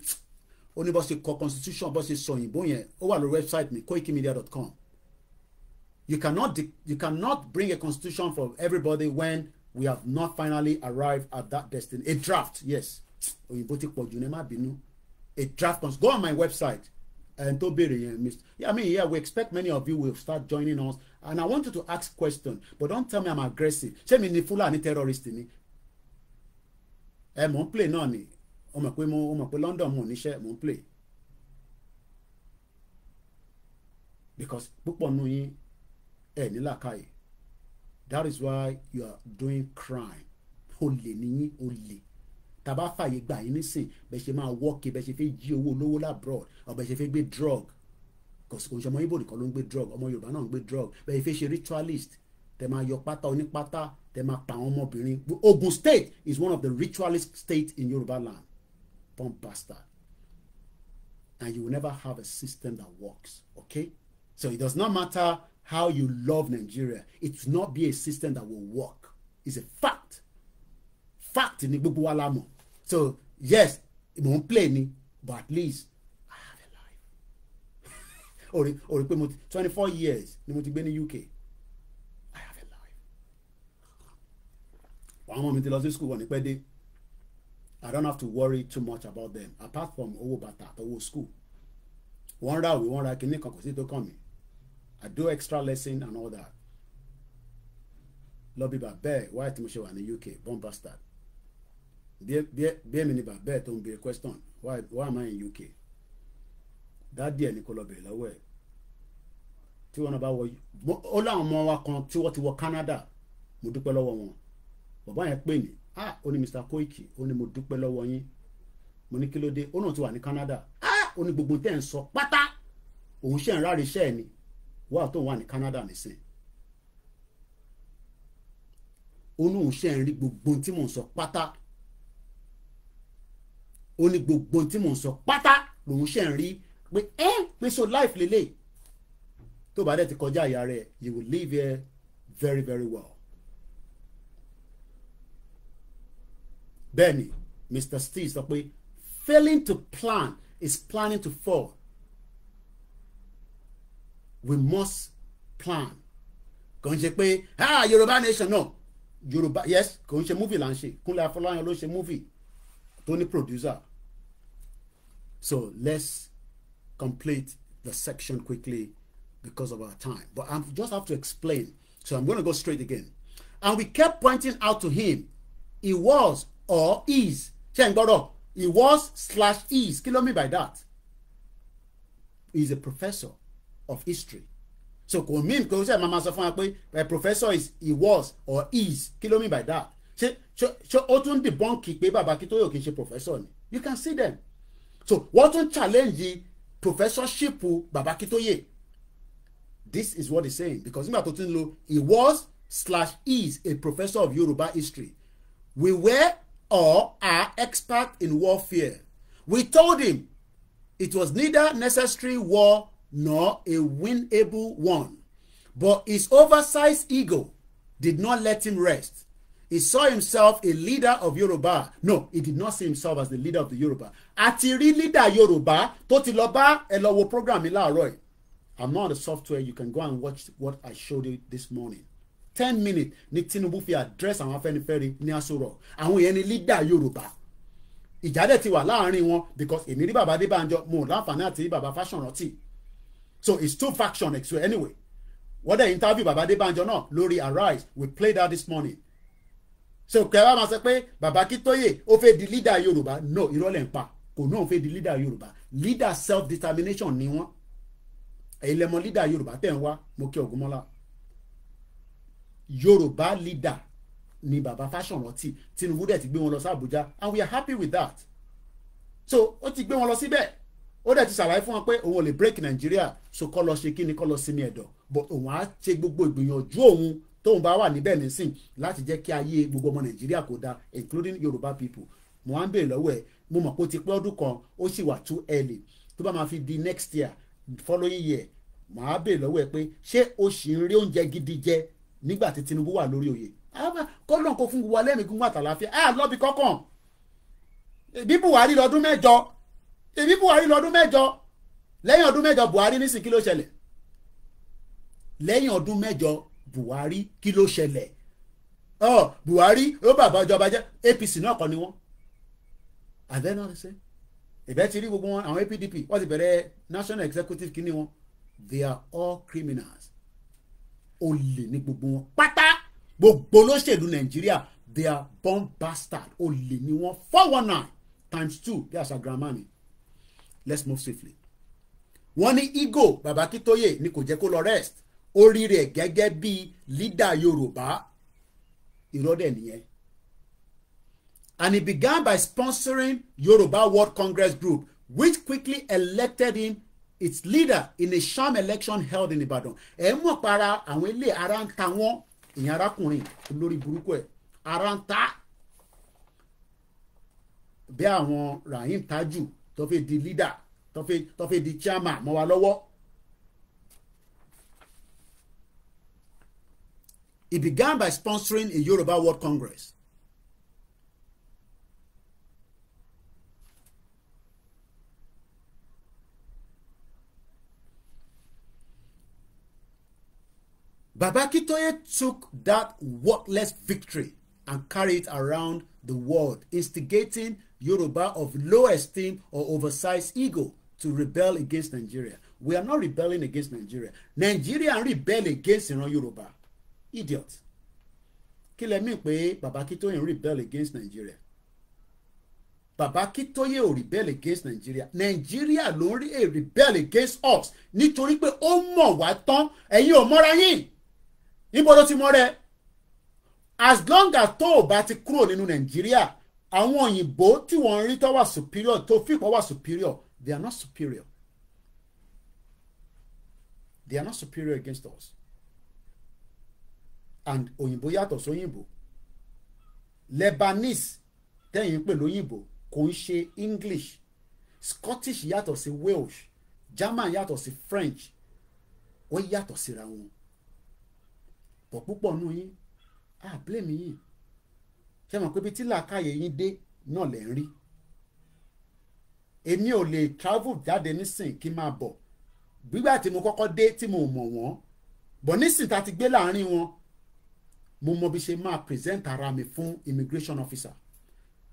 oníbọ̀sẹ̀ kọ constitution but it's òyìnbó yẹn ó wà website mi koikimedia.com you cannot you cannot bring a constitution for everybody when we have not finally arrived at that destiny a draft yes a draft go on my website And tó be, yẹn yeah, I mean yeah we expect many of you will start joining us and I want you to ask questions but don't tell me I'm aggressive ṣé me, ni fula ni terrorist ni ẹ mò play no ni o mọ̀ pé mo o mọ̀ pé London mo ni mò ń play because púpọ̀ nù yín ẹ ní làákàyè that is why you are doing crime olè nìyí olè tàbá fàyè gbà yín nísìn bẹ́ẹ̀ ṣe máa wọ́ọ̀kì bẹ́ẹ̀ ṣe fẹ́ jí owó olówó labroad ọ̀ bẹ́ẹ̀ ṣe fẹ́ gbé drug kòsìkòsì ọmọ Ìgbò nìkan ló ń gbé drug ọmọ Yorùbá náà ń gbé drug bẹ́ẹ̀ fẹ́ ṣe ritualist tẹ máa yọ pátá onípátá tẹ máa pa àwọn ọmọbìnrin Ogun State is one of the ritualist state in Yorùbá land pump bastard and you will never have a system that works okay so it does not matter how you love Nigeria it will not be a system that will work it's a fact fact ni gbogbo wa la mọ̀ so yes mò ń play ni but at least I have a life òrì òrì pé mo ti twenty four years ni mo ti gbé ní UK I have a life àwọn ọmọ mi ti lọ sí school wọn ní pẹ́ dé I don't have to worry too much about them apart from owó bàtà owó school wọ́n ra òwe wọ́n ra kinní kan kò sí tó kàn mí I do extra lesson and all that lọ bí bàbá Why wáyé tí mo ṣe wà ní UK born bastard bí èmi ni bàbá ẹ̀ tó ń béèrè question why why am I in UK dáàdì ẹ̀ ní kó lọ béèrè lọ́wọ́ ẹ̀ tí wọn bá wọ ó láwọn ọmọ wa kan tí wọ́n ti wọ Canada mo dúpẹ́ lọ́wọ́ wọn bàbá yẹn pè mí ah ó ní Mr Koiki ó ní mo dúpẹ́ lọ́wọ́ yín mo ní kí ló dé ó náà ti wà ní Canada ah ó ní gbogbo tẹ́ ń sọ pátá òun ṣe ń ráre iṣẹ́ ẹ̀ ni wà tó wà ní Canada nìsín ó ní òun ṣe ń rí gbogbo tí mò ń sọ pátá ó ní gbogbo tí mò ń sọ pátá lòun ṣe ń rí pé ẹ pé so life lélẹ̀ tó bá dẹ̀ ti kọjá àyà rẹ̀ you will live here very very well. bẹ́ẹ̀ni Mr. Steve sọ pé failing to plan is planning to fall we must plan kò ń ṣe pé ah Yorùbá nation náà Yorùbá yes kò ń ṣe movie là ń ṣe Kúnlé Afọláyan ló ṣe movie tó ní producer So let's complete the section quickly because of our time. But I just have to explain. So I'm going to go straight again. And we kept pointing out to him, he was or is. Shengoro, he was slash is. Kill me by that? He's a professor of history. So kò mean kò sẹ́ màmá sọ a eh, professor is he was or is. Kill me by that? Ṣé ṣé ó tún dìbọ́ǹkì pé bàbá Akíntóyè kì í professor You can see them so wọ́n tún challenge professorship baba Akintoye this is what he's saying because nígbà tó ti ń lo he was slash is a professor of Yoruba history we were or are expert in warfare we told him it was neither necessary war nor a winnable one but his oversized ego did not let him rest He saw himself a leader of Yoruba. No, he did not see himself as the leader of the Yoruba. Àti leader Yoruba tó ti lọ bá ẹ program mi láàárọ̀ yìí. I'm not on the software. You can go and watch what I showed you this morning. Ten minutes ni Tinubu fi address àwọn Afẹ́nifẹ́re ní asọ̀rọ̀. Àwọn yẹn ni leader Yoruba. Ìjà dẹ̀ ti wà láàárín wọn because èmi rí bàbá Adébánjọ mo láǹfààní àti baba Fáṣọ̀rántì. So it's two faction anyway. Wọ́n dẹ̀ interview baba Adébánjọ náà lórí Arise. We played that this morning so kẹ́ wá máa sọ pé bàbá Akíntóyè ó fẹ́ di leader Yorùbá no irọ́ lẹ̀ ń pa kò náà fẹ́ di leader Yorùbá leader self determination ni wọ́n èyí lẹ́mọ leader Yorùbá tẹ̀ ń wá mo kí Ògúnmọ́lá Yorùbá leader ni Baba Fáṣọ̀rántì Tinubu dẹ̀ ti gbé wọn lọ sí Àbújá and we are happy with that so ó ti gbé wọn lọ síbẹ̀ ó dẹ̀ ti ṣàlàyé fún wọn pé òun ò lè break Nàìjíríà so kọ́ lọ ṣe kí ni kọ́ lọ sinmi ẹ̀dọ̀ but òun á ṣe gbogbo ìgbìyànjú òun tóun bá wà níbẹ̀ nísìn láti jẹ́ kí ayé gbogbo ọmọ nàìjíríà kó dáa including yorùbá people mo wá ń bèèrè lọ́wọ́ ẹ̀ mo mọ̀ pé ó ti pẹ́ ọdún kan ó sì wà too early tó bá máa fi di next year following year mo á bèèrè lọ́wọ́ ẹ̀ pé ṣé o sì ń rí oúnjẹ gidi jẹ nígbà tí tinubu wà lórí oyè ah, kọ́lọ́n kó fún wa lẹ́mìí gúngbà tàlàfíà á ah, lọ́bi kọ́kàn ìbí buhari lọ́dún mẹ́jọ ìbí buhari lọ́dún mẹ́jọ lẹ́yìn ọdún mẹ́jọ buhari nísìnyí kí ló ṣẹlẹ̀ lẹ́yìn ọdún mẹ́jọ Buhari kí ló ṣẹlẹ̀ ọ Buhari ó bàbá ìjọba jẹ́ APC náà kọ́ ni wọ́n àbẹ́ náà ṣe ìbẹ́ ti rí gbogbo wọn àwọn APDP wọ́n ti bẹ̀rẹ̀ national executive kí ni wọn they are all criminals olè ní gbogbo wọn pátá gbogbo olóṣèlú Nàìjíríà they are born bastard olè ní wọn four one nine times two bí àṣà grammar ni let's move swiftly wọ́n ní Igbo Baba Akintoye ni kò jẹ́ kó lọ rest ó rí rẹ̀ gẹ́gẹ́ bí lídà Yorùbá ìrọ́dẹ̀ nìyẹn. And he began by sponsoring Yoruba World Congress Group, which quickly elected him its leader in a sham election held in Ibadan. ẹ mọ̀ para àwọn ilé ara ń ta wọ́n ìyẹn arákùnrin olórí burúkú ẹ̀ ara ń ta bí àwọn Rahim Taju tó fi di leader tó fi di chairman mọ́ wa lọ́wọ́ He began by sponsoring a Yoruba World Congress. Babakitoye took that worthless victory and carried it around the world, instigating Yoruba of low esteem or oversized ego to rebel against Nigeria. We are not rebelling against Nigeria. Nigeria rebel against Iran Yoruba idiot kí lẹ mí pé baba Akíntóyè rebel against Nigeria baba Akíntóyè ò rebel against Nigeria Nigeria ló ń rí a rebel against us nítorí pé ó mọ̀ wá tán ẹ̀yin ò mọ́ra yín níbo ló ti mọ́ rẹ as long as tó o bá ti kúrò nínú Nigeria àwọn òyìnbó tí wọ́n ń rí tó wà superior tó fipọ̀ wà superior they are not superior they are not superior against us and òyìnbó yàtọ̀ sóyìnbó Lebanese tẹ̀yìn pè lóyìnbó kò ń ṣe English Scottish yàtọ̀ sí Welsh German yàtọ̀ sí French ó yàtọ̀ síra wọn pọ̀ púpọ̀ nù yín ah blame yín ṣe mọ̀ pé ibi tí làákàyè yín dé náà lẹ̀ rí èmi ò lè travel jáde nísìn kí n máa bọ̀ gbígbà tí mo kọ́kọ́ dé tí mo mọ̀ wọ́n bọ̀ nísìn tá a ti gbé láàrin wọn mo mọ bí ṣe máa present ara mi fún immigration officer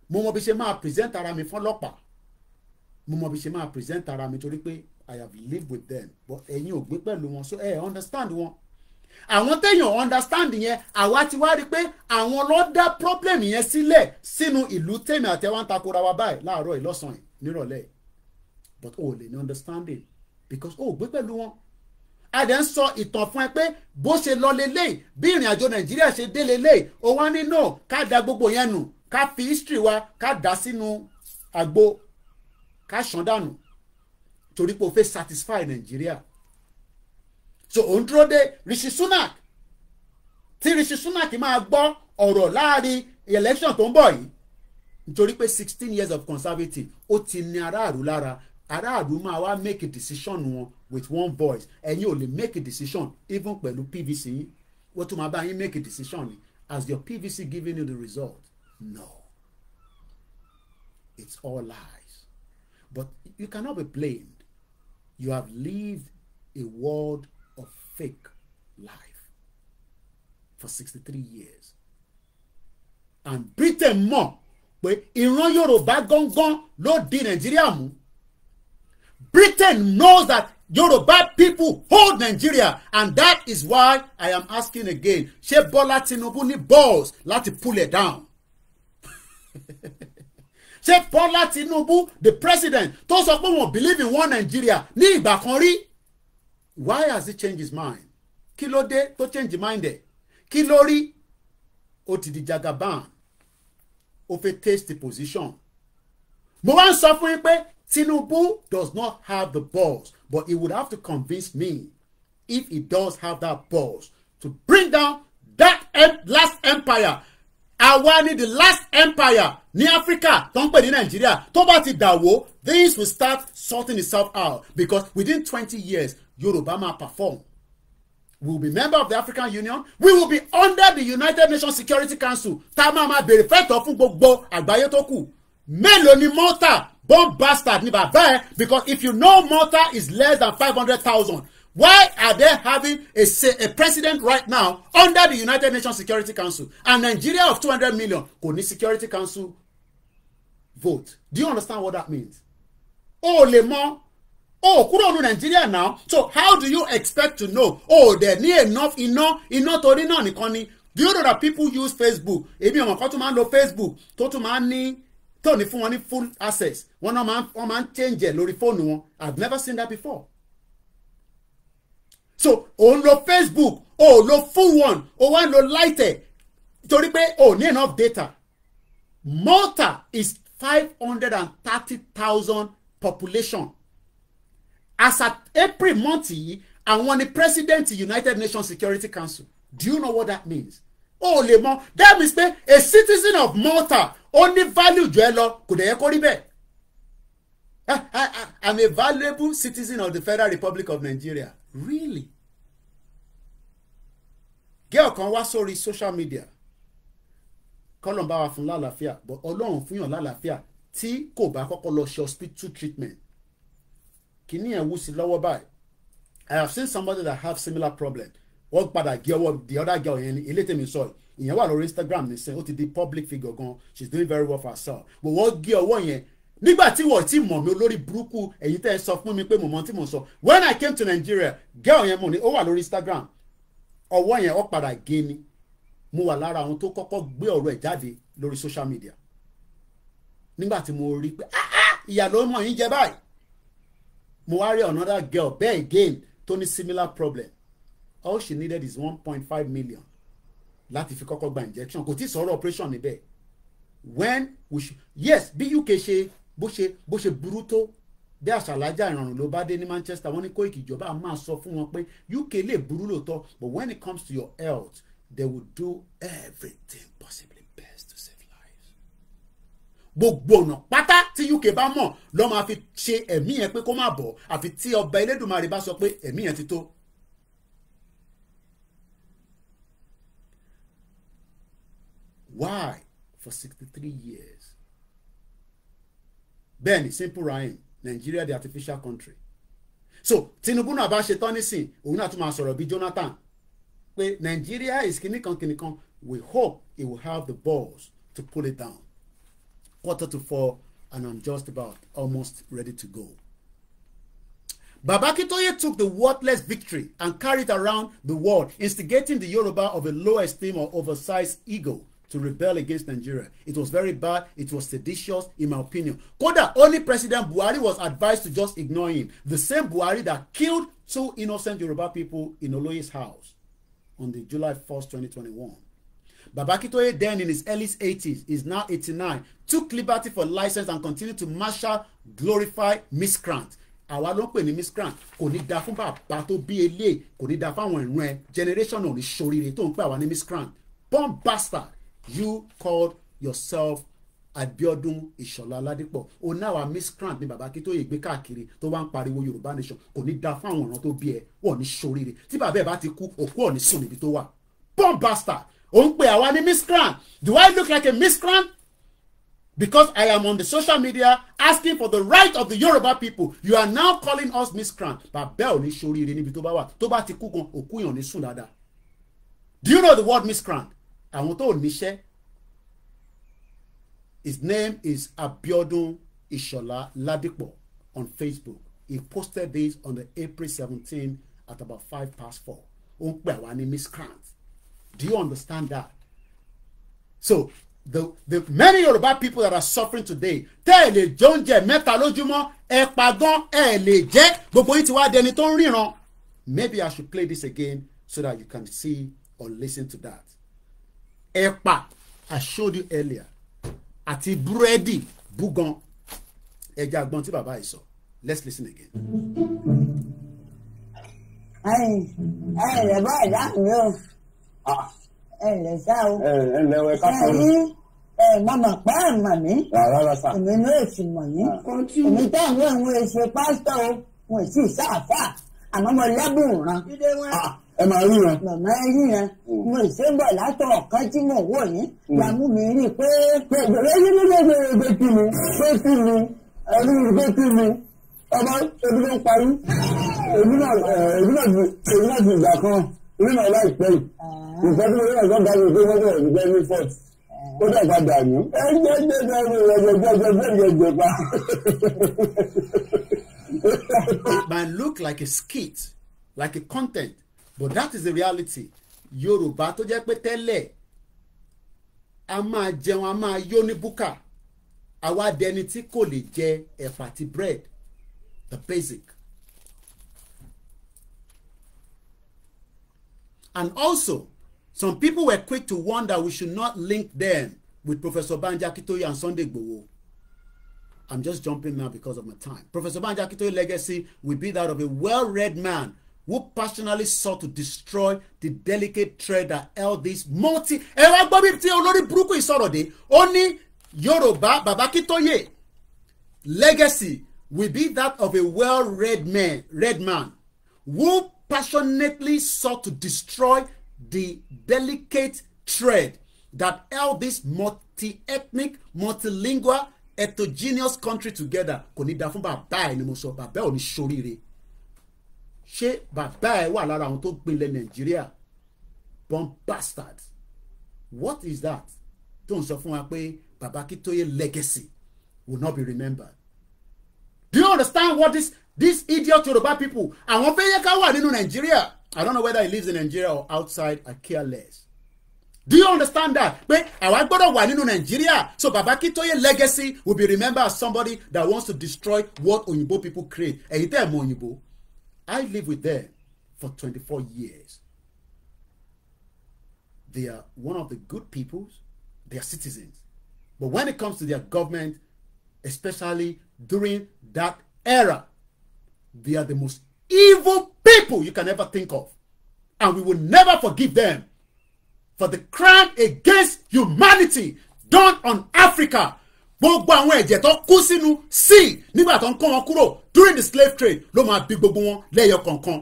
mo mọ bí ṣe máa present ara mi fún ọlọ́pàá mo mọ bí ṣe máa present ara mi torí pé i have lived with them but ẹ̀yin ò gbé pẹ̀lú wọn so ẹ understand wọn àwọn téèyàn understand yẹn àwa ti wá rí i pé àwọn ló dá problem yẹn sílẹ̀ sínú ìlú tèmi àtẹwà ń takora wa báyìí láàárọ̀ ìlọ́sàn-án nírọ̀lẹ́ but o ò lè ní understanding because o ò gbé pẹ̀lú wọn a dẹ̀ ń sọ ìtàn fún ẹ pé bó ṣe lọ lélẹ́yìí bí ìrìn àjò nàìjíríà ṣe dé lélẹ́yìí ó wá ní no ká da gbogbo yẹn nù ká fi history wa ká dà sínú àgbo ká ṣàn dànù torí pé o fẹ́ satisfy nàìjíríà so òun dúró de Rishi Sunak tí Rishi Sunak máa gbọ́ ọ̀rọ̀ láàrin election tó ń bọ̀ yìí nítorí pé sixteen years of conservative ó ti ní aráàlú lára aráàlú máa wá make a decision wọn with one voice ẹ̀yin ò lè make a decision even pẹ̀lú PVC yín wọ́n tún máa bá yín make a decision ni as your PVC giving you the result no it's all lies but you cannot be blamed you have lived a world of fake life for sixty-three years and Britain mọ̀ pé ìran Yorùbá gángan ló di Nàìjíríà mú Britain knows that Yoruba people hold Nigeria and that is why I am asking again ṣé Bọ́lá Tinubu ní balls láti pull it down ṣé Bọ́lá Tinubu the president tó sọ pé wọn believe in one Nigeria ní ìgbà kan rí why has he changed his mind kí ló dé tó change mind ẹ̀ kí ló rí ó ti di jagaban ó fẹ́ taste the position mo wá ń sọ fún yín pé Tinubu does not have the balls, but he would have to convince me if he does have that balls to bring down that em last empire. Àwa ni the last empire ní Africa tó ń pè ní Nàìjíríà tó bá ti dàwó things will start sorting itself out because within twenty years Yorùbá máa perform. We will be member of the African Union. We will be under the United Nations Security Council. Tá a máa máa béèrè fẹ́tọ̀ fún gbogbo àgbáyé tó kù. Mélòó ni Malta born bastard ni bàbá ẹ because if you know Malta is less than five hundred thousand why are they having a say a president right now under the United Nations Security Council and Nigeria of two hundred million go need Security Council vote do you understand what that means o le mọ o kuro ní Nigeria now so how do you expect to know o oh, dẹ̀ ní enough iná iná torí náà nìkan ni do you know that people use Facebook Ebi ọmọ kan tún máa ń lo Facebook tó tún máa ń tó ní fún wọn ní full access wọn náà máa wọn máa ń change ẹ lórí fóònù wọn I've never seen that before so ò ń lo Facebook ò oh, lo full one ò wá ń lo light ẹ torí pé ò ní enough data Malta is five hundred and thirty thousand population as at April month yìí àwọn ni president United Nations Security Council do you know what that means o lè mọ that means pé a citizen of Malta ó ní value jù ẹ lọ kò dẹ̀ yẹ kó rí bẹ́ẹ̀ I'm a valuable citizen of the Federal Republic of Nigeria really girl kan wá sórí social media kọ́lọ́n bá wa fún lálàáfíà but ọlọ́run fún yàn lálàáfíà tí kò bá kọ́kọ́ lọ ṣe hospital treatment kìíní ẹ̀ wú sí lọ́wọ́ báyìí I have seen somebody that have similar problem wọ́n padà gé ọwọ́ the other girl yẹn ilé tèmi sọ ìyẹn wà lórí Instagram nìsín ó ti di public figure gan she is doing very well for herself but wọ́n gé ọwọ́ yẹn nígbà tí wọ́n ti mọ̀ mi olórí burúkú èyí tẹ́ ẹ sọ fún mi pé mo mọ tí mo sọ when I came to Nigeria girl yẹn mo ni ó wà lórí Instagram ọwọ́ yẹn ó padà gé ni mo wà lára àwọn tó kọ́kọ́ gbé ọ̀rọ̀ ẹ̀ jáde lórí social media nígbà tí mo rí pé ah, ah, ìyà ló mọ̀ yín jẹ báyìí mo wá rí another girl bẹ́ẹ̀ again tó ní similar problem all she needed is one point five million láti fi kọ́kọ́ gba injection kò tí ì sọ̀rọ̀ operation níbẹ̀ when we should yes bí UK ṣe bó ṣe bó ṣe burú tó bí àṣàlájà ìrọ̀rùn ló bá dé ní Manchester wọ́n ní kó ìkìjọba a máa sọ fún wọn pé UK lè burú lóòótọ́ but when it comes to your health they will do everything possibly best to save lives. gbogbo ọ̀nà pátá tí UK bá mọ̀ ló máa fi ṣe ẹ̀mí yẹn pé kó má bọ̀ àfi tí ọba Elédùmarè bá sọ pé ẹ̀mí yẹn ti tó Why? For 63 years. Bẹ́ẹ̀ni simple rhyme Nigeria the artificial country. So Tinubu náà bá ṣe tán nísìn òun náà tún máa sọ̀rọ̀ bíi Jonathan pé Nigeria is kìnnìkan kìnnìkan we hope he will have the balls to pull it down. Quarter to four and I'm just about almost ready to go. Baba Akintoye took the worthless victory and carried around the world, instigating the Yoruba of a low esteem or oversized ego to rebel against Nigeria. It was very bad. It was seditious, in my opinion. Kódà, only President Buhari was advised to just ignore him. The same Buhari that killed two innocent Yoruba people in Oloye's house on the July 1st, 2021. Baba Akintoye then in his early 80s is now 89 took liberty for license and continued to marshal glorify miscreant àwa ló ń pè ní miscreant kò ní da fún bàbá tó bí eléyìí kò ní da fáwọn ìran ẹ generation ò tó ń pè àwa ní miscreant born bastard you called yourself Abiodun Ìṣọ̀lá Aládìpọ̀ òun náà wà miscreant ní bàbá Akíntóyè gbé káàkiri tó wá ń pariwo Yorùbá nation kò ní da fáwọn ọ̀ràn tó bí ẹ wọ́n ní ṣoríire tí bàbá ẹ̀ bá ti kú òkú ọ̀ ní sùn níbi tó wà. bomb ò ń pè àwa ní miscreant do I look like a miscreant because I am on the social media asking for the right of the Yoruba people you are now calling us miscreant bàbá ò ní ṣoríire níbi tó bá wà tó bá ti kú gan òkú yàn ní sùn dáadáa do you know the word miscreant àwọn tó níṣẹ́ his name is Abiodun Ishola Ladipo on Facebook he posted this on the April seventeen at about five past four ó ń pè àwa ní miscreant do you understand that so the the many Yoruba people that are suffering today tẹ́ ẹ̀ lè jẹ mẹ́ta lójúmọ́ ẹ pa gan lè jẹ gbogbo yìí ti wá dẹni tó ń ríran maybe I should play this again so that you can see or listen to that ẹ̀pà I showed you earlier àti búrẹ́dì búgan ẹja àgbọn tí bàbá yìí sọ let's listen again. ẹ ẹ lè bá ẹ̀dá mi o ah. ẹ lè sá o ẹ lè wẹ ká sọ ẹ màmá pa àmà mi èmi ní èsì mọ̀ yín ah. èmi táwọn ohun èsì pásítọ̀ o wọn sì sáà fà àmọ́ mo lẹ́bùn ràn ẹ máa ríran. màmá ẹ ríran mo ṣébọ̀ látọ̀ kan tí mo wò ní làmú mi rí i pé gbèrè nínú gbèrè gbé kí mi gbé kí mi ẹni gbé kí mi ọmọ ebi ló ń parí ebi náà ebi náà ti ìgbà kan ebi náà láìpẹ́ yìí ìfẹ́ tí ọ̀gá ga mi pé wọ́n bẹ̀rẹ̀ ní fort ó dẹ̀ padà yín ẹgbẹ́ gbẹ́gbẹ́ mi ẹgbẹ́ gbẹ́gbẹ́ gbẹ́gbẹ́ pa. It might look like a skit, like a content but that is the reality yorùbá tó jẹ́ pé tẹ́lẹ̀ a máa jẹun a máa yó ní búkà àwa dẹni tí kò lè jẹ ẹ̀fà àti bread the basic. And also, some people were quick to wonder we should not link them with Professor Banja Kitoye and Sunday Igboho. I'm just jumping now because of my time. Professor Banja Kitoye legacy will be that of a well-read man who personally sought to destroy the delicate thread that held this multi. ẹ wá gbọ́ bí tí olórí burúkú ìsọ̀rọ̀ dé ó ní yorùbá bàbá kítóyè legacy will be that of a well-read man, read man who passionately sought to destroy the delicate thread that held this multi-ethnic multilingual heterogeneous country together kò ní da fún bàbá ẹ mo sọ bàbá ò ní ṣoríire ṣé bàbá ẹ wà lára àwọn tó gbinlẹ̀ nàìjíríà born bastard what is that tó ń sọ fún wa pé bàbá Akíntóyè legacy will not be remembered do you understand what this this idiot Yoruba people àwọn fẹ́ yẹ ká wà nínú nàìjíríà I don't know whether he lives in Nigeria or outside I care less do you understand that pé àwa gbọ́dọ̀ wà nínú nàìjíríà so baba Akintoye legacy will be remembered as somebody that wants to destroy what òyìnbó people create ẹ̀yin tẹ́ ẹ̀ mọ òyìnbó I live with them for 24 years. They are one of the good peoples, they are citizens. But when it comes to their government, especially during that era, they are the most evil people you can ever think of. And we will never forgive them for the crime against humanity done on Africa. Gbogbo àwọn ẹ̀jẹ̀ tó kú sínú sí nígbà tó ń kó wọn kúrò during the slave trade ló máa bí gbogbo wọn lẹ́yọ kọ̀ọ̀kan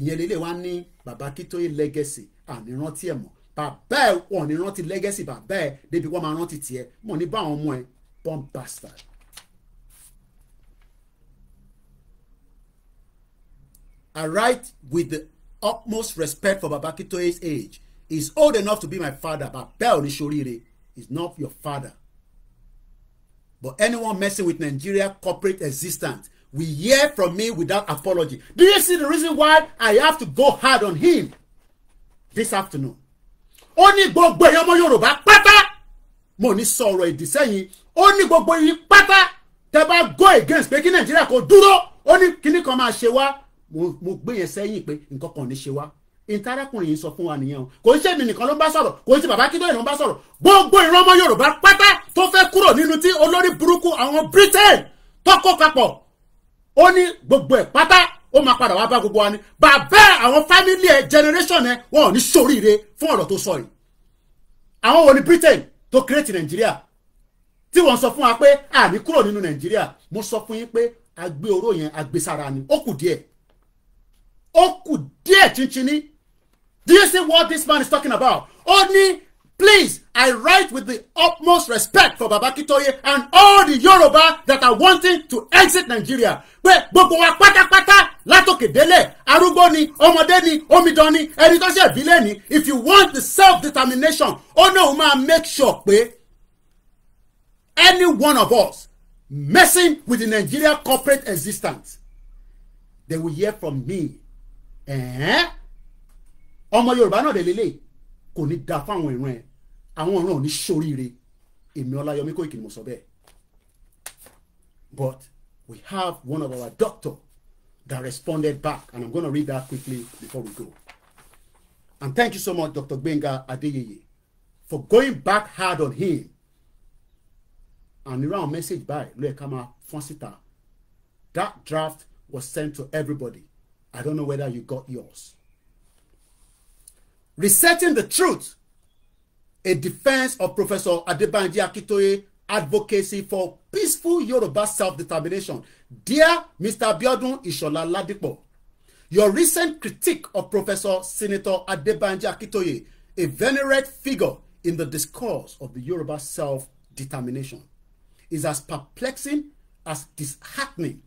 ìyẹn lélẹ̀ wá ní bàbá Akíntóyè legacy ànírántí ẹ̀ mọ́ bàbá ẹ̀ wọ́n ní rántí legacy bàbá ẹ̀ débi wọ́n máa rántí tiẹ̀ mọ̀ ní báwọn ọmọ ẹ̀ born bastard. I write with the utmost respect for Baba Akintoye's age. He's old enough to be my father, but Bel Nishorire is not your father. But anyone messing with Nigeria corporate existence we hear from me without apology. Do you see the reason why I have to go hard on him this afternoon? Ó ní gbogbo ẹ̀yọ́ ọmọ Yorùbá pátá mo ní sọ̀rọ̀ ìdí ó ní gbogbo yìí pátá tẹ́ bá go against pé kí Nàìjíríà kò dúró ó ní kíní kan máa ṣe wá mo gbé yẹn sẹ́yìn pé nǹkan kan ò ní ṣe wá ìtarakùnrin yìí sọ fún wa nìyẹn o kò ń ṣèmi nìkan ló ń bá sọ̀rọ̀ kò ń ṣe bàbá kíndóyè ló ń bá sọ̀rọ̀ gbogbo ìran ọmọ yorùbá pátá tó fẹ́ kúrò nínú tí olórí burúkú àwọn britain tọkọ papọ̀ ó ní gbogbo ẹ̀ pátá ó máa padà wá bá gbogbo wa ni bàbá àwọn family ẹ̀ generation ẹ̀ wọn ò ní ṣoríire fún ọ̀rọ̀ tó sọ yìí àwọn wo ni britain tó create nàìjíríà tí wọ́n sọ fún wa pé àní kúrò nínú nàìjíríà mo sọ fún yín pé agbé oró yẹn agbésára ni ó kù díẹ̀ ó kù díẹ̀ chinchin ní Do you see what this man is talking about? Only, please I write with the utmost respect for Baba Kitoye and all the Yoruba that are wanting to exit Nigeria. Pé gbogbo wa pátápátá látòkè délẹ̀ arúgbó ni ọmọdé ni omidan ni ẹni tó ṣe ìbílẹ̀ ni if you want the self-determination ó náà máa make sure pé any one of us messing with the Nigeria corporate existence they will hear from me. Eh? ọmọ yorùbá náà dẹ̀ lélẹ̀ kò ní da fáwọn ìran ẹ̀ àwọn ìran ò ní èmi ọláyọmí kòìkì mo sọ bẹ́ẹ̀ but we have one of our doctor that responded back and i'm gonna read that quickly before we go and thank you so much dr gbenga adeyeye for going back hard on him and around message by Luekama Fonsita. That draft was sent to everybody. I don't know whether you got yours. Resetting the Truth, a defence of Professor Adebanji Akintoye advocacy for peaceful Yoruba self-determination. Dear Mr. Abiodun Ishola Ladipo, your recent critique of Professor Senator Adebanji Akintoye, a venerate figure in the discourse of the Yoruba self-determination, is as perplexing as disheartening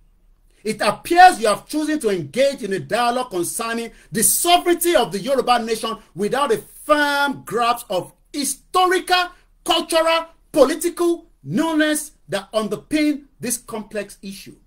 It appears you have chosen to engage in a dialogue concerning the sovereignty of the Yoruba nation without a firm grasp of historical, cultural, political nuance that underpin this complex issue.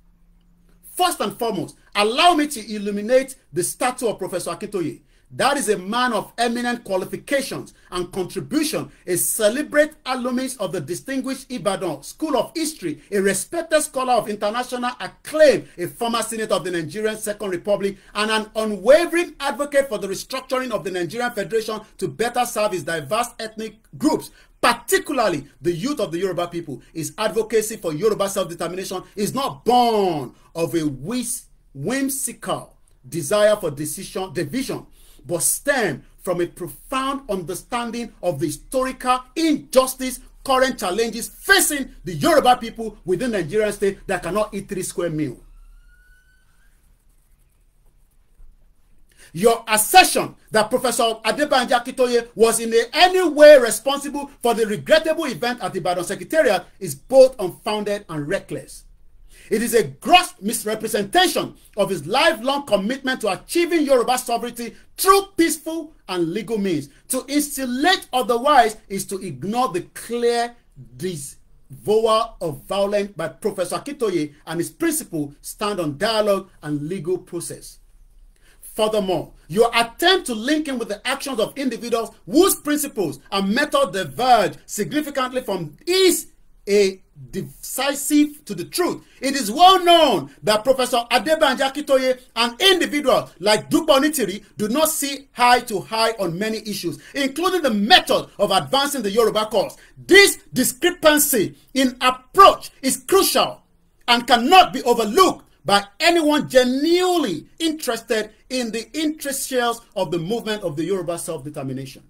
First and foremost, allow me to illuminate the statue of Professor Akintoye That is a man of eminent qualifications and contribution, a celebrated alumnus of the distinguished Ibadan School of History, a respected scholar of international acclaim, a former senator of the Nigerian Second Republic, and an unwavering advocate for the restructuring of the Nigerian Federation to better serve its diverse ethnic groups, particularly the youth of the Yoruba people. His advocacy for Yoruba self-determination is not born of a whimsical desire for decision division but stem from a profound understanding of the historical injustice current challenges facing the Yoruba people within Nigerian state that cannot eat three square meal. Your assertion that Professor Adebanjo Kitoye was in any way responsible for the regrettable event at the Ibadan Secretariat is both unfounded and reckless. It is a gross misrepresentation of his lifelong commitment to achieving Yoruba sovereignty through peaceful and legal means. To insulate otherwise is to ignore the clear disavowal of violence by Professor Akitoye and his principle stand on dialogue and legal process. Furthermore, your attempt to link him with the actions of individuals whose principles and methods diverge significantly from his a decisive to the truth. It is well known that Professor Adebanjo Kitoye and individuals like Dupe Onitiri do not see eye to eye on many issues, including the method of advancing the Yoruba cause. This discrepancy in approach is crucial and cannot be overlooked by anyone genuinely interested in the interests of the movement of the Yoruba self-determination.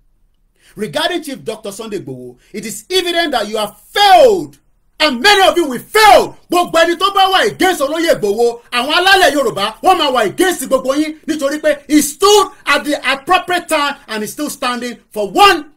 Regarding Chief Doctor Sunday Igboho, it is evident that you have failed and many of you will fail. Gbogbo ẹni tó bá wà against olóyè Igboho, àwọn alálẹ̀ Yorùbá wọ́n máa wà against gbogbo yín nítorí pé he stood at the appropriate time and is still standing for one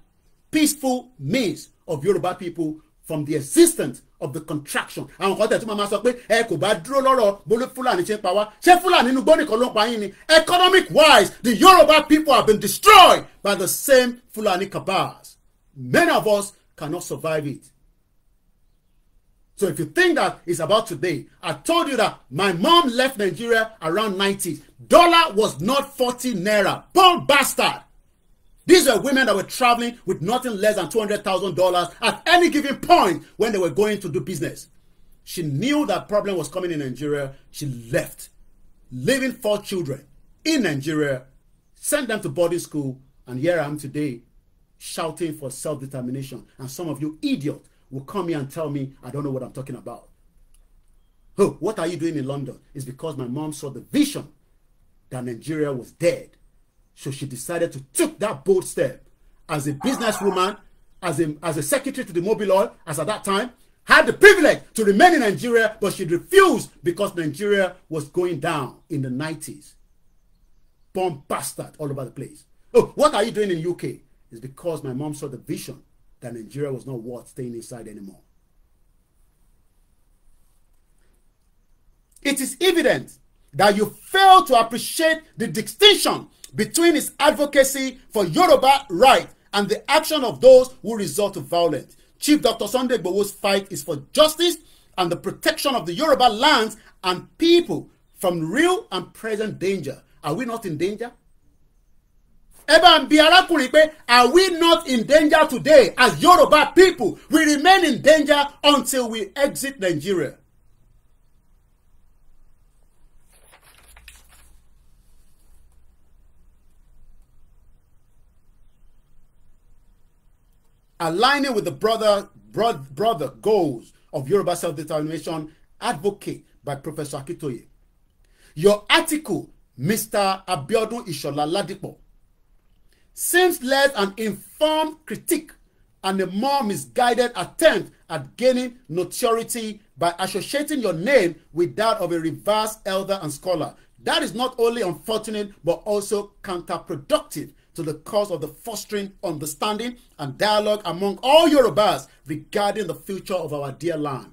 peaceful means of Yoruba people from the existence of the contraction àwọn kan tẹ̀ tí mo máa sọ pé ẹ kò bá dúró lọ́rọ̀ bólú fúlàní ṣe ń pa wá ṣé fúlàní inú gbọ́ nìkan ló ń pa yín ni economic wise the Yoruba people have been destroyed by the same Fulani cabals many of us cannot survive it so if you think that it's about today I told you that my mom left Nigeria around 90s dollar was not forty naira poor bastard These were women that were traveling with nothing less than $200,000 at any given point when they were going to do business. She knew that problem was coming in Nigeria. She left, leaving four children in Nigeria, sent them to boarding school, and here I am today shouting for self determination. And some of you idiots will come here and tell me I don't know what I'm talking about. Oh, what are you doing in London? It's because my mom saw the vision that Nigeria was dead So she decided to take that bold step as a businesswoman, as a, as a secretary to the Mobile Oil, as at that time, had the privilege to remain in Nigeria, but she refused because Nigeria was going down in the nineties. Bomb bastard all over the place. Oh, what are you doing in UK? Is because my mom saw the vision that Nigeria was not worth staying inside anymore. It is evident that you fail to appreciate the distinction between his advocacy for Yoruba rights and the action of those who resort to violence. Chief Dr. Sunday Igboho's fight is for justice and the protection of the Yoruba lands and people from real and present danger. Are we not in danger? ẹ bá ń bi arákùnrin pé are we not in danger today as Yoruba people we remain in danger until we exit Nigeria. aligning with the brother, brother, brother goals of Yoruba self-determination advocate by Professor Akitoye. Your article, Mr. Abiodun Ishola Ladipo, seems less an informed critique and a more misguided attempt at gaining notoriety by associating your name with that of a reverse elder and scholar. That is not only unfortunate but also counterproductive to the cause of the fostering understanding and dialogue among all Yorubas regarding the future of our dear land.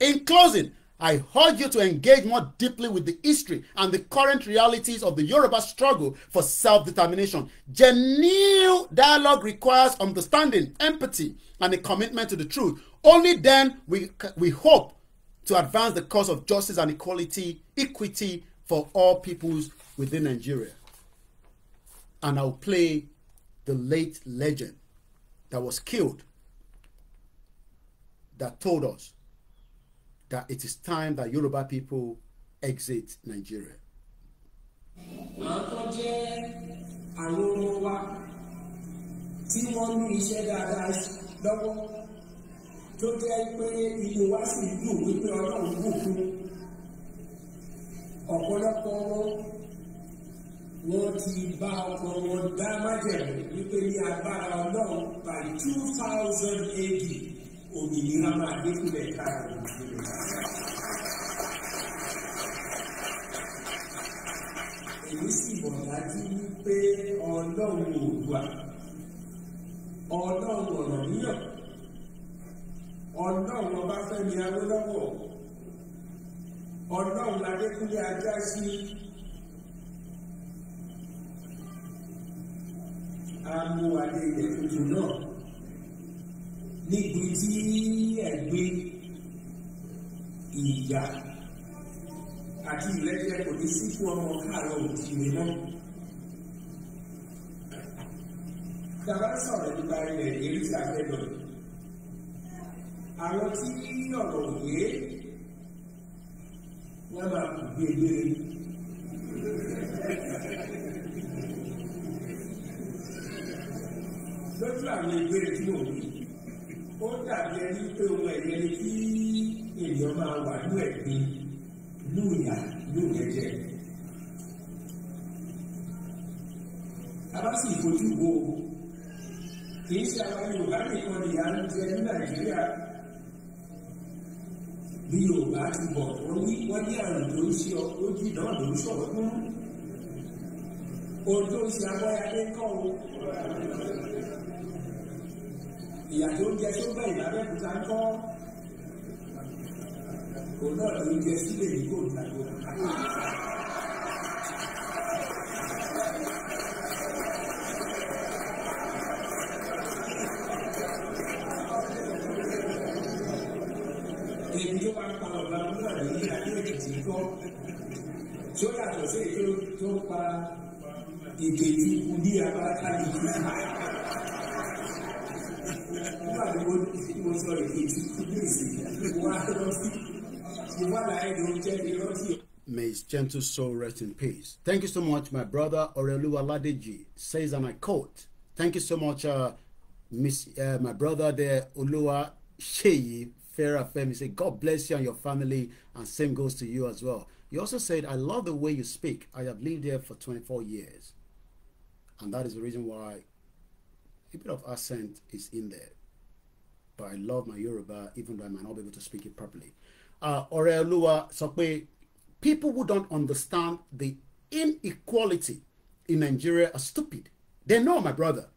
In closing, I urge you to engage more deeply with the history and the current realities of the Yoruba struggle for self-determination. Genuine dialogue requires understanding, empathy, and a commitment to the truth. Only then we, we hope to advance the cause of justice and equality, equity for all peoples within Nigeria. and I'll play the late legend that was killed that told us that it is time that Yoruba people exit Nigeria. tó jẹ́ pé inú wa sì dùn wípé Ọlọ́run bùkún ọ̀pọ̀lọpọ̀ wọ́n ti bá ọkọ̀ wọn dá májẹ̀mú wípé ní agbára ọlọ́run by two thousand AD òmìnira máa dé kúlẹ̀ káàkiri ìpínlẹ̀. èyí sì mọ̀ dájú wípé ọlọ́run òdua ọlọ́run ọ̀nà níyàn ọlọ́run ọbáfẹ́mi awólọ́wọ̀ ọlọ́run adékúnlé ajá sí i. amúwalé ilẹ̀ tuntun náà níbi tí ẹ̀gbin ìyà àti ìrẹ́jẹ kò ní sí fún ọmọ káàárọ̀ òjìire náà. Tàbá sọ̀rọ̀ nípa ilẹ̀ ìlérí tí a Àwọn tí ọ̀rọ̀ òye wọ́n máa kù bí egbére. lọ́jọ́ àwọn ìbéèrè tí mò ń ó dàbí ẹni pé ohun ẹ̀yẹ ni kí èèyàn máa wà ní ẹ̀gbin lóòyà lóòyẹ̀jẹ̀. abasi ìfojú wo kì í ṣe àwọn Yorùbá nìkan ni à ń jẹ ní Nàìjíríà bí Yorùbá ti bọ̀ wọ́n ní wọ́n ní àrùn tó ń ṣe ojú náà ìyà tó tó bẹ̀rẹ̀ lábẹ́kúta ń kọ́ òun náà ló ń sílẹ̀ ní kò dàgbò èyí tó bá ń pa ọ̀gá ọ̀gá ní adé èkìtì kọ́ tí ó yàtọ̀ sí èyí tó ń pa ìkejì ní abala ká ní ìlú náà. May his gentle soul rest in peace. Thank you so much, my brother Orelu Aladeji says, and I quote, Thank you so much, uh, Miss, uh, my brother there, Olua Sheyi Farah Femi. Say, God bless you and your family, and same goes to you as well. You also said, I love the way you speak. I have lived there for 24 years. And that is the reason why a bit of accent is in there but I love my Yoruba even though I might not be able to speak it properly. Uh, Oreoluwa Sokwe, people who don't understand the inequality in Nigeria are stupid. They know my brother,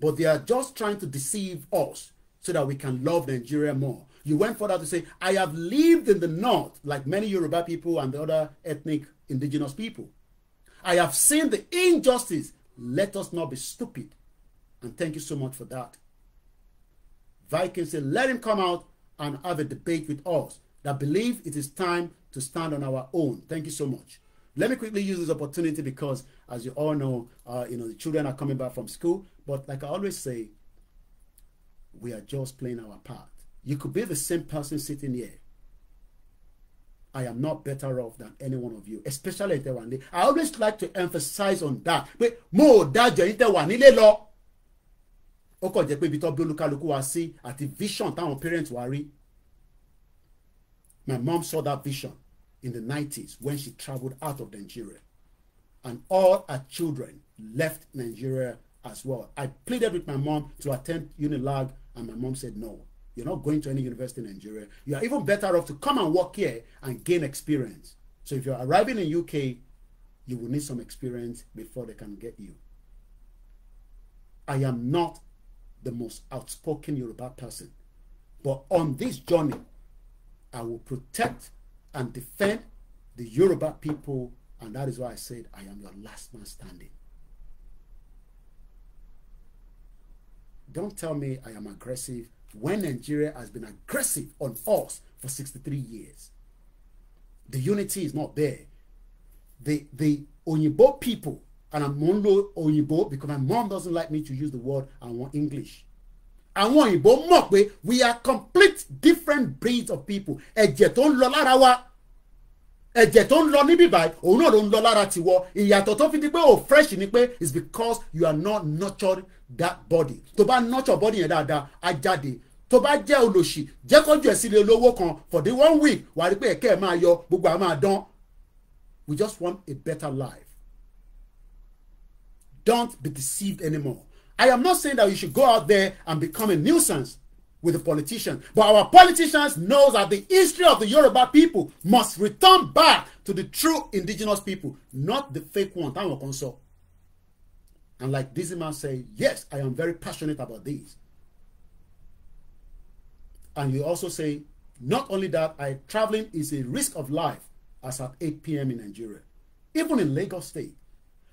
but they are just trying to deceive us so that we can love Nigeria more. You went further to say, I have lived in the north, like many Yoruba people and the other ethnic indigenous people. I have seen the injustice. Let us not be stupid. And thank you so much for that. Vikings said, let him come out and have a debate with us that believe it is time to stand on our own. Thank you so much. Let me quickly use this opportunity because, as you all know, uh, you know the children are coming back from school. But like I always say, we are just playing our part. You could be the same person sitting here. I am not better off than any one of you, especially the one. I always like to emphasize on that. But more that you, one, ó kàn jẹ́ pé ibi tó bí olúkálukú wa sí àti vision táwọn parents wa rí my mom saw that vision in the nineties when she travelled out of Nigeria and all her children left Nigeria as well. I pleaded with my mom to attend Unilag and my mom said no. You're not going to any university in Nigeria. You are even better off to come and work here and gain experience. So if you're arriving in UK, you will need some experience before they can get you. I am not the most outspoken Yoruba person. But on this journey, I will protect and defend the Yoruba people, and that is why I said I am your last man standing. Don't tell me I am aggressive when Nigeria has been aggressive on us for 63 years. The unity is not there. The, the Onyibo people and I'm ń Oyibo because my mom doesn't like me to use the word want english àwọn òyìnbó mọ̀ pé we are complete different breeds of people ẹ̀jẹ̀ tó ń lọ lára wa ẹ̀jẹ̀ tó ń lọ níbí báyìí òun náà ló ń lọ lára tiwọ ìyàtọ̀ tó fi di pé ò fresh ni pé it's because you are not nurturing that body tó bá nurture body yẹn dáadáa á jáde tó bá jẹ́ olòṣì jẹ́ kọ́jú ẹ̀ sílé olówó kan for the one week wàá rí pé ẹ̀kẹ́ ẹ̀ máa yọ gbogbo àá máa dán we just want a better life Don't be deceived anymore. I am not saying that you should go out there and become a nuisance with the politicians, but our politicians knows that the history of the Yoruba people must return back to the true indigenous people, not the fake one. Táwọn kan sọ. And like this man said, yes, I am very passionate about this. And you also say, not only that, I traveling is a risk of life as at 8 p.m. in Nigeria, even in Lagos State.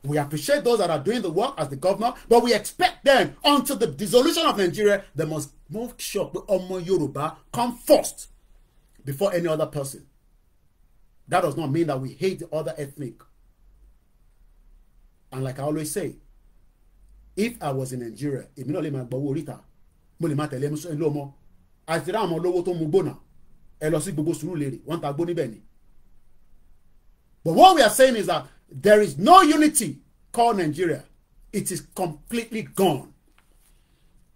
We appreciate those that are doing the work as the governor, but we expect them until the dissolution of Nigeria, they must make sure pé Yoruba come first before any other person. That does not mean that we hate the other ethnic. And like I always say, if I was in Nigeria, èmi náà lè máa gbowó oríta, mo lè máa tẹ̀lé ẹmu ló mọ́, àti ráwọn But what we are saying is that There is no unity called Nigeria. It is completely gone.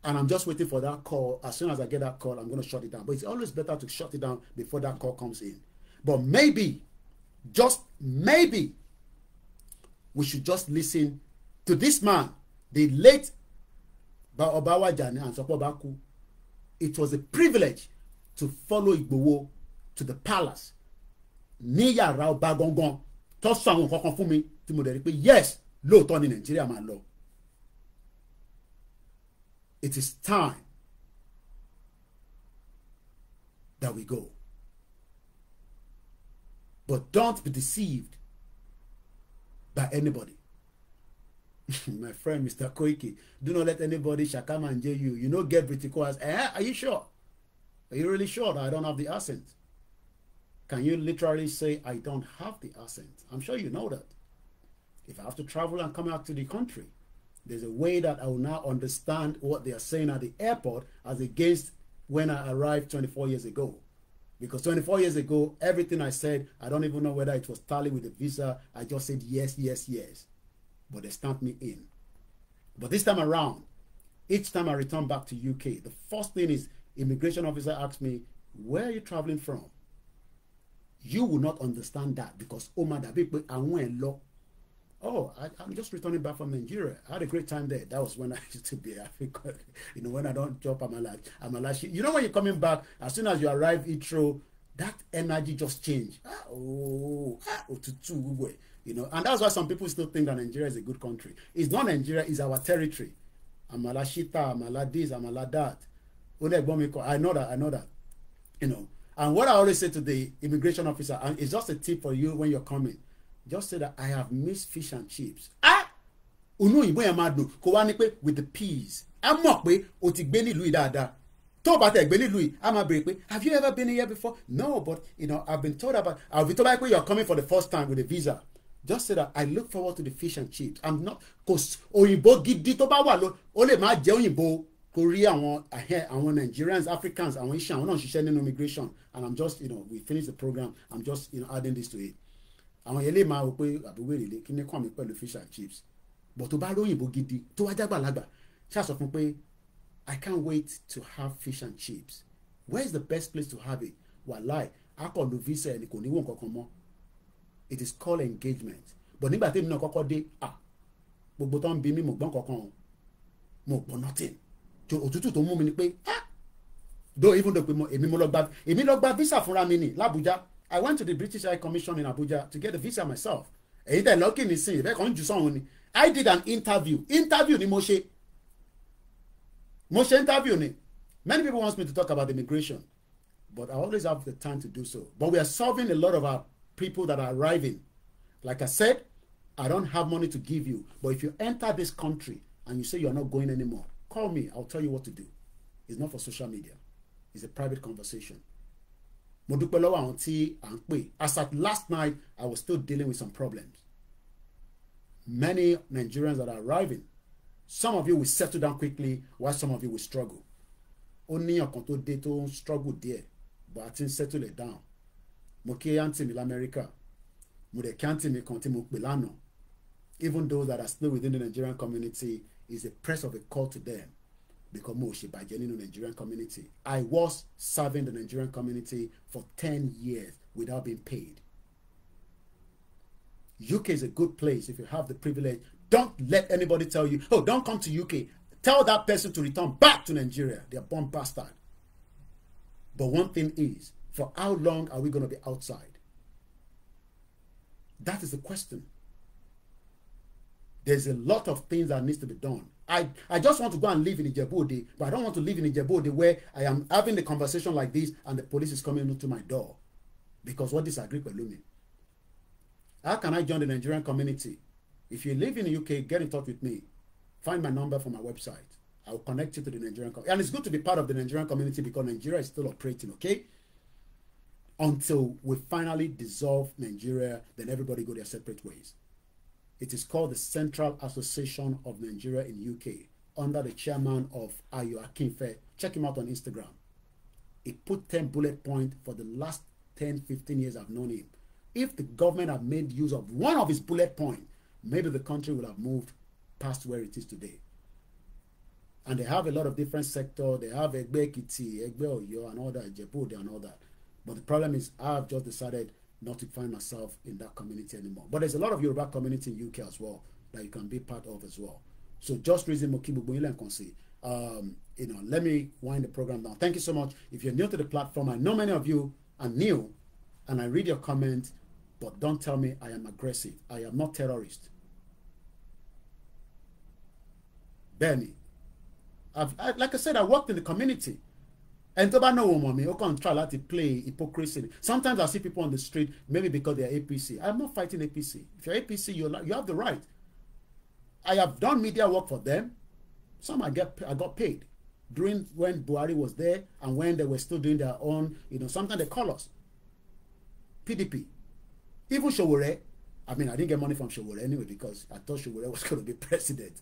And I'm just waiting for that call. As soon as I get that call, I'm going to shut it down. But it's always better to shut it down before that call comes in. But maybe, just maybe, we should just listen to this man, the late Baobawa Jani and Sopobaku. It was a privilege to follow Igbowo to the palace ní yàrá ọba tó sọ àwọn nǹkan kan fún mi tí mo dẹ̀ rí pé yes lóòótọ́ ni nàìjíríà máa lọ it is time that we go but don't be deceived by anybody my friend mr koiki do not let anybody shakama and jeyu you no get british coas eh are you sure are you really sure that i don't have the accent Can you literally say, I don't have the accent? I'm sure you know that. If I have to travel and come out to the country, there's a way that I will now understand what they are saying at the airport as against when I arrived 24 years ago. Because 24 years ago, everything I said, I don't even know whether it was tally with the visa. I just said yes, yes, yes. But they stamped me in. But this time around, each time I return back to UK, the first thing is immigration officer asks me, where are you traveling from? you will not understand that because ó máa dàbí pé àwọn ẹ̀ lọ oh I, i'm just returning back from nigeria i had a great time there that was when i used to be African. you know when i don chop amala amalashi you know when you're coming back as soon as you arrive Heathrow that energy just change ah oh ah òtútù gbogbo you know and that's why some people still think that nigeria is a good country it's not nigeria it's our territory Amalashita, amaladis, amaladat. this amala i know that i know that you know And what I always say to the immigration officer, and it's just a tip for you when you're coming, just say that I have missed fish and chips. Ah! unu ìbò yẹn máa dùn kó with the peas. I'm mọ̀ pé o ti gbé nílùú yìí dáadáa. Tó o bá tẹ̀ a máa béèrè have you ever been here before? No, but you know, I've been told about àbí tó bá like pé you're coming for the first time with a visa. Just say that I look forward to the fish and chips. I'm not kò òyìnbó gidi tó bá wà lọ, ó lè má jẹ́ kò rí àwọn àwọn Nigerians Africans àwọn iṣẹ́ àwọn náà ṣiṣẹ́ nínú immigration and I'm just you know we finish the program I'm just you know adding this to it àwọn yẹn lè máa wò pé àbúrò èrèlé kí ni kàn mí pẹ̀lú fish and chips but tó bá lóyìnbó gidi tó wá jágbàlagbà ṣàṣọ fún pé I can't wait to have fish and chips where is the best place to have it wàláì akọ̀lù visa ẹni kò ní wò nǹkan kan mọ́ it is called engagement but nígbà tí èmi náà kọ́kọ́ dé ah gbogbo tó ń bi mí mo gbọ́n kankan o mo gbọ́n nothing òtútù tó mú mi ni pé Do even though pé mo èmi mo lọ gba èmi lọ gba visa fúnra mi ni l'Abuja I went to the British High Commission in Abuja to get the visa myself èyí tẹ̀ lọ́kì ní sìn ìfẹ́ kan jù sọ̀hún ni I did an interview interview ni mo ṣe mo ṣe interview ni many people want me to talk about immigration but I always have the time to do so but we are solving a lot of our people that are arriving like I said I don't have money to give you but if you enter this country and you say you are not going anymore Call me, I'll tell you what to do. It's not for social media, it's a private conversation. Mo dúpẹ́ lọ́wọ́ àwọn tí As at last night, I was still dealing with some problems. Many Nigerians that are arriving, some of you will settle down quickly while some of you will struggle. Only ní control date dé struggle there, but a ti settle it down. Mo kí àǹtí mi lamẹ́ríkà, mo dẹ̀ kí mi kan tí Even those that are still within the Nigerian community is the press of a call to them because mo by bàjẹ́ nínú Nigerian community I was serving the Nigerian community for ten years without being paid UK is a good place if you have the privilege don't let anybody tell you oh don't come to UK tell that person to return back to Nigeria they are born bastard but one thing is for how long are we going to be outside that is the question there's a lot of things that needs to be done. I, I just want to go and live in ijebu but I don't want to live in ijebu where I am having a conversation like this and the police is coming to my door because what disagree pẹ̀lú mi. How can I join the Nigerian community? If you live in the UK, get in touch with me. Find my number from my website. I will connect you to the Nigerian community. And it's good to be part of the Nigerian community because Nigeria is still operating, okay? Until we finally dissolve Nigeria, then everybody go their separate ways. It is called the Central Association of Nigeria in UK under the chairman of Ayo Akinfe. Check him out on Instagram. He put 10 bullet points for the last 10, 15 years I've known him. If the government had made use of one of his bullet points, maybe the country would have moved past where it is today. And they have a lot of different sectors. They have Egbe Kiti, Egbe Oyo, and all that, Jebu, and all that. But the problem is, I've just decided not to find myself in that community anymore. But there's a lot of Yoruba community in UK as well that you can be part of as well. So just reason Mokibu Bunyila can see. Um, you know, let me wind the program down. Thank you so much. If you're new to the platform, I know many of you are new and I read your comment, but don't tell me I am aggressive. I am not terrorist. Bernie, I've, I, like I said, I worked in the community. ẹni tó bá náà wò mọ̀ mí ó kàn try láti play hypocrisy sometimes I see people on the street maybe because they are APC I am not fighting APC if you are APC you, you have the right I have done media work for them some I get I got paid during when Buhari was there and when they were still doing their own you know sometimes they call us PDP even Sowore I mean I didn't get money from Sowore anyway because I thought Sowore was going to be president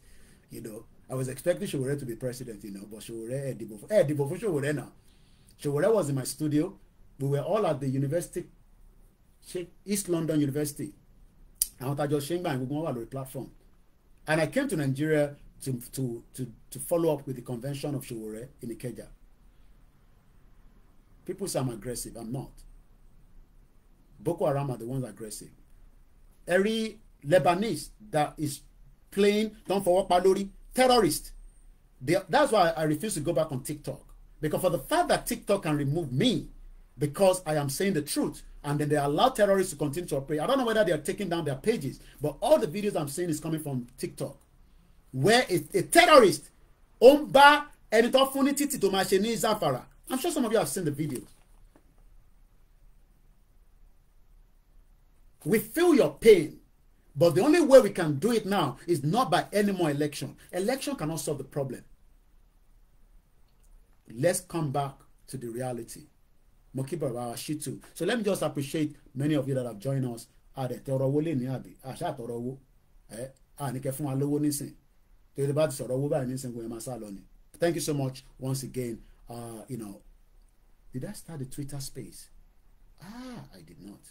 you know I was expecting Sowore to be president you know but Sowore ẹ dìbò fún ẹ dìbò fún Sowore náà Showore was in my studio. We were all at the university, East London University. Àwọn tájọ ṣe ń gbà gbogbo wọn wà lórí platform. And I came to Nigeria to, to, to, to follow up with the convention of Showore in Ikeja. People say I'm aggressive. I'm not. Boko Haram are the ones aggressive. Every Lebanese that is playing, don't forward palori, terrorist. They, that's why I refuse to go back on TikTok. Because for the fact that TikTok can remove me because I am saying the truth, and then they allow terrorists to continue to operate. I don't know whether they are taking down their pages, but all the videos I'm seeing is coming from TikTok, where a, a terrorist, Omba, ẹni tó fún ní títì tó máa ṣe ní I'm sure some of you have seen the videos. We feel your pain, but the only way we can do it now is not by any more election. Election cannot solve the problem let's come back to the reality mo kí so let me just appreciate many of you that have joined us àdẹ̀tọ̀rọ̀ owó lè ní àbí àṣà àtọ̀rọ̀ owó ẹ àníkẹ́ fún wa lówó nísìn torí bá ti sọ̀rọ̀ owó báyìí nísìn gbọ́n ẹ máa sá lọ ni thank you so much once again uh, you know did I start the Twitter space ah I did not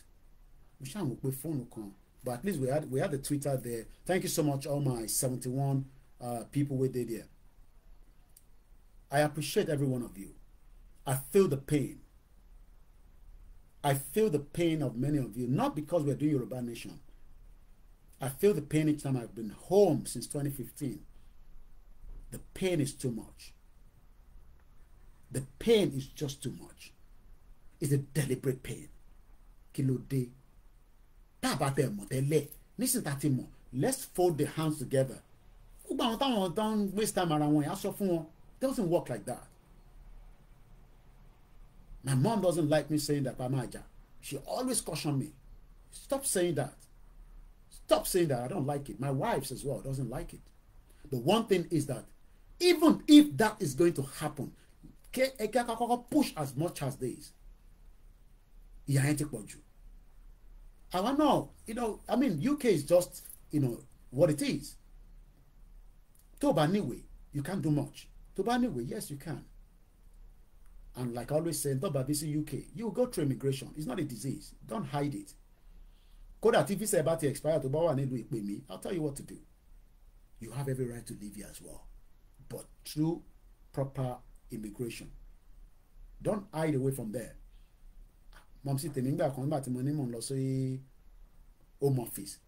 mo ṣàwọn pé fóònù kan but at least we had we had the Twitter there thank you so much all my seventy-one uh, people wey dey there I appreciate every one of you. I feel the pain. I feel the pain of many of you, not because we're doing Yoruba Nation. I feel the pain each time I've been home since 2015. The pain is too much. The pain is just too much. It's a deliberate pain. Kí ló dé. Tábà tẹ̀ mọ̀ tẹ́lẹ̀ nísìnyí tá let's fold the hands together. Gbogbo àwọn waste time ara wọn yà doesn't work like that. My mom doesn't like me saying that Pamaja. She always cautioned me. Stop saying that. Stop saying that. I don't like it. My wife as well doesn't like it. The one thing is that even if that is going to happen, e, push as much as this. ìyá yẹn ti pọ̀ jù àwa náà you know i mean uk is just you know what it is Toba anyway, you can't do much tó bá níwèé yes you can and like I always say ntọ́ba visit UK you go through immigration it's not a disease don't hide it kódà tí visa ẹ bá ti expire tó bá wà nílùú ìpè mí I'll tell you what to do you have every right to live here as well but through proper immigration don't hide away from there mọ̀mísí tèmi ńgbà kan nígbà tí mo ní mò ń lọ sí home office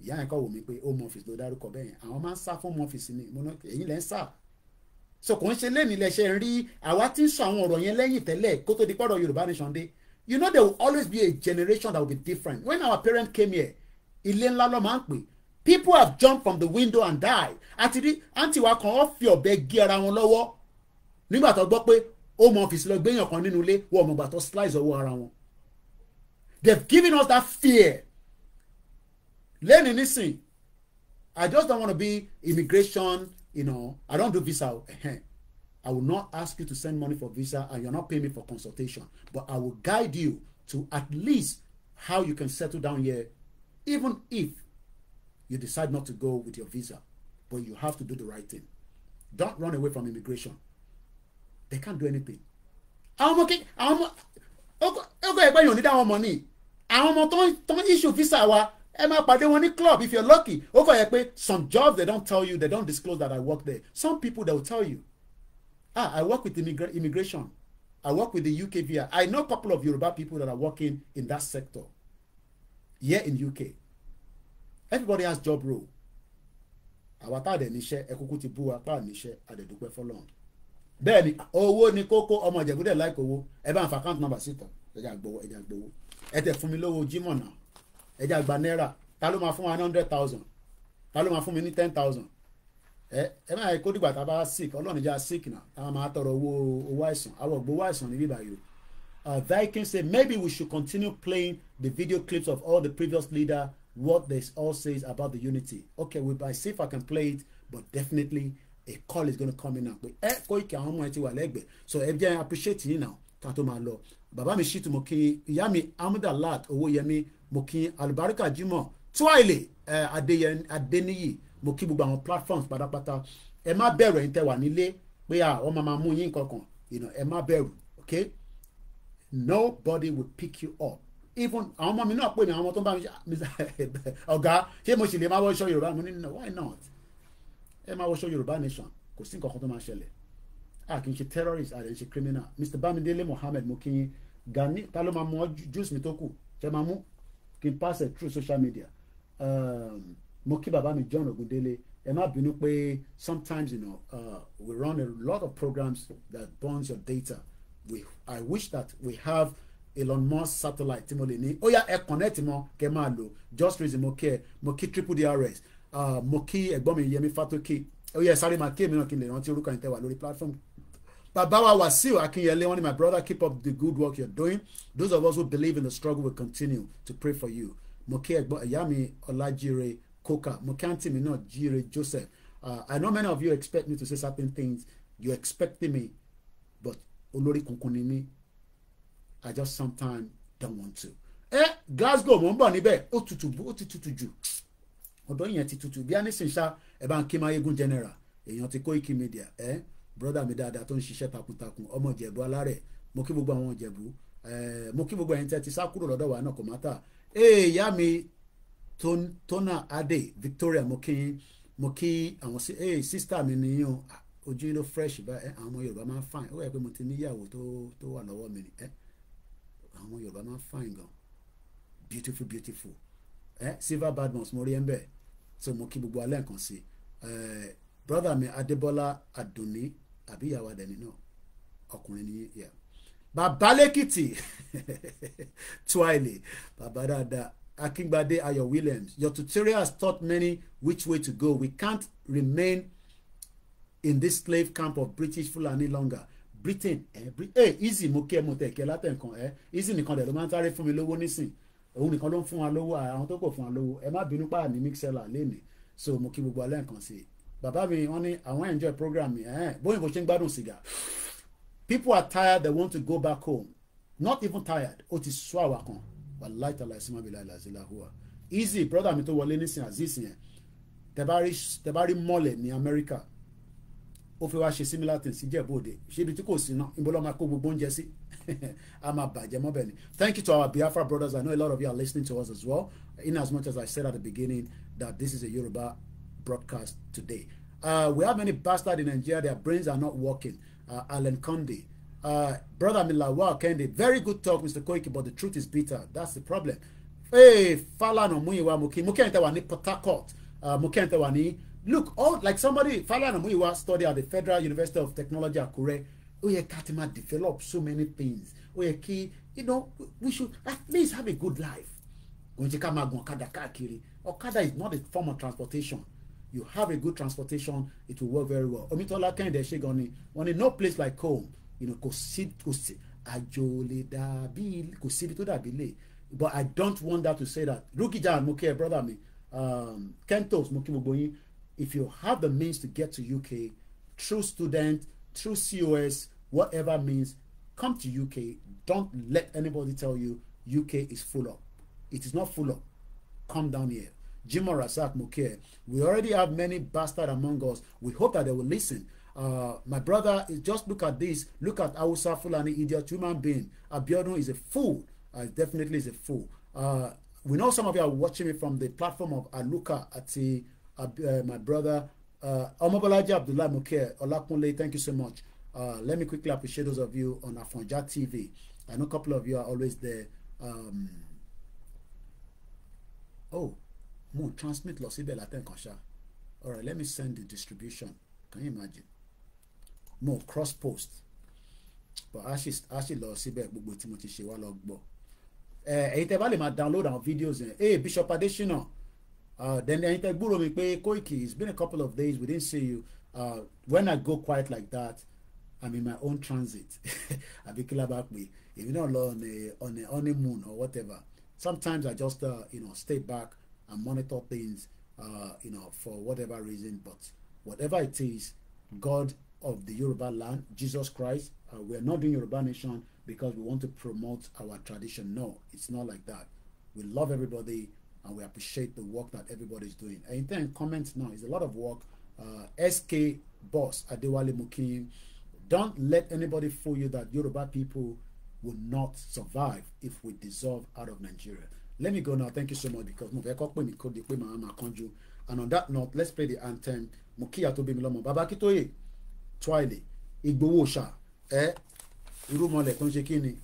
ìyá yẹn kọ́ wò mí pé home office ló dárúkọ bẹ́ẹ̀ yẹn àwọn máa ń sá fún home office ni mo ní èyí lẹ́ ń sá so kò ń ṣe lẹ́nu ilẹ̀ ṣe ń rí àwa ti ń sọ àwọn ọ̀rọ̀ yẹn lẹ́yìn tẹ́lẹ̀ kó tó di pọ̀rọ̀ Yorùbá nation dé you know there will always be a generation that will be different when our parents came here ilé ńlá ló máa ń pè people have jumped from the window and died àti rí àǹtí wa kan wọ́n fi ọ̀bẹ gé ara wọn lọ́wọ́ nígbà tó gbọ́ pé ó mọ ọ́fíìsì lọ gbéyàn kan nínú ilé wọ́n mọ̀ gbà tó slice ọwọ́ ara wọn they have given us that fear lẹ́nu nísìn I just don't want to be immigration you know, I don't do visa. Oh, eh, eh. I will not ask you to send money for visa and you're not paying me for consultation. But I will guide you to at least how you can settle down here, even if you decide not to go with your visa. But you have to do the right thing. Don't run away from immigration. They can't do anything. I'm okay. I'm okay. Okay, ọgọ You need our money. I'm ní àwọn ọmọ issue visa ẹ máa pàdé wọn ní club if you're lucky ó kọ̀ yẹ pé some jobs they don't tell you they don't disclose that I work there some people they will tell you ah I work with immigra immigration I work with the UK via I know a couple of Yoruba people that are working in that sector here in UK everybody has job role àwa tá a dẹ̀ níṣẹ́ ẹ ti bú wa pa níṣẹ́ a dẹ̀ bẹ́ẹ̀ ni owó ni kókó ọmọ ìjẹ̀bú dẹ̀ ẹ bá ń fa account number síta ẹ̀jà gbowó ẹ̀jà gbowó ẹ tẹ̀ fún mi lówó Jímọ̀ náà ẹja gba náírà ta ló máa fún wa ní hundred thousand ta ló máa fún mi ní ten thousand ẹ ẹ máa yẹ kó dìgbà tá a bá sick ọlọ́run ìjà sick náà tá a máa tọrọ owó owó àìsàn àwọn ògbó àìsàn ní bíbá o uh, Viking say maybe we should continue playing the video clips of all the previous leader what they all says about the unity okay we by see if I can play it but definitely a call is gonna come in now pé ẹ kó ìkẹ́ àwọn ọmọ ẹ ti wà lẹ́gbẹ̀ẹ́ so ẹ jẹ́ appreciate yín náà ká tó máa lọ bàbá mi ṣì tún mọ̀ kí ìyá mi amúdàlát owó yẹmi mo kí alùbáríkà jimoh tíwáìlì adéníyì mo kí gbogbo àwọn platforms pátápátá ẹ má bẹ̀rù ẹ̀yin tẹ́ wà nílé pé àwọn máa máa mú yín kankan ẹ má bẹ̀rù okay nobody will pick you up even àwọn ọmọ mi náà pè mí àwọn ọmọ tó ń bá mi ọ̀gá ṣé mo sì lè má wọṣọ yorùbá mo ní no why not ẹ má wọṣọ yorùbá nation kò sí nǹkan kan tó máa ṣẹlẹ̀ a kì í ṣe terrorist a kì í ṣe criminal mr bamidele mohammed mo kí gani ta ló máa mú juice mi tó kù ṣe máa mú kí n pass it through social media um, mo kí bàbá mi John Ogundele ẹ má bínú pé sometimes you know, uh, we run a lot of programs that burns your data we, I wish that we have Elon Musk satellite tí mo lè ní ó yá ẹ connect mọ kẹ máa lò just reason mo kí ẹ mo kí triple drs uh, mo kí ẹ̀gbọ́n mi Yẹmi Fatoke ó yá ẹ sáré máa kí èmi náà kí n lè rántí orúkọ yẹn lórí platform Baba wa Wasiu Akinyele, one of my brother, keep up the good work you're doing. Those of us who believe in the struggle will continue to pray for you. Moke Yami Olajire Koka, Mokanti Minot Jire Joseph. Uh, I know many of you expect me to say certain things. You're expecting me, but Olori Kunkunimi, I just sometimes don't want to. Eh, Glasgow, mo nibe. bọ̀ níbẹ̀, ó tutù ó ti tutù jù. Ọ̀dọ́ yẹn ti tutù bí a ní sìn ṣá ẹ̀ bá ń kí general, èèyàn ti Eh? brọ́dà mi dáadáa tó ń ṣiṣẹ́ takuntakun ọmọ ìjẹ̀bú alárẹ̀ mo kí gbogbo àwọn ìjẹ̀bú eh, mo kí gbogbo ẹ̀yin tẹ́ ti sá kúrò lọ́dọ̀ wa náà kò má tà èèyá eh, mi tona ade Victoria mo kí mo kí àwọn sísítà eh, mi nìyẹn ah, ojú ló fresh báyìí àwọn ọmọ Yorùbá máa ń fine ó yẹ pé mo ti níyàwó tó wà lọ́wọ́ mi ni àwọn Yorùbá máa ń fine gan beautiful beautiful eh? silver badmus mo rí ẹ ń so mo kí gbogbo alẹ́ nǹkan sí brother mi Adébọ́lá Adùnní àbí ìyàwó adẹni náà ọkùnrin ní yà bàbá lẹ́kìtì twaile bàbá dáadáa akíngbadé ayọ̀ williams your tutorial has taught many which way to go we can't remain in this slave camp of british fulani longer britain eh, Brit eh easy mo kí ẹ mo tẹ kí ẹ látẹ̀kàn eh easy nìkan dẹ̀ ló máa ń sáré fún mi lówó nísìn òun nìkan ló ń fún wa lówó àwọn tó kò fún wa lówó ẹ má bínú pààní mixella lénìí so mo kí gbogbo alẹ́ nǹkan sí i bàbá mi wọ́n ní àwọn enjoy program yẹn eh, bóyìnbó ṣe ń gbádùn sìgá people are tired they want to go back home not even tired ó ti sọ àwa kan wàláì tàlà ìsìnmọ́ bíi láìláì làhùwà easy brother mi tó wọlé nísìn azeez yẹn tẹ̀bárí mọ́lẹ̀ ní amẹ́ríkà ó fi wá ṣe similar thing sí jẹ́bóde ṣébi tí kò sí náà níbo lọ́ọ́ máa kó gbogbo oúnjẹ sí a máa bàjẹ́ mọ́bẹ̀ ni thank you to our biafra brothers i know a lot of you are listening to us as well in as much as i said at the beginning that this is a yoruba broadcast today. Uh, we have many bastards in Nigeria, their brains are not working. Uh, Alan Conde, uh, brother Milawa Kende, very good talk, Mr. Koiki, but the truth is bitter. That's the problem. Hey, Falana Muyiwa Muki, Mukente Wani Port uh, Mukente Wani. Look, all like somebody, Falana Muyiwa studied at the Federal University of Technology Akure. Ó yẹ ká ti máa develop so many things. Ó yẹ kí, you know, we should at least have a good life. Kò ń ṣe ká is not a form of transportation you have a good transportation it will work very well Omitola Kẹ́hìndé ṣe gan ni wọ́n no place like home you know, kò sí kò sí àjò lè dàbí kò síbi tó dàbí lè but I don't want that to say that Rukija mo kí ẹ brother mi um, Kentos mo kí gbogbo if you have the means to get to UK through student through COS whatever means come to UK don't let anybody tell you UK is full up it is not full up come down here Jimoh Razak Mukir. We already have many bastards among us. We hope that they will listen. Uh, my brother, just look at this. Look at Awusa Fulani, idiot human being. Abiodun is a fool. Uh, definitely is a fool. Uh, we know some of you are watching me from the platform of Aluka Ati, uh, my brother. Uh, Omobolaji Abdullah Mukir, Olakunle, thank you so much. Uh, let me quickly appreciate those of you on Afonja TV. I know a couple of you are always there. Um, oh, mo transmit lọ síbẹ̀ látẹ̀kàn ṣá alright let me send the distribution can you imagine mo cross post but a ṣì lọ síbẹ̀ gbogbo tí mo ti ṣe wá lọ gbọ́ ẹ̀yin tẹ́ bá lè máa download àwọn videos yẹn hey Bishop Adesina uh, then ẹ̀yin tẹ́ gbúrò mi pé Koiki it's been a couple of days we didn't see you uh, when I go quiet like that I'm in my own transit àbí kí lábàá pé èmi náà lọ on a on a honeymoon or whatever sometimes I just uh, you know, stay back and monitor things, uh, you know, for whatever reason. But whatever it is, hmm. God of the Yoruba land, Jesus Christ, uh, we are not doing Yoruba nation because we want to promote our tradition. No, it's not like that. We love everybody and we appreciate the work that everybody's doing. And then comments now. It's a lot of work. Uh, SK boss Adewale Mukim, don't let anybody fool you that Yoruba people will not survive if we dissolve out of Nigeria let me go now thank you so much because mo fẹ́ kọ́ pè mí kó di pé màá máa kánjú and on that note let's play the anthem mo kíyà tó bí mi lọ́mọ bàbá kítóyè twile ìgbowó ṣà ẹ irúmọlẹ̀ tó ń ṣe kí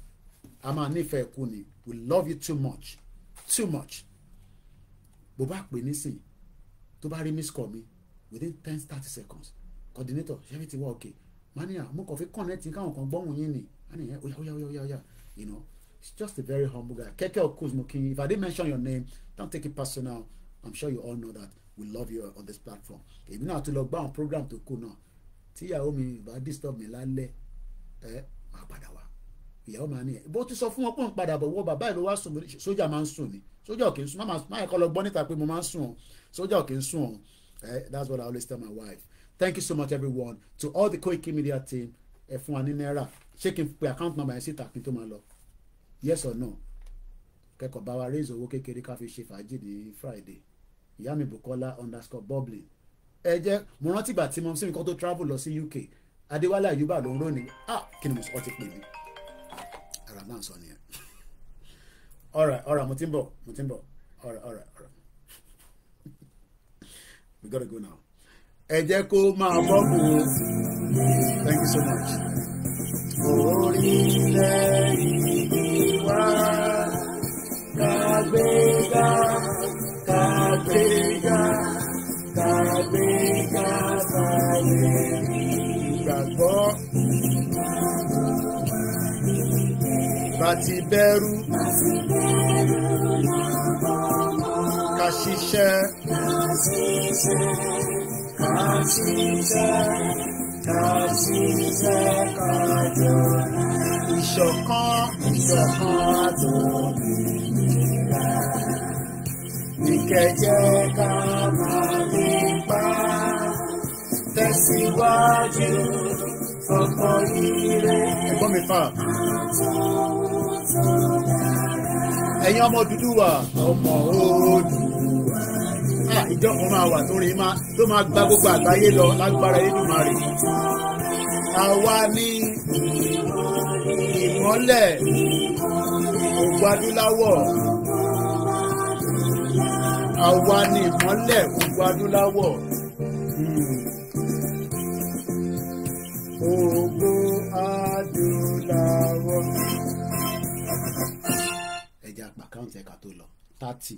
a máa nífẹ̀ẹ́ kú ni we love you too much too much bó bá pè nísìn tó bá rí miss call mi within ten thirty seconds coordinator ṣẹ́fì ti wá òkè mania mo kàn fi connect káwọn kan gbọ́hùn yín ni a nìyẹn oya oya oya oya you know He's just a very humble guy. Keke Okuzmokin, if I didn't mention your name, don't take it personal. I'm sure you all know that we love you on this platform. Èmi náà to log on àwọn program to kù náà. Tí ìyàwó mi bá disturb mi lálẹ́, ẹ máa padà wá. Ìyàwó máa ní ẹ̀. Bó ti sọ fún wọn pé òun padà bọ̀ wọ́n bàbá ìlú wa sùn sójà máa ń sùn ni. Sójà ò kì í sùn. Má yẹ kọ́ lọ gbọ́ níta pé mo That's what I always tell my wife. Thank you so much everyone. To all the Koiki Media team, ẹ fún wa ní náírà. Ṣé account number yẹn síta kí n tó máa yes or no kẹ́kọ̀ọ́ bá wa raise owó kékeré ká fi ṣe fàájì ní friday ìyá mi bukola underscore bubbling ẹ jẹ́ mo rántí ìgbà tí mo sí nǹkan tó travel lọ sí uk adéwálé àyùbá ló ń rò ah kí ni mo sọ ti pè mí ara náà sọ nìyẹn ọ̀rà ọ̀rà mo ti ń bọ̀ mo ti ń bọ̀ ọ̀rà ọ̀rà ọ̀rà we gotta go now ẹ jẹ́ kó máa bọ́ bù ú thank you so much. orí lẹ́yìn. Gbàgbọ́ bá ti bẹ̀rù ká ṣiṣẹ́ ká ṣiṣẹ́ ká ṣiṣẹ́ ká jọ ìṣọ̀kan ìṣọ̀kan tó bí ìkẹjẹ ká máa nípa tẹ̀síwájú ọkọ̀ ire ẹ̀gbọ́n mi fà. ẹ̀yin ọmọ dúdú wa ọmọ Oòduà ah, ìjọ kan máa wà tó rìn máa tó máa gba gbogbo àgbáyé lọ lágbára Elédùmarè àwa ní ìmọ́lẹ̀ ògbó àwa ni ìmọ́lẹ̀ hmm. ògùn adúláwọ̀. ògùn adúláwọ̀. ẹja àpà káùntì tó lọ thirty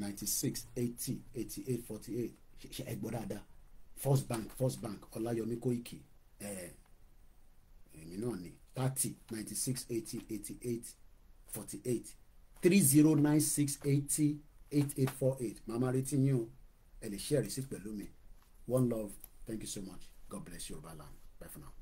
ninety six eighty eighty eight forty eight ṣe ẹgbọ́n dáadáa first bank first bank ọláyọmí kóìkì èmi náà ni thirty ninety six eighty eighty eight forty eight three zero nine six eighty eight eight four eight màá máa retí yín o ẹ lè share receipt pẹ̀lú mi one love thank you so much god bless Yorubaland bye for now.